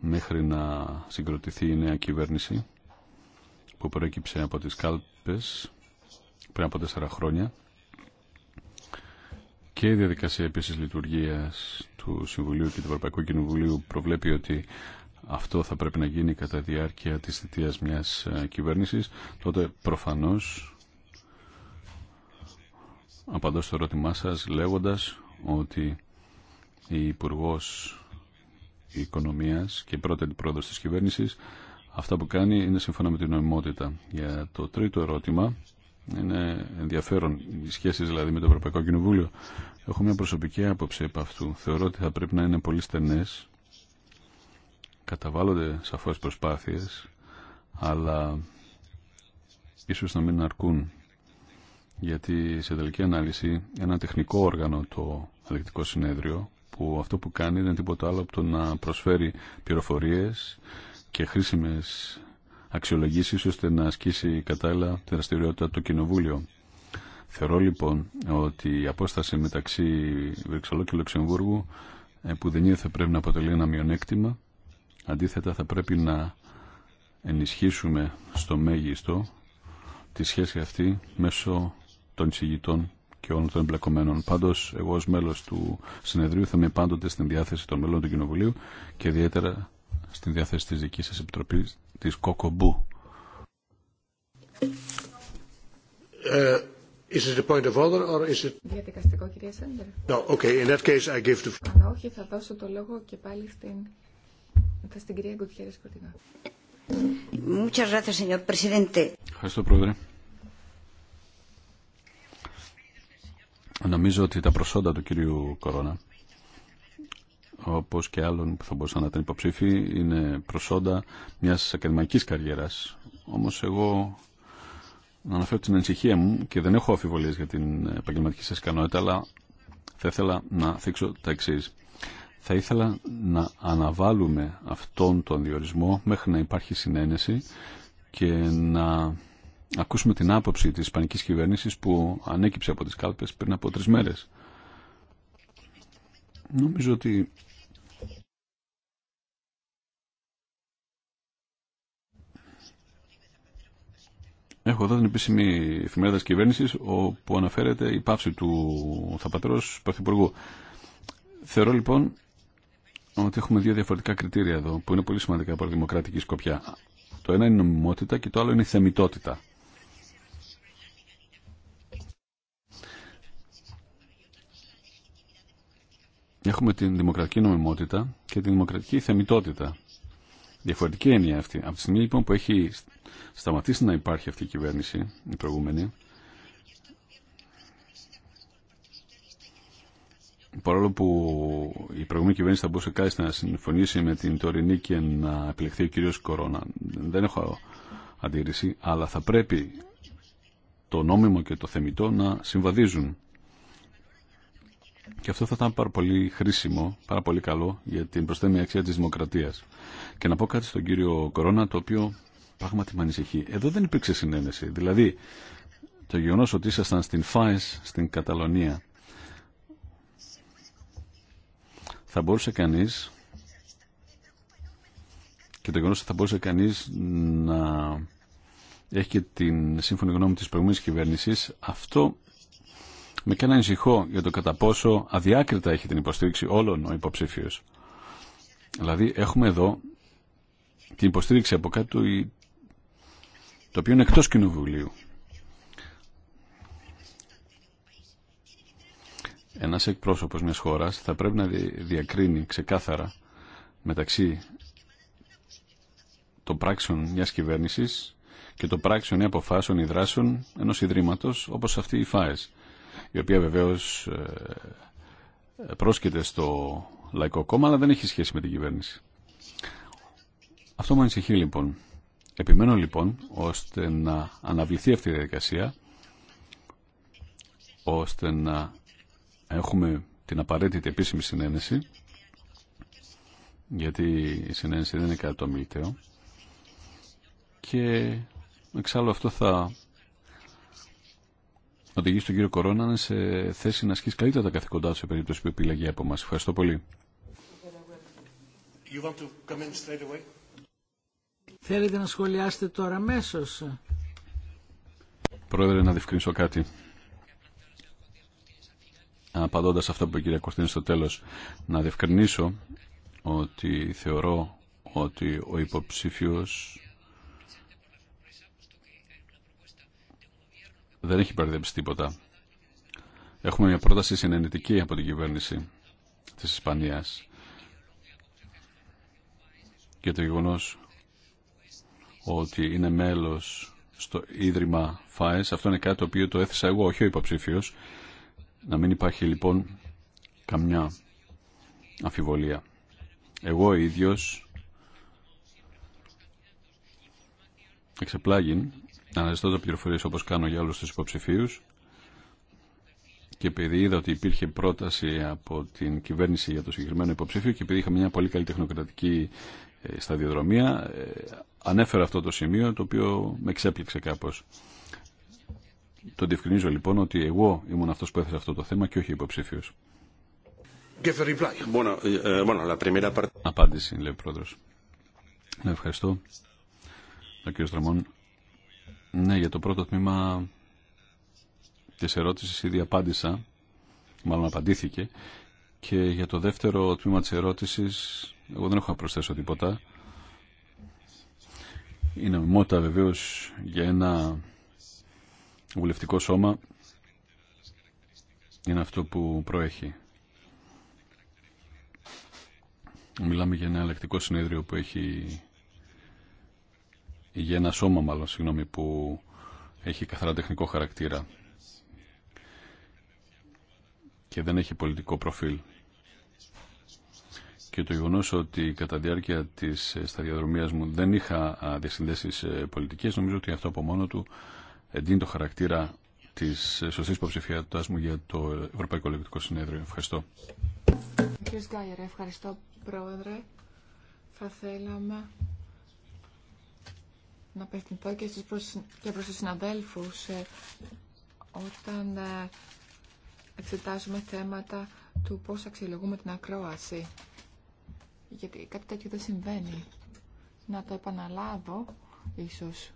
μέχρι να συγκροτηθεί η νέα κυβέρνηση που προέκυψε από τις κάλπες πριν από τέσσερα χρόνια και η διαδικασία επίσης λειτουργίας του Συμβουλίου και του Ευρωπαϊκού Κοινοβουλίου προβλέπει ότι αυτό θα πρέπει να γίνει κατά διάρκεια της θητείας μιας ε, κυβέρνησης, τότε προφανώς απαντώ στο ερώτημά σας λέγοντας ότι η Υπουργός Οικονομίας και πρώτη αντιπρόεδρος της κυβέρνησης αυτά που κάνει είναι σύμφωνα με την νομιμότητα. Για το τρίτο ερώτημα, είναι ενδιαφέρον οι σχέσει δηλαδή με το Ευρωπαϊκό Κοινοβούλιο. Έχω μια προσωπική άποψη επ' αυτού. Θεωρώ ότι θα πρέπει να είναι πολύ στενές, καταβάλλονται σαφώ προσπάθειες, αλλά ίσω να μην αρκούν. Γιατί σε τελική ανάλυση ένα τεχνικό όργανο το ελεκτικό συνέδριο που αυτό που κάνει δεν είναι τίποτα άλλο από το να προσφέρει πληροφορίε και χρήσιμες αξιολογήσεις ώστε να ασκήσει κατάλληλα τη δραστηριότητα το Κοινοβούλιο. Θεωρώ λοιπόν ότι η απόσταση μεταξύ Βρυξελό και Λουξεμβούργου ε, που δεν είναι θα πρέπει να αποτελεί ένα μειονέκτημα. Αντίθετα θα πρέπει να ενισχύσουμε στο μέγιστο τη σχέση αυτή μέσω των εισηγητών και όλων των εμπλεκομένων. Πάντω, εγώ ω μέλο του συνεδρίου θα είμαι πάντοτε στην διάθεση των μελών του Κοινοβουλίου και ιδιαίτερα στην διάθεση της δικής σας επιτροπής της Κοκομπού. Uh, ε, is it a point of order or is it... Διαδικαστικό, κυρία Σέντερ. No, okay. In that case, I give the... Αν όχι, θα δώσω το λόγο και πάλι στην, θα στην κυρία Γκουτιέρες Κορτινά. Muchas gracias, señor presidente. Ευχαριστώ, Πρόεδρε. Νομίζω ότι τα προσόντα του κυρίου Κορώνα όπως και άλλων που θα μπορούσαν να ήταν υποψήφοι, είναι προσόντα μια ακαδημαϊκής καριέρας. Όμως εγώ να αναφέρω την ανησυχία μου και δεν έχω αφιβολίε για την επαγγελματική σας ικανότητα, αλλά θα ήθελα να θίξω τα εξή. Θα ήθελα να αναβάλουμε αυτόν τον διορισμό μέχρι να υπάρχει συνένεση και να ακούσουμε την άποψη της ισπανικής κυβέρνησης που ανέκυψε από τις κάλπες πριν από τρεις μέρες. Νομίζω ότι Έχω εδώ την επίσημη εφημερίδα της κυβέρνησης όπου αναφέρεται η πάυση του Θαπατρός Πρωθυπουργού. Θεωρώ λοιπόν ότι έχουμε δύο διαφορετικά κριτήρια εδώ που είναι πολύ σημαντικά από τη δημοκρατική σκοπιά. Το ένα είναι νομιμότητα και το άλλο είναι η θεμητότητα. Έχουμε την δημοκρατική νομιμότητα και την δημοκρατική θεμητότητα. Διαφορετική έννοια αυτή. Από τη στιγμή λοιπόν που έχει σταματήσει να υπάρχει αυτή η κυβέρνηση, η προηγούμενη, παρόλο που η προηγούμενη κυβέρνηση θα μπορούσε κάτι να συμφωνήσει με την τωρινή και να επιλεχθεί ο κυρίως Κορώνα, δεν έχω αντίρρηση, αλλά θα πρέπει το νόμιμο και το θεμητό να συμβαδίζουν. Και αυτό θα ήταν πάρα πολύ χρήσιμο, πάρα πολύ καλό για την προσθέμενη αξία της δημοκρατίας. Και να πω κάτι στον κύριο Κορώνα, το οποίο πράγματι με ανησυχεί. Εδώ δεν υπήρξε συνένεση. Δηλαδή, το γεγονός ότι ήσασταν στην ΦΑΕΣ, στην Καταλωνία, θα μπορούσε κανείς και το γεγονός ότι θα μπορούσε κανεί να έχει και την σύμφωνη γνώμη τη προηγούμενη κυβέρνηση, αυτό με και ένα ανησυχώ για το κατά πόσο αδιάκριτα έχει την υποστήριξη όλων ο υποψήφιο. Δηλαδή έχουμε εδώ την υποστήριξη από κάτω το οποίο είναι εκτός κοινοβουλίου. Ένας εκπρόσωπος μιας χώρας θα πρέπει να διακρίνει ξεκάθαρα μεταξύ των πράξεων μιας κυβέρνησης και των πράξεων ή αποφάσεων ή δράσεων ενός ιδρύματος όπως αυτή η ΦΑΕΣ η οποία βεβαίως ε, πρόσκειται στο Λαϊκό Κόμμα, αλλά δεν έχει σχέση με την κυβέρνηση. Αυτό μου ανησυχεί λοιπόν. Επιμένω λοιπόν ώστε να αναβληθεί αυτή η διαδικασία, ώστε να έχουμε την απαραίτητη επίσημη συνένεση, γιατί η συνένεση δεν είναι κάτι το μιλταίο, και εξάλλου αυτό θα οδηγήσει τον κύριο Κορώνα να σε θέση να ασκήσει καλύτερα τα καθήκοντά του σε περίπτωση που επιλεγεί από εμά. Ευχαριστώ πολύ. Θέλετε να σχολιάσετε τώρα αμέσω. Πρόεδρε, να διευκρινίσω κάτι. Απαντώντα αυτό που είπε η κυρία Κορτίνη στο τέλο, να διευκρινίσω ότι θεωρώ ότι ο υποψήφιος δεν έχει μπερδέψει τίποτα. Έχουμε μια πρόταση συνενετική από την κυβέρνηση της Ισπανίας και το γεγονό ότι είναι μέλος στο Ίδρυμα ΦΑΕΣ. Αυτό είναι κάτι το οποίο το έθεσα εγώ, όχι ο υποψήφιο. Να μην υπάρχει λοιπόν καμιά αμφιβολία. Εγώ ίδιος εξεπλάγιν τα πληροφορίε όπω κάνω για όλου του υποψηφίου και επειδή είδα ότι υπήρχε πρόταση από την κυβέρνηση για το συγκεκριμένο υποψήφιο και επειδή είχαμε μια πολύ καλή τεχνοκρατική ε, σταδιοδρομία, ε, ανέφερα αυτό το σημείο το οποίο με ξέπληξε κάπω. Το διευκρινίζω λοιπόν ότι εγώ ήμουν αυτό που έθεσε αυτό το θέμα και όχι υποψήφιο. Eh, Απάντηση, λέει ο πρόεδρο. Ευχαριστώ. Ο ναι, για το πρώτο τμήμα της ερώτησης ήδη απάντησα, μάλλον απαντήθηκε, και για το δεύτερο τμήμα της ερώτησης εγώ δεν έχω να προσθέσω τίποτα. Η νομιμότητα βεβαίως για ένα βουλευτικό σώμα είναι αυτό που προέχει. Μιλάμε για ένα ελεκτικό συνέδριο που έχει για ένα σώμα μάλλον, συγγνώμη, που έχει καθαρά τεχνικό χαρακτήρα και δεν έχει πολιτικό προφίλ. Και το γεγονό ότι κατά διάρκεια της ε, σταδιαδρομία μου δεν είχα διασυνδέσεις ε, πολιτικές, νομίζω ότι αυτό από μόνο του εντείνει το χαρακτήρα της ε, σωστή υποψηφιότητά μου για το Ευρωπαϊκό Λεπτικό Συνέδριο. Ευχαριστώ να απευθυνθώ και, στους προς, και προς τους συναδέλφους ε, όταν ε, εξετάζουμε θέματα του πώς αξιολογούμε την ακρόαση. Γιατί κάτι τέτοιο δεν συμβαίνει. Να το επαναλάβω, ίσως.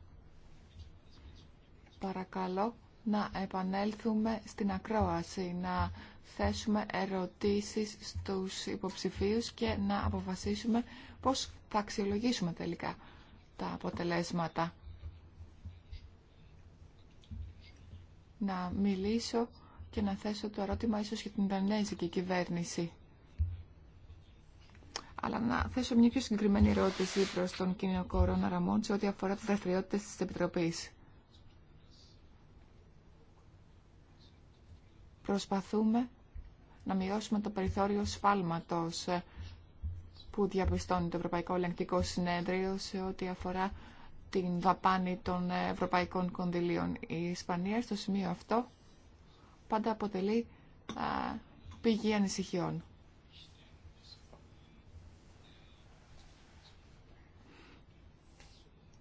Παρακαλώ να επανέλθουμε στην ακρόαση, να θέσουμε ερωτήσεις στους υποψηφίους και να αποφασίσουμε πώς θα αξιολογήσουμε τελικά τα αποτελέσματα. Να μιλήσω και να θέσω το ερώτημα ίσως για την Ιντανέζικη κυβέρνηση. Αλλά να θέσω μια πιο συγκεκριμένη ερώτηση προς τον κύριο Κόρονα σε ό,τι αφορά τις δραστηριότητες της Επιτροπής. Προσπαθούμε να μειώσουμε το περιθώριο σφάλματος ε, που διαπιστώνει το Ευρωπαϊκό Ελεγκτικό Συνέδριο σε ό,τι αφορά την δαπάνη των ευρωπαϊκών κονδυλίων. Η Ισπανία στο σημείο αυτό πάντα αποτελεί πηγή ανησυχιών.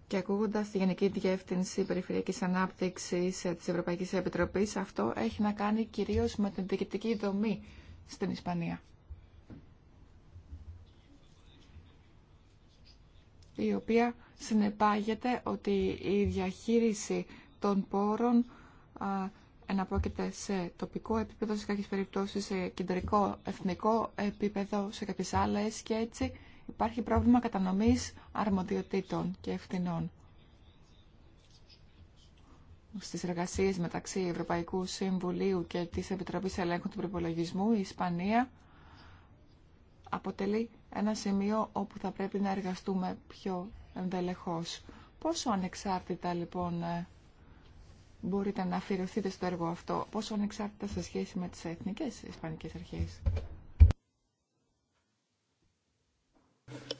Και ακούγοντα τη Γενική Διεύθυνση Περιφερειακή Ανάπτυξη τη Ευρωπαϊκή Επιτροπή, αυτό έχει να κάνει κυρίω με την διοικητική δομή στην Ισπανία. η οποία συνεπάγεται ότι η διαχείριση των πόρων εναπόκειται σε τοπικό επίπεδο, σε κάποιες περιπτώσεις σε κεντρικό εθνικό επίπεδο, σε κάποιες άλλες και έτσι υπάρχει πρόβλημα κατανομής αρμοδιοτήτων και ευθυνών. Στις εργασίες μεταξύ Ευρωπαϊκού Συμβουλίου και της Επιτροπής Ελέγχου του Προπολογισμού η Ισπανία αποτελεί ένα σημείο όπου θα πρέπει να εργαστούμε πιο εντελεχώς. Πόσο ανεξάρτητα λοιπόν ε, μπορείτε να αφιερωθείτε στο έργο αυτό, πόσο ανεξάρτητα σε σχέση με τις εθνικές ισπανικές αρχές.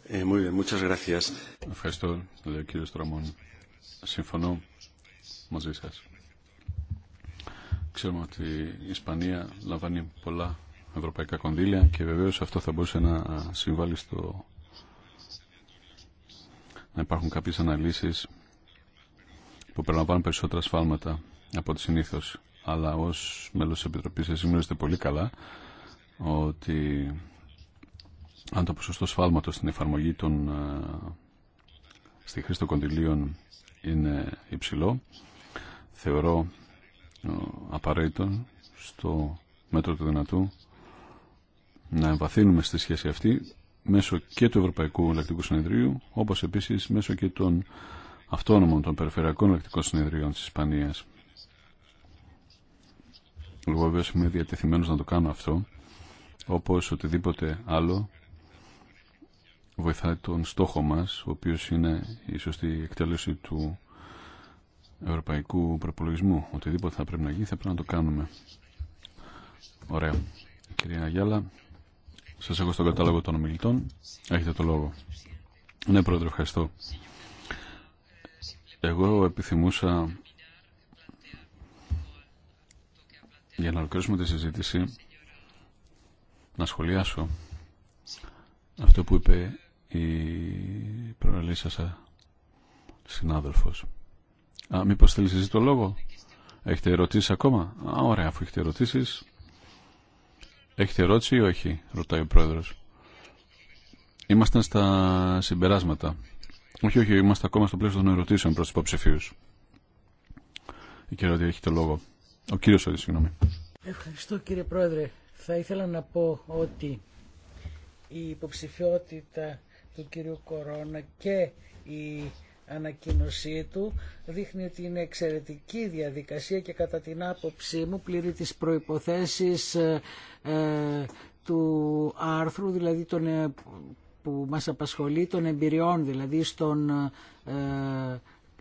Ε, muy bien, muchas gracias. Ευχαριστώ, λέει ο κύριος Τραμών. Συμφωνώ μαζί σας. Ξέρουμε ότι η Ισπανία λαμβάνει πολλά ευρωπαϊκά κονδύλια και βεβαίως αυτό θα μπορούσε να συμβάλλει στο να υπάρχουν κάποιες αναλύσεις που περιλαμβάνουν περισσότερα σφάλματα από ό,τι συνήθως. Αλλά ως μέλος της Επιτροπής εσείς γνωρίζετε πολύ καλά ότι αν το ποσοστό σφάλματος στην εφαρμογή των στη χρήση των κονδυλίων είναι υψηλό θεωρώ απαραίτητο στο μέτρο του δυνατού να εμβαθύνουμε στη σχέση αυτή μέσω και του Ευρωπαϊκού Ελεκτικού Συνεδρίου, όπως επίσης μέσω και των αυτόνομων των Περιφερειακών Ελεκτικών Συνεδρίων τη Ισπανία. Εγώ βέβαια είμαι διατεθειμένο να το κάνω αυτό, όπως οτιδήποτε άλλο βοηθάει τον στόχο μα, ο οποίο είναι η σωστή εκτέλεση του ευρωπαϊκού προπολογισμού. Οτιδήποτε θα πρέπει να γίνει θα πρέπει να το κάνουμε. Ωραία. Κυρία Γιάλα, Σα έχω στον κατάλογο των ομιλητών. Έχετε το λόγο. Ναι, Πρόεδρε, ευχαριστώ. Εγώ επιθυμούσα για να ολοκληρώσουμε τη συζήτηση να σχολιάσω αυτό που είπε η προελίσσασα ε, συνάδελφος. Α, μήπως θέλει εσύ το λόγο. Έχετε ερωτήσει ακόμα. Α, ωραία, αφού έχετε ερωτήσεις Έχετε ερώτηση ή όχι, ρωτάει ο πρόεδρο. Είμαστε στα συμπεράσματα. Όχι, όχι, είμαστε ακόμα στο πλαίσιο των ερωτήσεων προ του υποψηφίου. Η κυρία έχει το λόγο. Ο κύριο Ρωτή, συγγνώμη. Ευχαριστώ κύριε πρόεδρε. Θα ήθελα να πω ότι η υποψηφιότητα του κυρίου Κορώνα και η ανακοίνωσή του δείχνει ότι είναι εξαιρετική διαδικασία και κατά την άποψή μου πληρεί τις προϋποθέσεις ε, ε, του άρθρου, δηλαδή ε, που μας απασχολεί, των εμπειριών, δηλαδή στον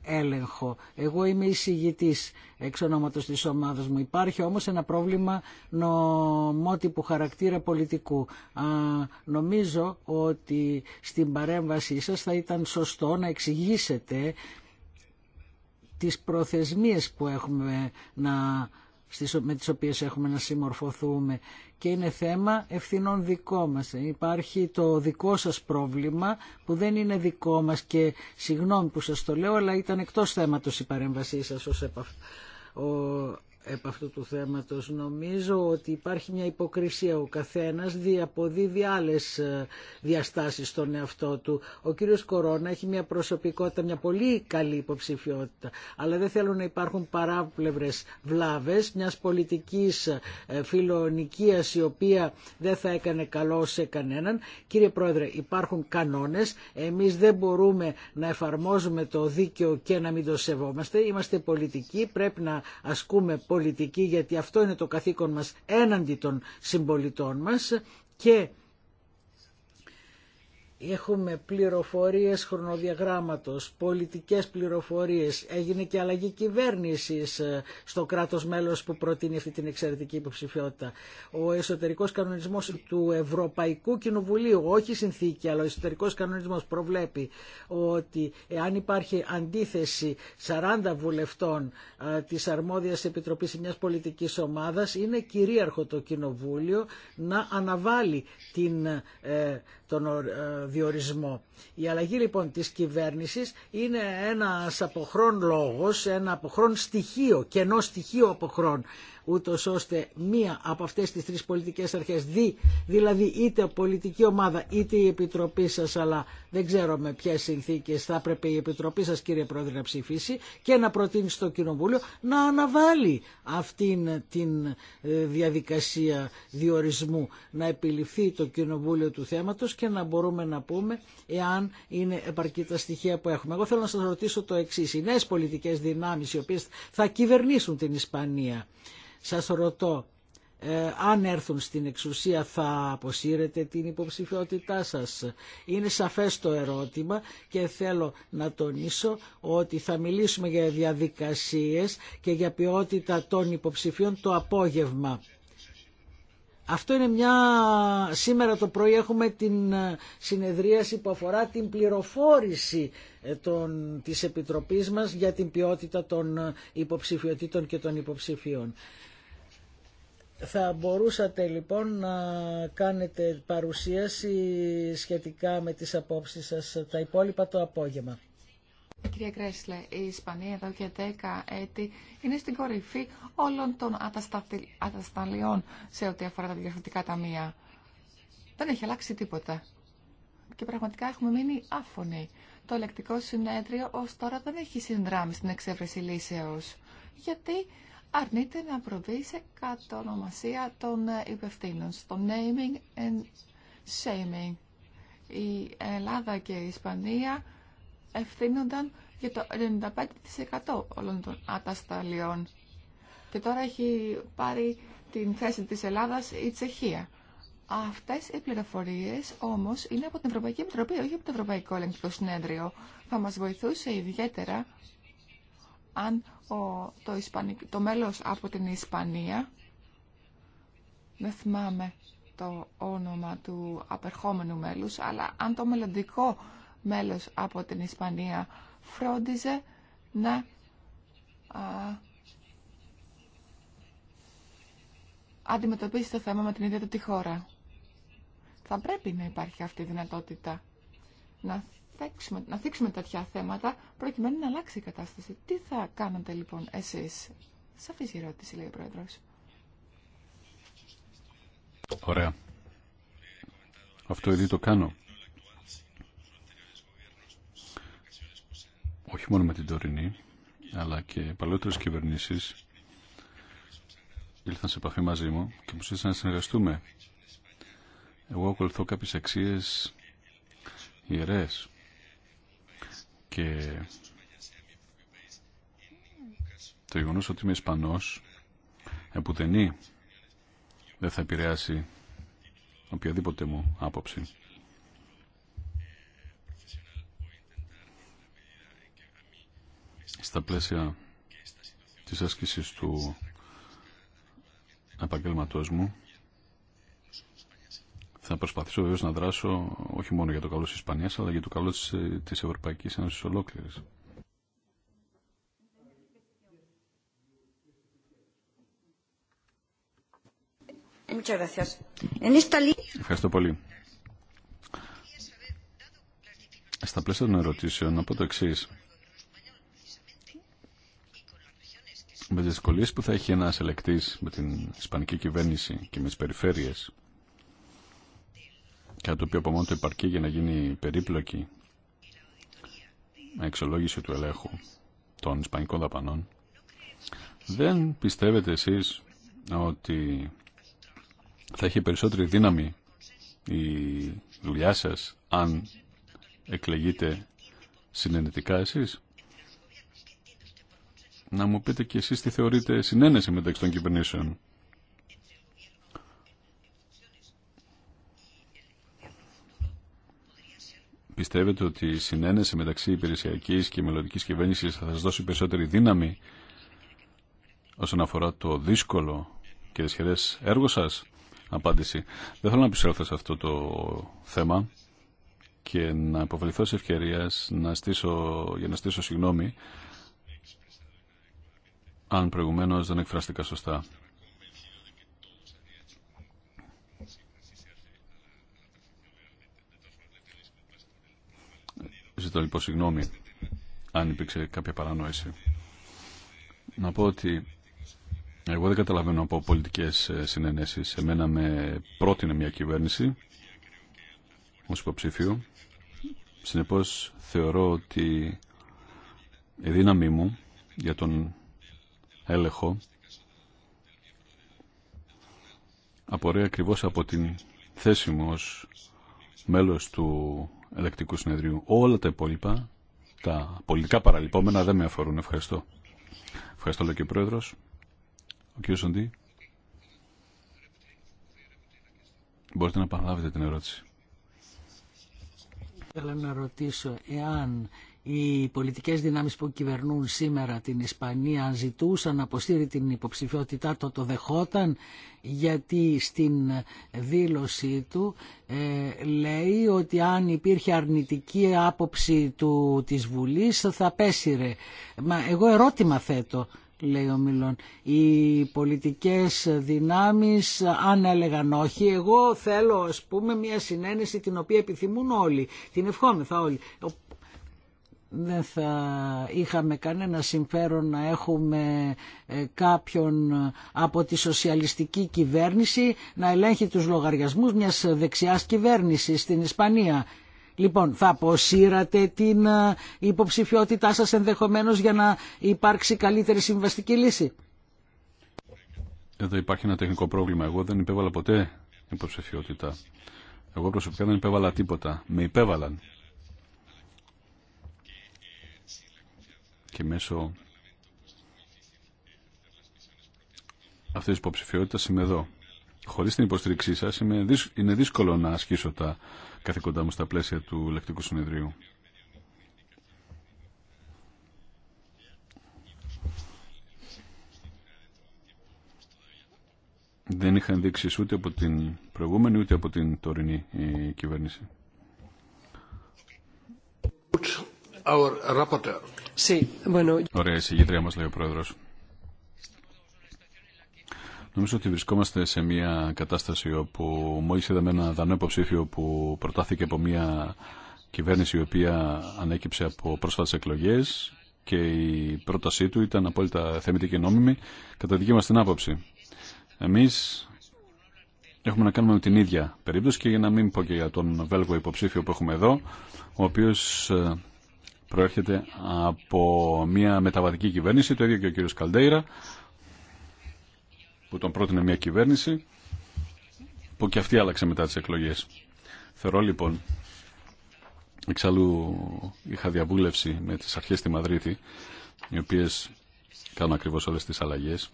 έλεγχο. Εγώ είμαι εισηγητή εξ ονόματο της ομάδας μου. Υπάρχει όμω ένα πρόβλημα νομότυπου χαρακτήρα πολιτικού. νομίζω ότι στην παρέμβασή σα θα ήταν σωστό να εξηγήσετε τις προθεσμίες που έχουμε να με τις οποίες έχουμε να συμμορφωθούμε και είναι θέμα ευθυνών δικό μας. Υπάρχει το δικό σας πρόβλημα που δεν είναι δικό μας και συγγνώμη που σας το λέω αλλά ήταν εκτός θέματος η παρέμβασή σας ως επ' αυτού του θέματος. Νομίζω ότι υπάρχει μια υποκρισία. Ο καθένας διαποδίδει άλλες ε, διαστάσεις στον εαυτό του. Ο κύριος Κορώνα έχει μια προσωπικότητα, μια πολύ καλή υποψηφιότητα. Αλλά δεν θέλουν να υπάρχουν παράπλευρες βλάβες μιας πολιτικής ε, φιλονικίας η οποία δεν θα έκανε καλό σε κανέναν. Κύριε Πρόεδρε, υπάρχουν κανόνες. Εμείς δεν μπορούμε να εφαρμόζουμε το δίκαιο και να μην το σεβόμαστε. Είμαστε πολιτικοί, πρέπει να ασκούμε πολιτική γιατί αυτό είναι το καθήκον μας έναντι των συμπολιτών μας και Έχουμε πληροφορίες χρονοδιαγράμματος, πολιτικές πληροφορίες. Έγινε και αλλαγή κυβέρνησης ε, στο κράτος μέλος που προτείνει αυτή την εξαιρετική υποψηφιότητα. Ο εσωτερικός κανονισμός του Ευρωπαϊκού Κοινοβουλίου, όχι συνθήκη, αλλά ο εσωτερικός κανονισμός προβλέπει ότι εάν υπάρχει αντίθεση 40 βουλευτών ε, της αρμόδιας επιτροπής μιας πολιτικής ομάδας, είναι κυρίαρχο το Κοινοβούλιο να αναβάλει την ε, τον ε, διορισμό. Η αλλαγή λοιπόν της κυβέρνησης είναι ένας αποχρόν λόγος, ένα αποχρόν στοιχείο, κενό στοιχείο αποχρόν ούτως ώστε μία από αυτές τις τρεις πολιτικές αρχές, δι, δηλαδή είτε πολιτική ομάδα είτε η Επιτροπή σας, αλλά δεν ξέρω με ποιες συνθήκες θα έπρεπε η Επιτροπή σας κύριε Πρόεδρε να ψηφίσει και να προτείνει στο Κοινοβούλιο να αναβάλει αυτήν την ε, διαδικασία διορισμού, να επιληφθεί το Κοινοβούλιο του θέματος και να μπορούμε να πούμε εάν είναι επαρκή τα στοιχεία που έχουμε. Εγώ θέλω να σας ρωτήσω το εξής. Οι νέες πολιτικές δυνάμεις οι οποίες θα κυβερνήσουν την Ισπανία σας ρωτώ, ε, αν έρθουν στην εξουσία θα αποσύρετε την υποψηφιότητά σας. Είναι σαφές το ερώτημα και θέλω να τονίσω ότι θα μιλήσουμε για διαδικασίες και για ποιότητα των υποψηφίων το απόγευμα. Αυτό είναι μια... Σήμερα το πρωί έχουμε την ε, συνεδρίαση που αφορά την πληροφόρηση ε, των... της Επιτροπής μας για την ποιότητα των υποψηφιωτήτων και των υποψηφίων. Θα μπορούσατε λοιπόν να κάνετε παρουσίαση σχετικά με τις απόψεις σας τα υπόλοιπα το απόγευμα. Κυρία Κρέσλε, η Ισπανία εδώ και 10 έτη είναι στην κορυφή όλων των ατασταλιών σε ό,τι αφορά τα διαφορετικά ταμεία. Δεν έχει αλλάξει τίποτα. Και πραγματικά έχουμε μείνει άφωνοι. Το ελεκτικό συνέδριο ως τώρα δεν έχει συνδράμει στην εξέβρεση λύσεως. Γιατί αρνείται να προβεί σε κατονομασία των ε, υπευθύνων, στο naming and shaming. Η Ελλάδα και η Ισπανία ευθύνονταν για το 95% όλων των ατασταλιών. Και τώρα έχει πάρει την θέση της Ελλάδας η Τσεχία. Αυτές οι πληροφορίες όμως είναι από την Ευρωπαϊκή Επιτροπή, όχι από το Ευρωπαϊκό Ελεγκτικό Συνέδριο. Θα μας βοηθούσε ιδιαίτερα αν το, Ισπανικ, το μέλος από την Ισπανία, δεν θυμάμαι το όνομα του απερχόμενου μέλους, αλλά αν το μελλοντικό μέλος από την Ισπανία φρόντιζε να αντιμετωπίσει το θέμα με την ίδια του τη χώρα. Θα πρέπει να υπάρχει αυτή η δυνατότητα να να θίξουμε τέτοια θέματα προκειμένου να αλλάξει η κατάσταση. Τι θα κάνετε λοιπόν εσείς. Σαφής η ερώτηση λέει ο Πρόεδρος. Ωραία. Αυτό ήδη το κάνω. Όχι μόνο με την τωρινή, αλλά και παλαιότερες κυβερνήσεις ήλθαν σε επαφή μαζί μου και μου ζήτησαν να συνεργαστούμε. Εγώ ακολουθώ κάποιες αξίες ιερές και το γεγονό ότι είμαι Ισπανό επουδενή δεν θα επηρεάσει οποιαδήποτε μου άποψη. Στα πλαίσια της άσκησης του επαγγέλματός μου θα προσπαθήσω βεβαίω να δράσω όχι μόνο για το καλό τη Ισπανία, αλλά για το καλό τη Ευρωπαϊκή Ένωση ολόκληρη. Ευχαριστώ πολύ. Στα πλαίσια των ερωτήσεων, να πω το εξή. Με τι δυσκολίε που θα έχει ένα ελεκτή με την Ισπανική κυβέρνηση και με τι περιφέρειες κάτι το οποίο από μόνο το υπαρκεί για να γίνει περίπλοκη εξολόγηση του ελέγχου των ισπανικών δαπανών. Δεν πιστεύετε εσείς ότι θα έχει περισσότερη δύναμη η δουλειά σας αν εκλεγείτε συνενετικά εσείς. Να μου πείτε και εσείς τι θεωρείτε συνένεση μεταξύ των κυβερνήσεων. Πιστεύετε ότι η συνένεση μεταξύ υπηρεσιακή και μελλοντική κυβέρνηση θα σα δώσει περισσότερη δύναμη όσον αφορά το δύσκολο και δυσχερέ έργο σα. Απάντηση. Δεν θέλω να επιστρέφω σε αυτό το θέμα και να υποβληθώ σε ευκαιρία να στήσω, για να στήσω συγγνώμη αν προηγουμένως δεν εκφράστηκα σωστά. Ζητώ λοιπόν συγγνώμη αν υπήρξε κάποια παρανόηση. Να πω ότι εγώ δεν καταλαβαίνω από πολιτικές ε, συνενέσεις. Εμένα με πρότεινε μια κυβέρνηση ως υποψήφιο. Συνεπώς θεωρώ ότι η δύναμή μου για τον έλεγχο απορρέει ακριβώς από την θέση μου ως μέλος του ελεκτικού συνεδρίου. Όλα τα υπόλοιπα, τα πολιτικά παραλυπόμενα δεν με αφορούν. Ευχαριστώ. Ευχαριστώ, λέει και ο Πρόεδρος. Ο κ. Σοντή. Μπορείτε να παραλάβετε την ερώτηση. Θέλω να ρωτήσω εάν οι πολιτικές δυνάμεις που κυβερνούν σήμερα την Ισπανία αν ζητούσαν να αποσύρει την υποψηφιότητά το το δεχόταν γιατί στην δήλωσή του ε, λέει ότι αν υπήρχε αρνητική άποψη του, της Βουλής θα πέσυρε. Μα εγώ ερώτημα θέτω λέει ο Μιλόν. Οι πολιτικές δυνάμεις αν έλεγαν όχι, εγώ θέλω ας πούμε μια συνένεση την οποία επιθυμούν όλοι, την ευχόμεθα όλοι δεν θα είχαμε κανένα συμφέρον να έχουμε ε, κάποιον από τη σοσιαλιστική κυβέρνηση να ελέγχει τους λογαριασμούς μιας δεξιάς κυβέρνησης στην Ισπανία. Λοιπόν, θα αποσύρατε την ε, υποψηφιότητά σας ενδεχομένως για να υπάρξει καλύτερη συμβαστική λύση. Εδώ υπάρχει ένα τεχνικό πρόβλημα. Εγώ δεν υπέβαλα ποτέ υποψηφιότητα. Εγώ προσωπικά δεν υπέβαλα τίποτα. Με υπέβαλαν. και μέσω αυτή τη υποψηφιότητα είμαι εδώ. Χωρί την υποστήριξή σα, είναι δύσκολο να ασκήσω τα καθήκοντά μου στα πλαίσια του λεκτικού συνεδρίου. Δεν είχαν δείξει ούτε από την προηγούμενη ούτε από την τωρινή κυβέρνηση. Our Ωραία, η μας λέει ο Πρόεδρος. Νομίζω ότι βρισκόμαστε σε μια κατάσταση όπου μόλις είδαμε ένα δανό υποψήφιο που προτάθηκε από μια κυβέρνηση η οποία ανέκυψε από πρόσφατες εκλογές και η πρότασή του ήταν απόλυτα θεμητή και νόμιμη κατά δική μας την άποψη. Εμείς έχουμε να κάνουμε με την ίδια περίπτωση και για να μην πω και για τον Βέλγο υποψήφιο που έχουμε εδώ, ο οποίος ε, προέρχεται από μια μεταβατική κυβέρνηση, το ίδιο και ο κύριος Καλντέιρα, που τον πρότεινε μια κυβέρνηση, που και αυτή άλλαξε μετά τις εκλογές. Θεωρώ λοιπόν, εξάλλου είχα διαβούλευση με τις αρχές στη Μαδρίτη, οι οποίες κάνουν ακριβώς όλες τις αλλαγές.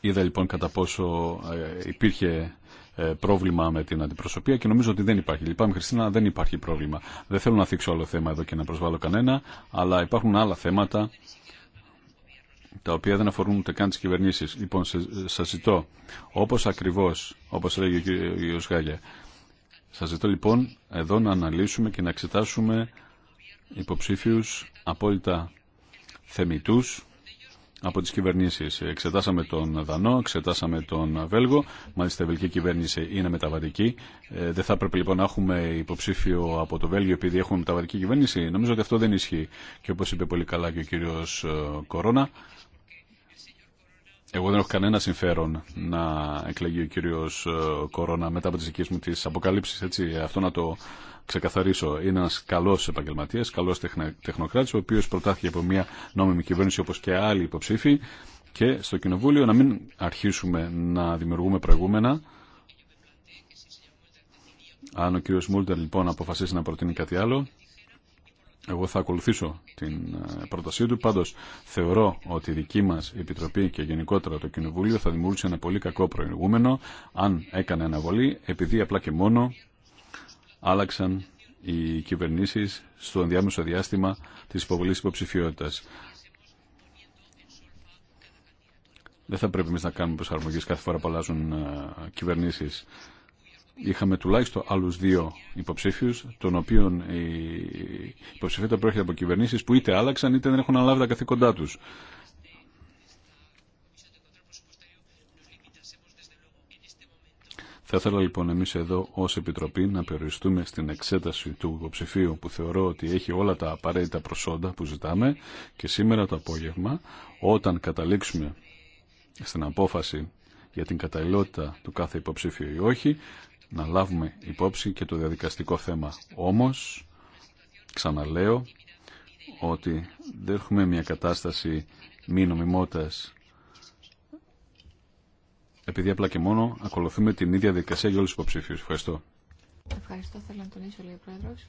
Είδα λοιπόν κατά πόσο ε, υπήρχε ε, πρόβλημα με την αντιπροσωπεία και νομίζω ότι δεν υπάρχει. Λυπάμαι, Χριστίνα, δεν υπάρχει πρόβλημα. Δεν θέλω να θίξω άλλο θέμα εδώ και να προσβάλλω κανένα, αλλά υπάρχουν άλλα θέματα τα οποία δεν αφορούν ούτε καν τι κυβερνήσει. Λοιπόν, σα ζητώ, όπω ακριβώ, όπω λέγει ο κ. Γάλια, σα ζητώ λοιπόν εδώ να αναλύσουμε και να εξετάσουμε υποψήφιου απόλυτα θεμητού από τις κυβερνήσεις. Εξετάσαμε τον Δανό, εξετάσαμε τον Βέλγο, μάλιστα η βελική κυβέρνηση είναι μεταβατική. Ε, δεν θα έπρεπε λοιπόν να έχουμε υποψήφιο από το Βέλγιο επειδή έχουμε μεταβατική κυβέρνηση. Νομίζω ότι αυτό δεν ισχύει. Και όπως είπε πολύ καλά και ο κύριος ε, Κορώνα, εγώ δεν έχω κανένα συμφέρον να εκλεγεί ο κύριο ε, Κορώνα μετά από τι δικέ μου τι αποκαλύψει, έτσι, αυτό να το ξεκαθαρίσω. Είναι ένας καλός επαγγελματίας, καλός τεχνοκράτη, ο οποίος προτάθηκε από μια νόμιμη κυβέρνηση όπως και άλλοι υποψήφοι και στο Κοινοβούλιο να μην αρχίσουμε να δημιουργούμε προηγούμενα. Αν ο κύριο Μούλτερ λοιπόν αποφασίσει να προτείνει κάτι άλλο, εγώ θα ακολουθήσω την ε, πρότασή του. Πάντω, θεωρώ ότι η δική μα Επιτροπή και γενικότερα το Κοινοβούλιο θα δημιούργησε ένα πολύ κακό προηγούμενο αν έκανε αναβολή, επειδή απλά και μόνο άλλαξαν οι κυβερνήσει στο ενδιάμεσο διάστημα τη υποβολή υποψηφιότητα. Δεν θα πρέπει εμεί να κάνουμε προσαρμογέ κάθε φορά που αλλάζουν ε, κυβερνήσει είχαμε τουλάχιστον άλλου δύο υποψήφιου, των οποίων η υποψηφιότητα προέρχεται από κυβερνήσει που είτε άλλαξαν είτε δεν έχουν αναλάβει τα καθήκοντά του. Θα ήθελα λοιπόν εμείς εδώ ως Επιτροπή να περιοριστούμε στην εξέταση του υποψηφίου που θεωρώ ότι έχει όλα τα απαραίτητα προσόντα που ζητάμε και σήμερα το απόγευμα όταν καταλήξουμε στην απόφαση για την καταλληλότητα του κάθε υποψήφιου ή όχι να λάβουμε υπόψη και το διαδικαστικό θέμα. Όμως, ξαναλέω ότι δεν έχουμε μια κατάσταση μη νομιμότητας επειδή απλά και μόνο ακολουθούμε την ίδια διαδικασία για όλους τους υποψήφιους. Ευχαριστώ. Ευχαριστώ. Θέλω να τονίσω λίγο πρόεδρος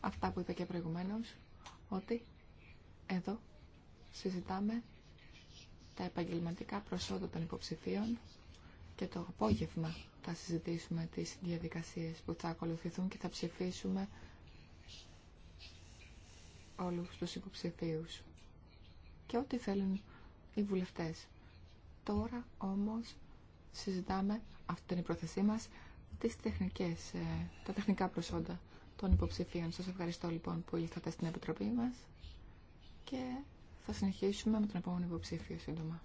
αυτά που είπε και προηγουμένως ότι εδώ συζητάμε τα επαγγελματικά προσόντα των υποψηφίων και το απόγευμα θα συζητήσουμε τις διαδικασίες που θα ακολουθηθούν και θα ψηφίσουμε όλους τους υποψηφίους και ό,τι θέλουν οι βουλευτές. Τώρα όμως συζητάμε, αυτή είναι η πρόθεσή μας, τις τεχνικές, ε, τα τεχνικά προσόντα των υποψηφίων. Σας ευχαριστώ λοιπόν που ήλθατε στην Επιτροπή μας και θα συνεχίσουμε με τον επόμενο υποψήφιο σύντομα.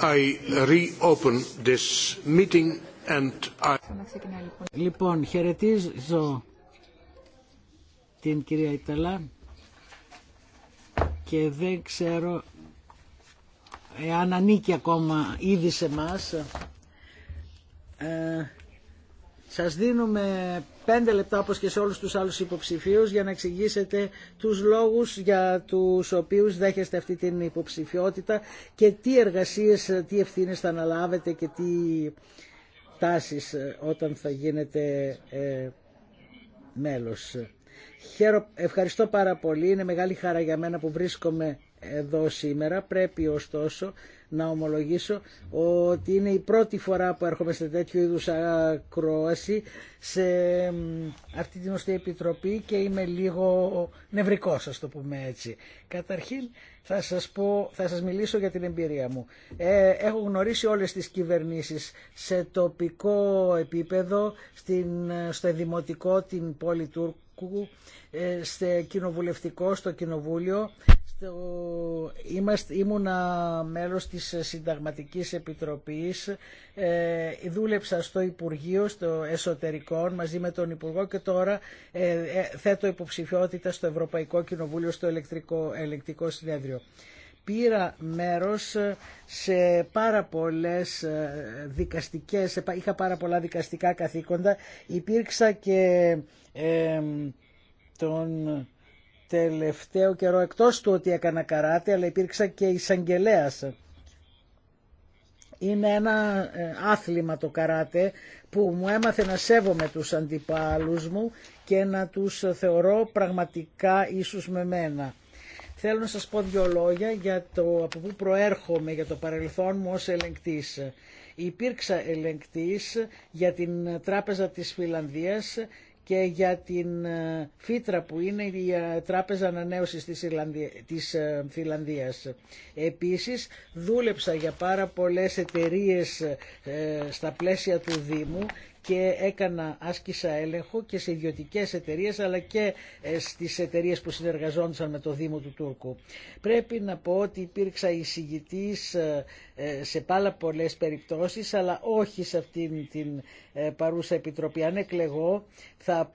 I reopen and λοιπόν. λοιπόν, χαιρετίζω την κυρία Ιταλά και δεν ξέρω αν ανήκει ακόμα ήδη σε μας. Ε, σας δίνουμε Πέντε λεπτά όπως και σε όλους τους άλλους υποψηφίους για να εξηγήσετε τους λόγους για τους οποίους δέχεστε αυτή την υποψηφιότητα και τι εργασίες, τι ευθύνες θα αναλάβετε και τι τάσεις ε, όταν θα γίνετε ε, μέλος. Χαίρο, ευχαριστώ πάρα πολύ. Είναι μεγάλη χαρά για μένα που βρίσκομαι εδώ σήμερα. Πρέπει ωστόσο να ομολογήσω ότι είναι η πρώτη φορά που έρχομαι σε τέτοιου είδους ακρόαση σε αυτή την ωστή επιτροπή και είμαι λίγο νευρικός, ας το πούμε έτσι. Καταρχήν θα σας, πω, θα σας μιλήσω για την εμπειρία μου. Ε, έχω γνωρίσει όλες τις κυβερνήσεις σε τοπικό επίπεδο, στην, στο δημοτικό, την πόλη Τούρκου, ε, σε κοινοβουλευτικό, στο κοινοβούλιο Είμαστε, ήμουνα μέλος της Συνταγματικής Επιτροπής, ε, δούλεψα στο Υπουργείο, στο Εσωτερικό, μαζί με τον Υπουργό και τώρα ε, ε, θέτω υποψηφιότητα στο Ευρωπαϊκό Κοινοβούλιο, στο Ελεκτρικό, Ελεκτικό Συνέδριο. Πήρα μέρος σε πάρα πολλές ε, δικαστικές, είχα πάρα πολλά δικαστικά καθήκοντα, υπήρξα και ε, τον τελευταίο καιρό εκτός του ότι έκανα καράτε αλλά υπήρξα και εισαγγελέα. Είναι ένα ε, άθλημα το καράτε που μου έμαθε να σέβομαι τους αντιπάλους μου και να τους θεωρώ πραγματικά ίσους με μένα. Θέλω να σας πω δύο λόγια για το από πού προέρχομαι, για το παρελθόν μου ως ελεγκτής. Υπήρξα ελεγκτής για την Τράπεζα της Φιλανδίας και για την ε, φύτρα που είναι η ε, Τράπεζα Ανανέωσης της, της ε, Φιλανδίας. Επίσης δούλεψα για πάρα πολλές εταιρείες στα πλαίσια του Δήμου και έκανα, άσκησα έλεγχο και σε ιδιωτικές εταιρείες αλλά και ε, στις εταιρείες που συνεργαζόντουσαν με το Δήμο του Τούρκου. Πρέπει να πω ότι υπήρξα εισηγητής ε, ε, σε πάρα πολλές περιπτώσεις αλλά όχι σε αυτήν την παρούσα επιτροπή. Αν εκλεγώ θα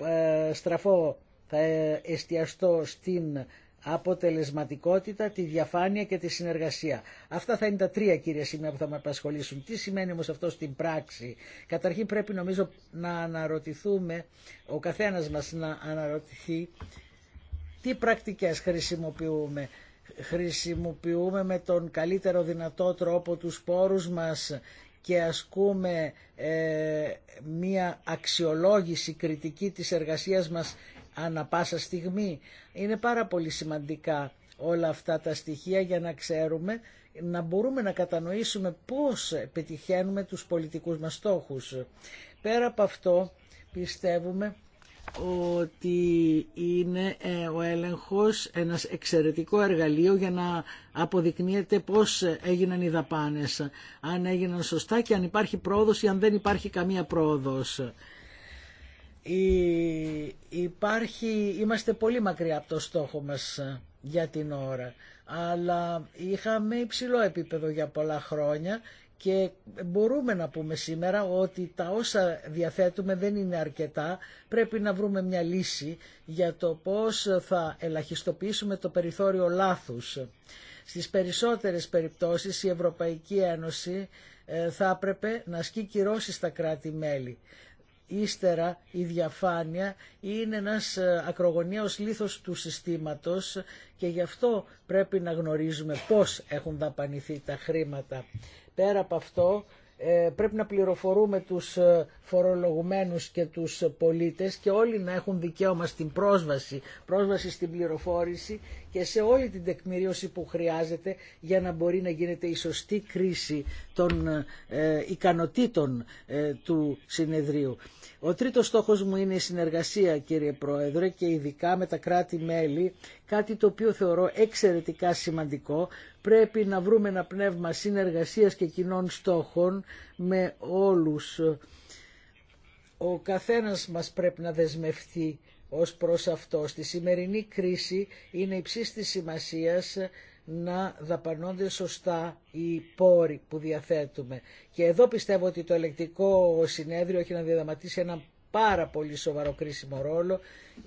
στραφώ θα εστιαστώ στην αποτελεσματικότητα, τη διαφάνεια και τη συνεργασία. Αυτά θα είναι τα τρία κύρια σημεία που θα με απασχολήσουν. Τι σημαίνει όμως αυτό στην πράξη. Καταρχήν πρέπει νομίζω να αναρωτηθούμε, ο καθένας μας να αναρωτηθεί τι πρακτικές χρησιμοποιούμε. Χρησιμοποιούμε με τον καλύτερο δυνατό τρόπο τους πόρους μας και ασκούμε ε, μία αξιολόγηση κριτική της εργασίας μας ανά πάσα στιγμή. Είναι πάρα πολύ σημαντικά όλα αυτά τα στοιχεία για να ξέρουμε, να μπορούμε να κατανοήσουμε πώς πετυχαίνουμε τους πολιτικούς μας στόχους. Πέρα από αυτό πιστεύουμε ότι είναι ε, ο έλεγχος ένα εξαιρετικό εργαλείο για να αποδεικνύεται πώς έγιναν οι δαπάνες, αν έγιναν σωστά και αν υπάρχει πρόοδος ή αν δεν υπάρχει καμία πρόοδος υπάρχει, είμαστε πολύ μακριά από το στόχο μας ε, για την ώρα αλλά είχαμε υψηλό επίπεδο για πολλά χρόνια και μπορούμε να πούμε σήμερα ότι τα όσα διαθέτουμε δεν είναι αρκετά. Πρέπει να βρούμε μια λύση για το πώς θα ελαχιστοποιήσουμε το περιθώριο λάθους. Στις περισσότερες περιπτώσεις η Ευρωπαϊκή Ένωση ε, θα έπρεπε να ασκεί κυρώσεις στα κράτη-μέλη. Ύστερα η διαφάνεια είναι ένας ε, ακρογωνιαίος λίθος του συστήματος και γι' αυτό πρέπει να γνωρίζουμε πώς έχουν δαπανηθεί τα χρήματα. Πέρα από αυτό ε, πρέπει να πληροφορούμε τους ε, φορολογουμένους και τους πολίτες και όλοι να έχουν δικαίωμα στην πρόσβαση, πρόσβαση στην πληροφόρηση και σε όλη την τεκμηρίωση που χρειάζεται για να μπορεί να γίνεται η σωστή κρίση των ε, ικανοτήτων του συνεδρίου. Ο τρίτος στόχος μου είναι η συνεργασία κύριε Πρόεδρε και ειδικά με τα κράτη-μέλη, κάτι το οποίο θεωρώ εξαιρετικά σημαντικό πρέπει να βρούμε ένα πνεύμα συνεργασίας και κοινών στόχων με όλους. Ο καθένας μας πρέπει να δεσμευτεί ως προς αυτό. Στη σημερινή κρίση είναι υψής της σημασίας να δαπανώνται σωστά οι πόροι που διαθέτουμε. Και εδώ πιστεύω ότι το ελεκτικό συνέδριο έχει να διαδραματίσει ένα πάρα πολύ σοβαρό κρίσιμο ρόλο.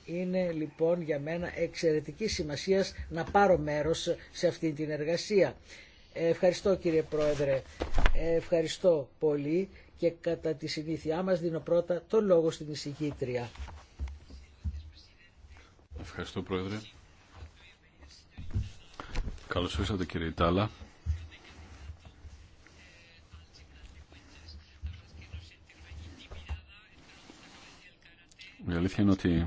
Είναι λοιπόν για μένα εξαιρετική σημασία να πάρω μέρος σε αυτή την εργασία. Ευχαριστώ κύριε Πρόεδρε, ευχαριστώ πολύ και κατά τη συνήθειά μας δίνω πρώτα το λόγο στην εισηγήτρια. Ευχαριστώ Πρόεδρε. Καλώς ήρθατε κύριε Ιτάλα Η αλήθεια είναι ότι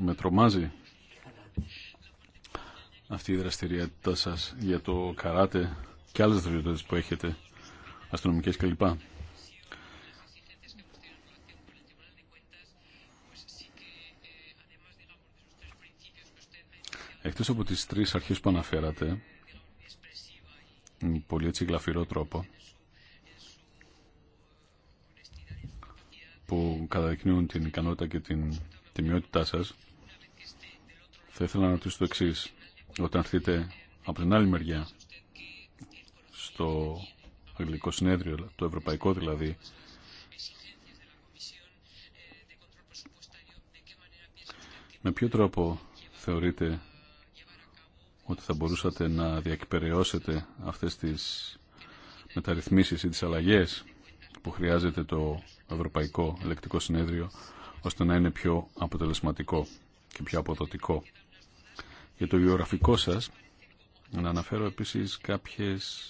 με τρομάζει αυτή η δραστηριότητά σας για το καράτε και άλλες δραστηριότητες που έχετε, αστυνομικές κλπ. Εκτός από τις τρεις αρχές που αναφέρατε, πολύ έτσι γλαφυρό τρόπο, που καταδεικνύουν την ικανότητα και την τιμιότητά σας, θα ήθελα να ρωτήσω το εξή. Όταν έρθετε από την άλλη μεριά, στο αγγλικό συνέδριο, το ευρωπαϊκό δηλαδή, με ποιο τρόπο θεωρείτε ότι θα μπορούσατε να διακυπεραιώσετε αυτές τις μεταρρυθμίσεις ή τις αλλαγές που χρειάζεται το Ευρωπαϊκό Ελεκτικό Συνέδριο ώστε να είναι πιο αποτελεσματικό και πιο αποδοτικό. Για το βιογραφικό σας να αναφέρω επίσης κάποιες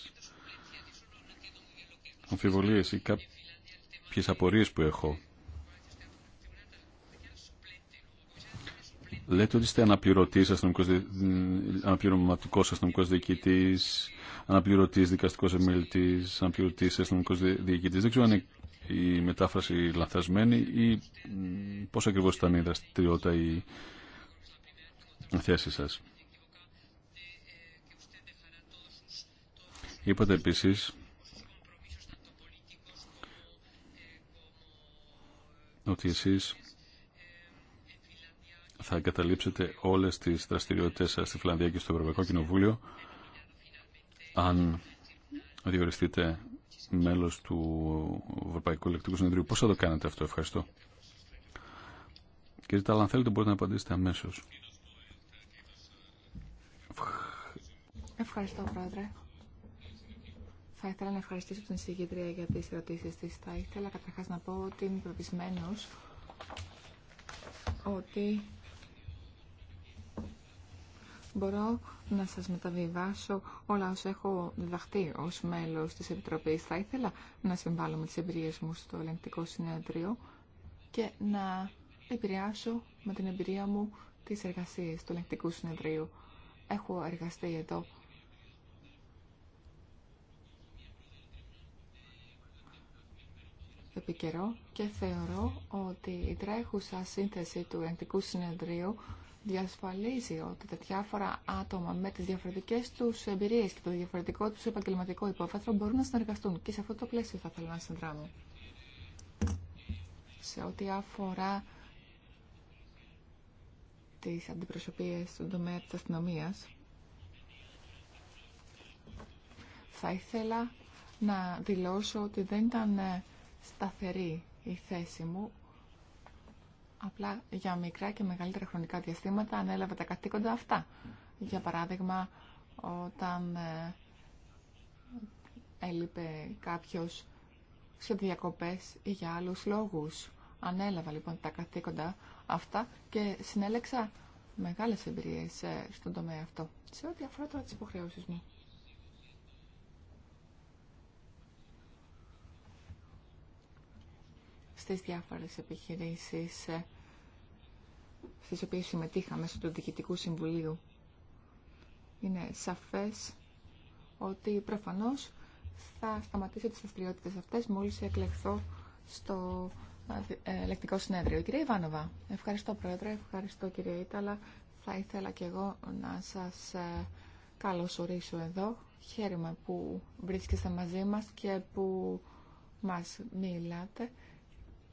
αμφιβολίες ή κάποιες απορίες που έχω Λέτε ότι είστε αναπληρωτής αστυνομικό διοικητή, αναπληρωτή δικαστικό αναπληρωτής δικαστικός αστυνομικό αναπληρωτής αστυνομικός Δεν ξέρω αν είναι η μετάφραση λανθασμένη ή πώς ακριβώς ήταν η πω ακριβω ηταν η θέση σα. Είπατε επίσης ότι εσείς θα εγκαταλείψετε όλες τις δραστηριότητες σας στη Φιλανδία και στο Ευρωπαϊκό Κοινοβούλιο αν διοριστείτε μέλος του Ευρωπαϊκού Ελεκτικού Συνεδρίου. Πώς θα το κάνετε αυτό, ευχαριστώ. Κύριε Τάλα, αν θέλετε μπορείτε να απαντήσετε αμέσως. Ευχαριστώ, Πρόεδρε. Θα ήθελα να ευχαριστήσω την συγκεντρία για τις ερωτήσεις της. Θα ήθελα καταρχάς να πω ότι είμαι πεπισμένος ότι μπορώ να σας μεταβιβάσω όλα όσα έχω διδαχθεί ως μέλος της Επιτροπής. Θα ήθελα να συμβάλλω με τις εμπειρίες μου στο ελεγκτικό συνέδριο και να επηρεάσω με την εμπειρία μου τις εργασίες του ελεγκτικού συνεδρίου. Έχω εργαστεί εδώ επί και θεωρώ ότι η τρέχουσα σύνθεση του ελεγκτικού συνεδρίου διασφαλίζει ότι τα διάφορα άτομα με τις διαφορετικές τους εμπειρίες και το διαφορετικό τους επαγγελματικό υπόβαθρο μπορούν να συνεργαστούν και σε αυτό το πλαίσιο θα θέλω να συνδράμω. Σε ό,τι αφορά τις αντιπροσωπείες στον τομέα της αστυνομία. θα ήθελα να δηλώσω ότι δεν ήταν ε, σταθερή η θέση μου, απλά για μικρά και μεγαλύτερα χρονικά διαστήματα ανέλαβα τα καθήκοντα αυτά. Για παράδειγμα, όταν ε, έλειπε κάποιος σε διακοπές ή για άλλους λόγους. Ανέλαβα λοιπόν τα καθήκοντα αυτά και συνέλεξα μεγάλες εμπειρίες ε, στον τομέα αυτό. Σε ό,τι αφορά τώρα τις υποχρεώσεις μου. Στις διάφορες επιχειρήσεις ε, στις οποίες συμμετείχα μέσω του Διοικητικού Συμβουλίου. Είναι σαφές ότι προφανώς θα σταματήσω τις δραστηριότητε αυτές μόλις εκλεχθώ στο ε, ε, ελεκτικό συνέδριο. Κυρία Ιβάνοβα, ευχαριστώ Πρόεδρε, ευχαριστώ κύριε Ήταλα. Θα ήθελα και εγώ να σας ε, καλωσορίσω εδώ. Χαίρομαι που βρίσκεστε μαζί μας και που μας μιλάτε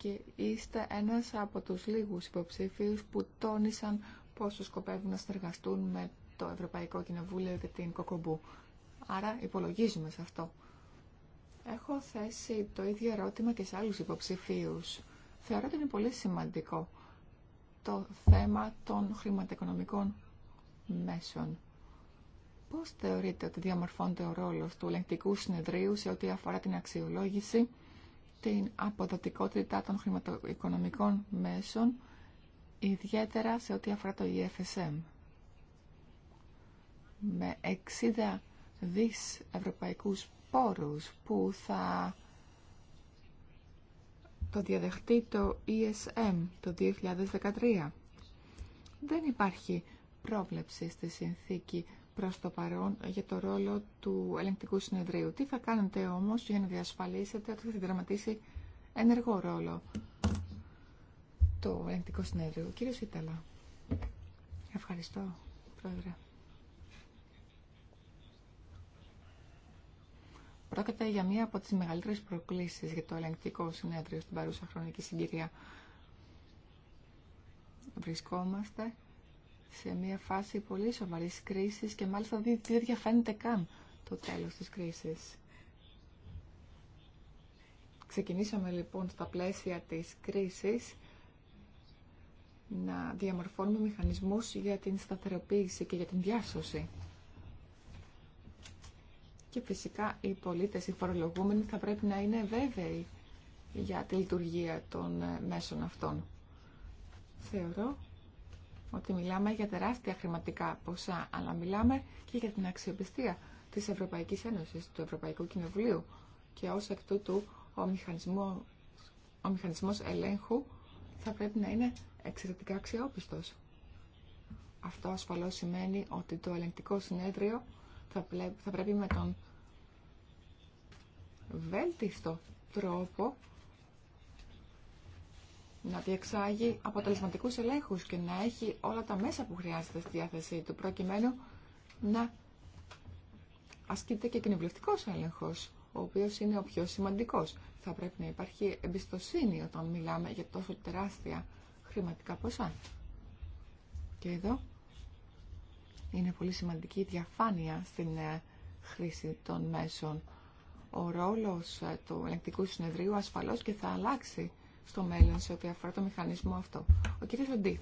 και είστε ένας από τους λίγους υποψήφιους που τόνισαν πόσο σκοπεύουν να συνεργαστούν με το Ευρωπαϊκό Κοινοβούλιο και την Κοκομπού. Άρα υπολογίζουμε σε αυτό. Έχω θέσει το ίδιο ερώτημα και σε άλλους υποψηφίους. Θεωρώ ότι είναι πολύ σημαντικό το θέμα των χρηματοοικονομικών μέσων. Πώς θεωρείτε ότι διαμορφώνεται ο ρόλος του ελεγκτικού συνεδρίου σε ό,τι αφορά την αξιολόγηση την αποδοτικότητα των χρηματοοικονομικών μέσων, ιδιαίτερα σε ό,τι αφορά το EFSM. Με 60 δις ευρωπαϊκούς πόρους που θα το διαδεχτεί το ESM το 2013. Δεν υπάρχει πρόβλεψη στη συνθήκη προς το παρόν για το ρόλο του ελεγκτικού συνεδρίου. Τι θα κάνετε όμως για να διασφαλίσετε ότι θα δραματίσει ενεργό ρόλο το ελεγκτικό συνέδριο. Κύριε Σίταλα. Ευχαριστώ, Πρόεδρε. Πρόκειται για μία από τις μεγαλύτερες προκλήσεις για το ελεγκτικό συνέδριο στην παρούσα χρονική συγκυρία. Βρισκόμαστε σε μια φάση πολύ σοβαρή κρίση και μάλιστα δεν διαφαίνεται καν το τέλο της κρίση. Ξεκινήσαμε λοιπόν στα πλαίσια της κρίση να διαμορφώνουμε μηχανισμούς για την σταθεροποίηση και για την διάσωση. Και φυσικά οι πολίτες, οι φορολογούμενοι θα πρέπει να είναι βέβαιοι για τη λειτουργία των μέσων αυτών. Θεωρώ ότι μιλάμε για τεράστια χρηματικά ποσά, αλλά μιλάμε και για την αξιοπιστία της Ευρωπαϊκής Ένωσης, του Ευρωπαϊκού Κοινοβουλίου και ως εκ τούτου ο μηχανισμός, ο μηχανισμός ελέγχου θα πρέπει να είναι εξαιρετικά αξιόπιστος. Αυτό ασφαλώς σημαίνει ότι το ελεγκτικό συνέδριο θα, θα πρέπει με τον βέλτιστο τρόπο να διεξάγει αποτελεσματικούς ελέγχους και να έχει όλα τα μέσα που χρειάζεται στη διάθεσή του προκειμένου να ασκείται και κοινοβουλευτικό έλεγχος ο οποίος είναι ο πιο σημαντικός. Θα πρέπει να υπάρχει εμπιστοσύνη όταν μιλάμε για τόσο τεράστια χρηματικά ποσά. Και εδώ είναι πολύ σημαντική η διαφάνεια στην ε, χρήση των μέσων. Ο ρόλος ε, του ελεγκτικού συνεδρίου ασφαλώς και θα αλλάξει στο μέλλον σε ό,τι αφορά το μηχανισμό αυτό. Ο κύριος Ροντή.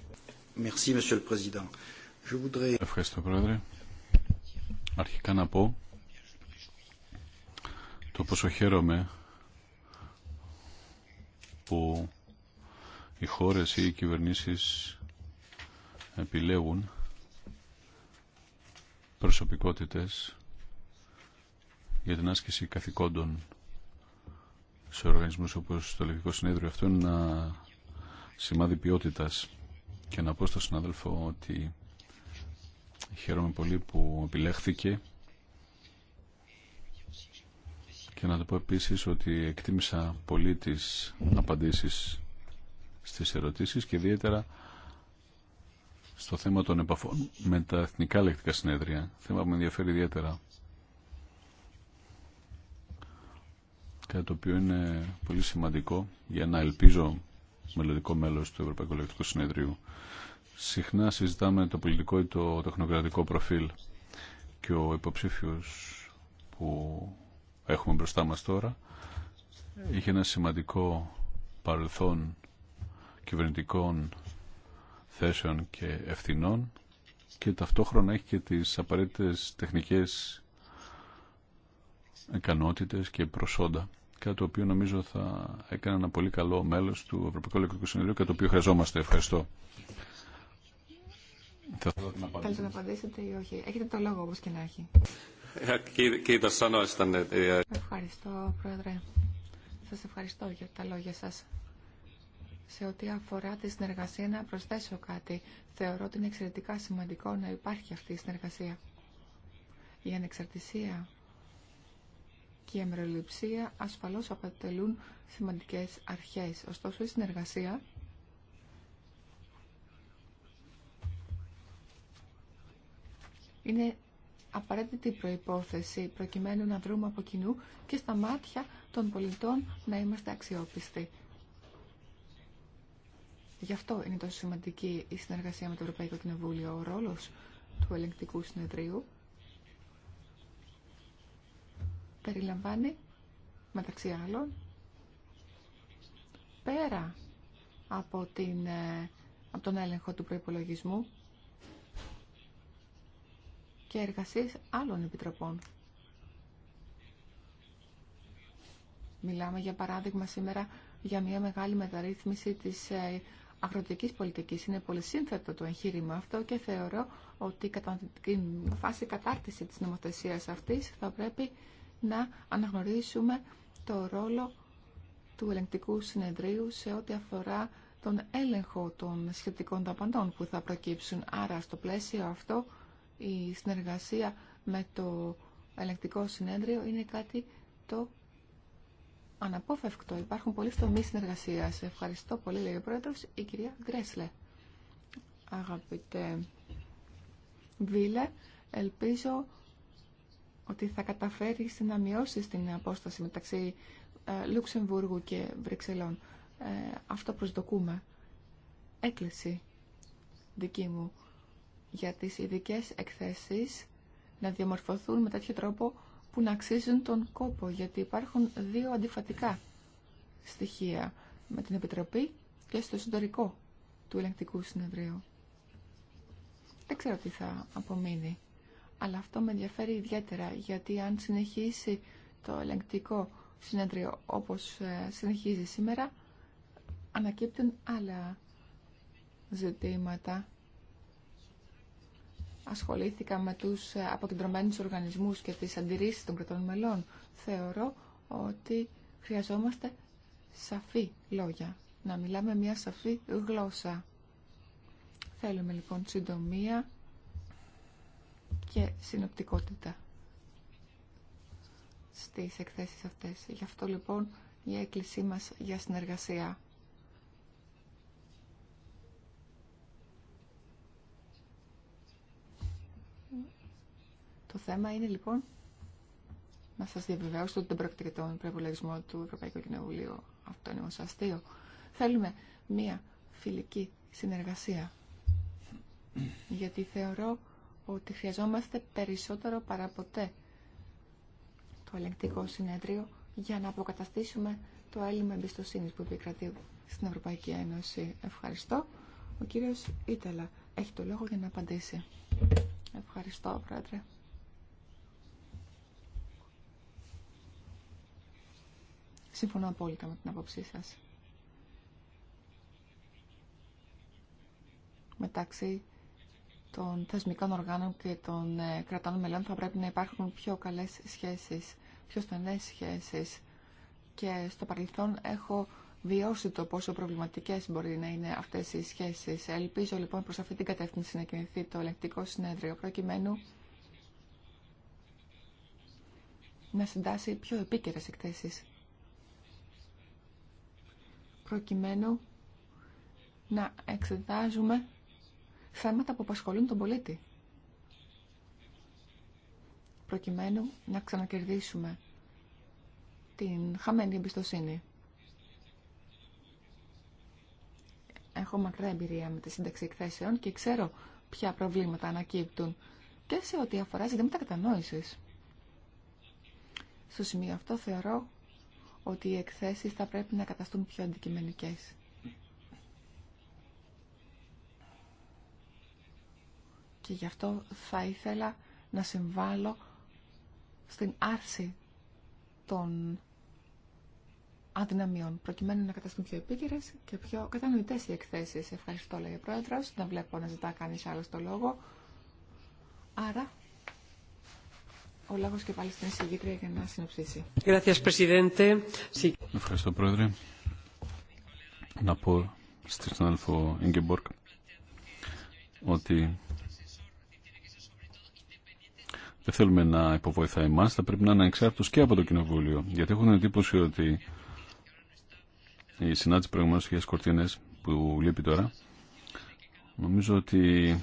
Ευχαριστώ, Πρόεδρε. Αρχικά να πω το πόσο χαίρομαι που οι χώρες ή οι κυβερνήσεις επιλέγουν προσωπικότητες για την άσκηση καθηκόντων σε οργανισμούς όπως το Λευκό Συνέδριο αυτό είναι ένα σημάδι ποιότητας και να πω στον συνάδελφο ότι χαίρομαι πολύ που επιλέχθηκε και να το πω επίσης ότι εκτίμησα πολύ τις απαντήσεις στις ερωτήσεις και ιδιαίτερα στο θέμα των επαφών με τα εθνικά λεκτικά συνέδρια. Θέμα που με ενδιαφέρει ιδιαίτερα. κάτι το οποίο είναι πολύ σημαντικό για να ελπίζω μελλοντικό μέλος του Ευρωπαϊκού Λεκτικού Συνεδρίου. Συχνά συζητάμε το πολιτικό ή το τεχνοκρατικό προφίλ και ο υποψήφιος που έχουμε μπροστά μας τώρα είχε ένα σημαντικό παρελθόν κυβερνητικών θέσεων και ευθυνών και ταυτόχρονα έχει και τις απαραίτητες τεχνικές ικανότητες και προσόντα κάτι το οποίο νομίζω θα έκανε ένα πολύ καλό μέλος του Ευρωπαϊκού Ελεκτρικού Συνεδρίου και το οποίο χρειαζόμαστε. Ευχαριστώ. Θέλετε να απαντήσετε ή όχι. Έχετε το λόγο όπως και να έχει. Ε, ε, ευχαριστώ, Πρόεδρε. Σας ευχαριστώ για τα λόγια σας. Σε ό,τι αφορά τη συνεργασία, να προσθέσω κάτι. Θεωρώ ότι είναι εξαιρετικά σημαντικό να υπάρχει αυτή η συνεργασία. Η ανεξαρτησία και η αμεροληψία ασφαλώς αποτελούν σημαντικές αρχές. Ωστόσο, η συνεργασία είναι απαραίτητη προϋπόθεση προκειμένου να βρούμε από κοινού και στα μάτια των πολιτών να είμαστε αξιόπιστοι. Γι' αυτό είναι τόσο σημαντική η συνεργασία με το Ευρωπαϊκό Κοινοβούλιο, ο ρόλος του ελεγκτικού συνεδρίου περιλαμβάνει μεταξύ άλλων πέρα από, την, ε, από τον έλεγχο του προϋπολογισμού και εργασίες άλλων επιτροπών. Μιλάμε για παράδειγμα σήμερα για μια μεγάλη μεταρρύθμιση της ε, αγροτικής πολιτικής. Είναι πολύ σύνθετο το εγχείρημα αυτό και θεωρώ ότι κατά την φάση κατάρτιση της νομοθεσίας αυτής θα πρέπει να αναγνωρίσουμε το ρόλο του ελεγκτικού συνεδρίου σε ό,τι αφορά τον έλεγχο των σχετικών ταπαντών που θα προκύψουν. Άρα, στο πλαίσιο αυτό, η συνεργασία με το ελεγκτικό συνέδριο είναι κάτι το αναπόφευκτο. Υπάρχουν πολλοί τομεί συνεργασία. Ευχαριστώ πολύ, λέει ο πρόεδρο, η κυρία Γκρέσλε. Αγαπητέ Βίλε, ελπίζω ότι θα καταφέρει να μειώσει την απόσταση μεταξύ ε, Λουξεμβούργου και Βρυξελών. Ε, αυτό προσδοκούμε. Έκκληση δική μου για τις ειδικέ εκθέσεις να διαμορφωθούν με τέτοιο τρόπο που να αξίζουν τον κόπο, γιατί υπάρχουν δύο αντιφατικά στοιχεία με την Επιτροπή και στο εσωτερικό του ελεγκτικού συνεδρίου. Δεν ξέρω τι θα απομείνει. Αλλά αυτό με ενδιαφέρει ιδιαίτερα γιατί αν συνεχίσει το ελεγκτικό συνέδριο όπως ε, συνεχίζει σήμερα ανακύπτουν άλλα ζητήματα. Ασχολήθηκα με τους ε, αποκεντρωμένους οργανισμούς και τις αντιρρήσεις των κρατών μελών. Θεωρώ ότι χρειαζόμαστε σαφή λόγια, να μιλάμε μια σαφή γλώσσα. Θέλουμε λοιπόν συντομία και συνοπτικότητα στις εκθέσεις αυτές. Γι' αυτό λοιπόν η έκκλησή μας για συνεργασία. Το θέμα είναι λοιπόν να σας διαβεβαιώσω ότι δεν πρόκειται για τον του Ευρωπαϊκού Κοινοβουλίου. Αυτό είναι όμως αστείο. Θέλουμε μία φιλική συνεργασία. Γιατί θεωρώ ότι χρειαζόμαστε περισσότερο παρά ποτέ το ελεγκτικό συνέδριο για να αποκαταστήσουμε το έλλειμμα εμπιστοσύνη που επικρατεί στην Ευρωπαϊκή Ένωση. Ευχαριστώ. Ο κύριος Ήτελα έχει το λόγο για να απαντήσει. Ευχαριστώ, Πρόεδρε. Συμφωνώ απόλυτα με την άποψή σας. Μεταξύ των θεσμικών οργάνων και των ε, κρατών μελών θα πρέπει να υπάρχουν πιο καλές σχέσεις, πιο στενές σχέσεις. Και στο παρελθόν έχω βιώσει το πόσο προβληματικές μπορεί να είναι αυτές οι σχέσεις. Ελπίζω λοιπόν προς αυτή την κατεύθυνση να κινηθεί το ελεκτικό συνέδριο προκειμένου να συντάσει πιο επίκαιρες εκθέσεις. Προκειμένου να εξετάζουμε θέματα που απασχολούν τον πολίτη. Προκειμένου να ξανακερδίσουμε την χαμένη εμπιστοσύνη. Έχω μακρά εμπειρία με τη σύνταξη εκθέσεων και ξέρω ποια προβλήματα ανακύπτουν και σε ό,τι αφορά ζητήματα κατανόησης. Στο σημείο αυτό θεωρώ ότι οι εκθέσεις θα πρέπει να καταστούν πιο αντικειμενικές. και γι' αυτό θα ήθελα να συμβάλλω στην άρση των αδυναμιών, προκειμένου να καταστούν πιο επίκαιρε και πιο κατανοητέ οι εκθέσει. Ευχαριστώ, λέει ο Πρόεδρο. Δεν βλέπω να ζητά κανεί άλλο το λόγο. Άρα, ο λόγο και πάλι στην εισηγήτρια για να συνοψίσει. Ευχαριστώ, Πρόεδρε. Να πω στην συνάδελφο Ιγκεμπόρκ ότι δεν θέλουμε να υποβοηθά εμά, θα πρέπει να είναι εξάρτητο και από το Κοινοβούλιο. Γιατί έχω την εντύπωση ότι η συνάντηση προηγουμένω για Κορτίνε που λείπει τώρα, νομίζω ότι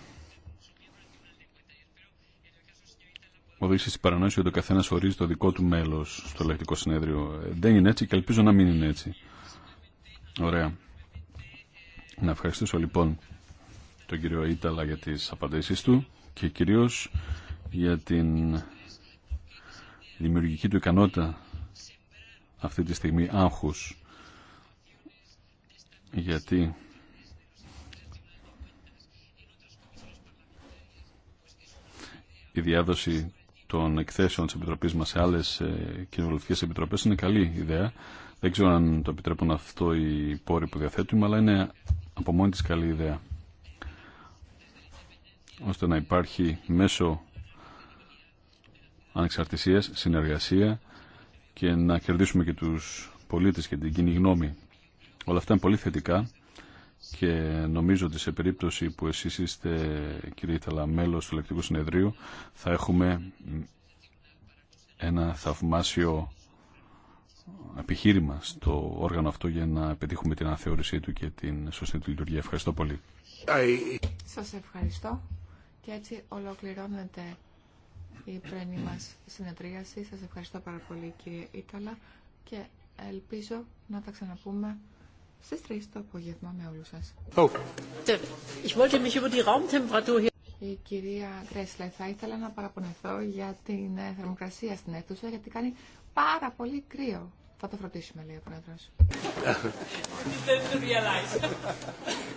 οδήγησε στην παρανόηση ότι ο καθένα ορίζει το δικό του μέλο στο ελεκτικό συνέδριο. Δεν είναι έτσι και ελπίζω να μην είναι έτσι. Ωραία. Να ευχαριστήσω λοιπόν τον κύριο Ήταλα για τις απαντήσεις του και κυρίως για την δημιουργική του ικανότητα αυτή τη στιγμή άγχους γιατί η διάδοση των εκθέσεων της Επιτροπής μας σε άλλες ε, κοινοβουλευτικές επιτροπές είναι καλή ιδέα. Δεν ξέρω αν το επιτρέπουν αυτό οι πόροι που διαθέτουμε, αλλά είναι από μόνη της καλή ιδέα. Ώστε να υπάρχει μέσω ανεξαρτησία, συνεργασία και να κερδίσουμε και τους πολίτες και την κοινή γνώμη. Όλα αυτά είναι πολύ θετικά και νομίζω ότι σε περίπτωση που εσεί είστε, κύριε Ιταλά, μέλο του Λεκτικού Συνεδρίου, θα έχουμε ένα θαυμάσιο επιχείρημα στο όργανο αυτό για να πετύχουμε την αναθεώρησή του και την σωστή του λειτουργία. Ευχαριστώ πολύ. Σας ευχαριστώ και έτσι ολοκληρώνεται η πρένη μας συνεδρίαση. Σας ευχαριστώ πάρα πολύ κύριε Ήταλα και ελπίζω να τα ξαναπούμε στις 3 το απόγευμα με όλους σας. η κυρία Κρέσλε, θα ήθελα να παραπονεθώ για την ε, θερμοκρασία στην αίθουσα, γιατί κάνει πάρα πολύ κρύο. Θα το φροντίσουμε, λέει ο πρόεδρος. [LAUGHS]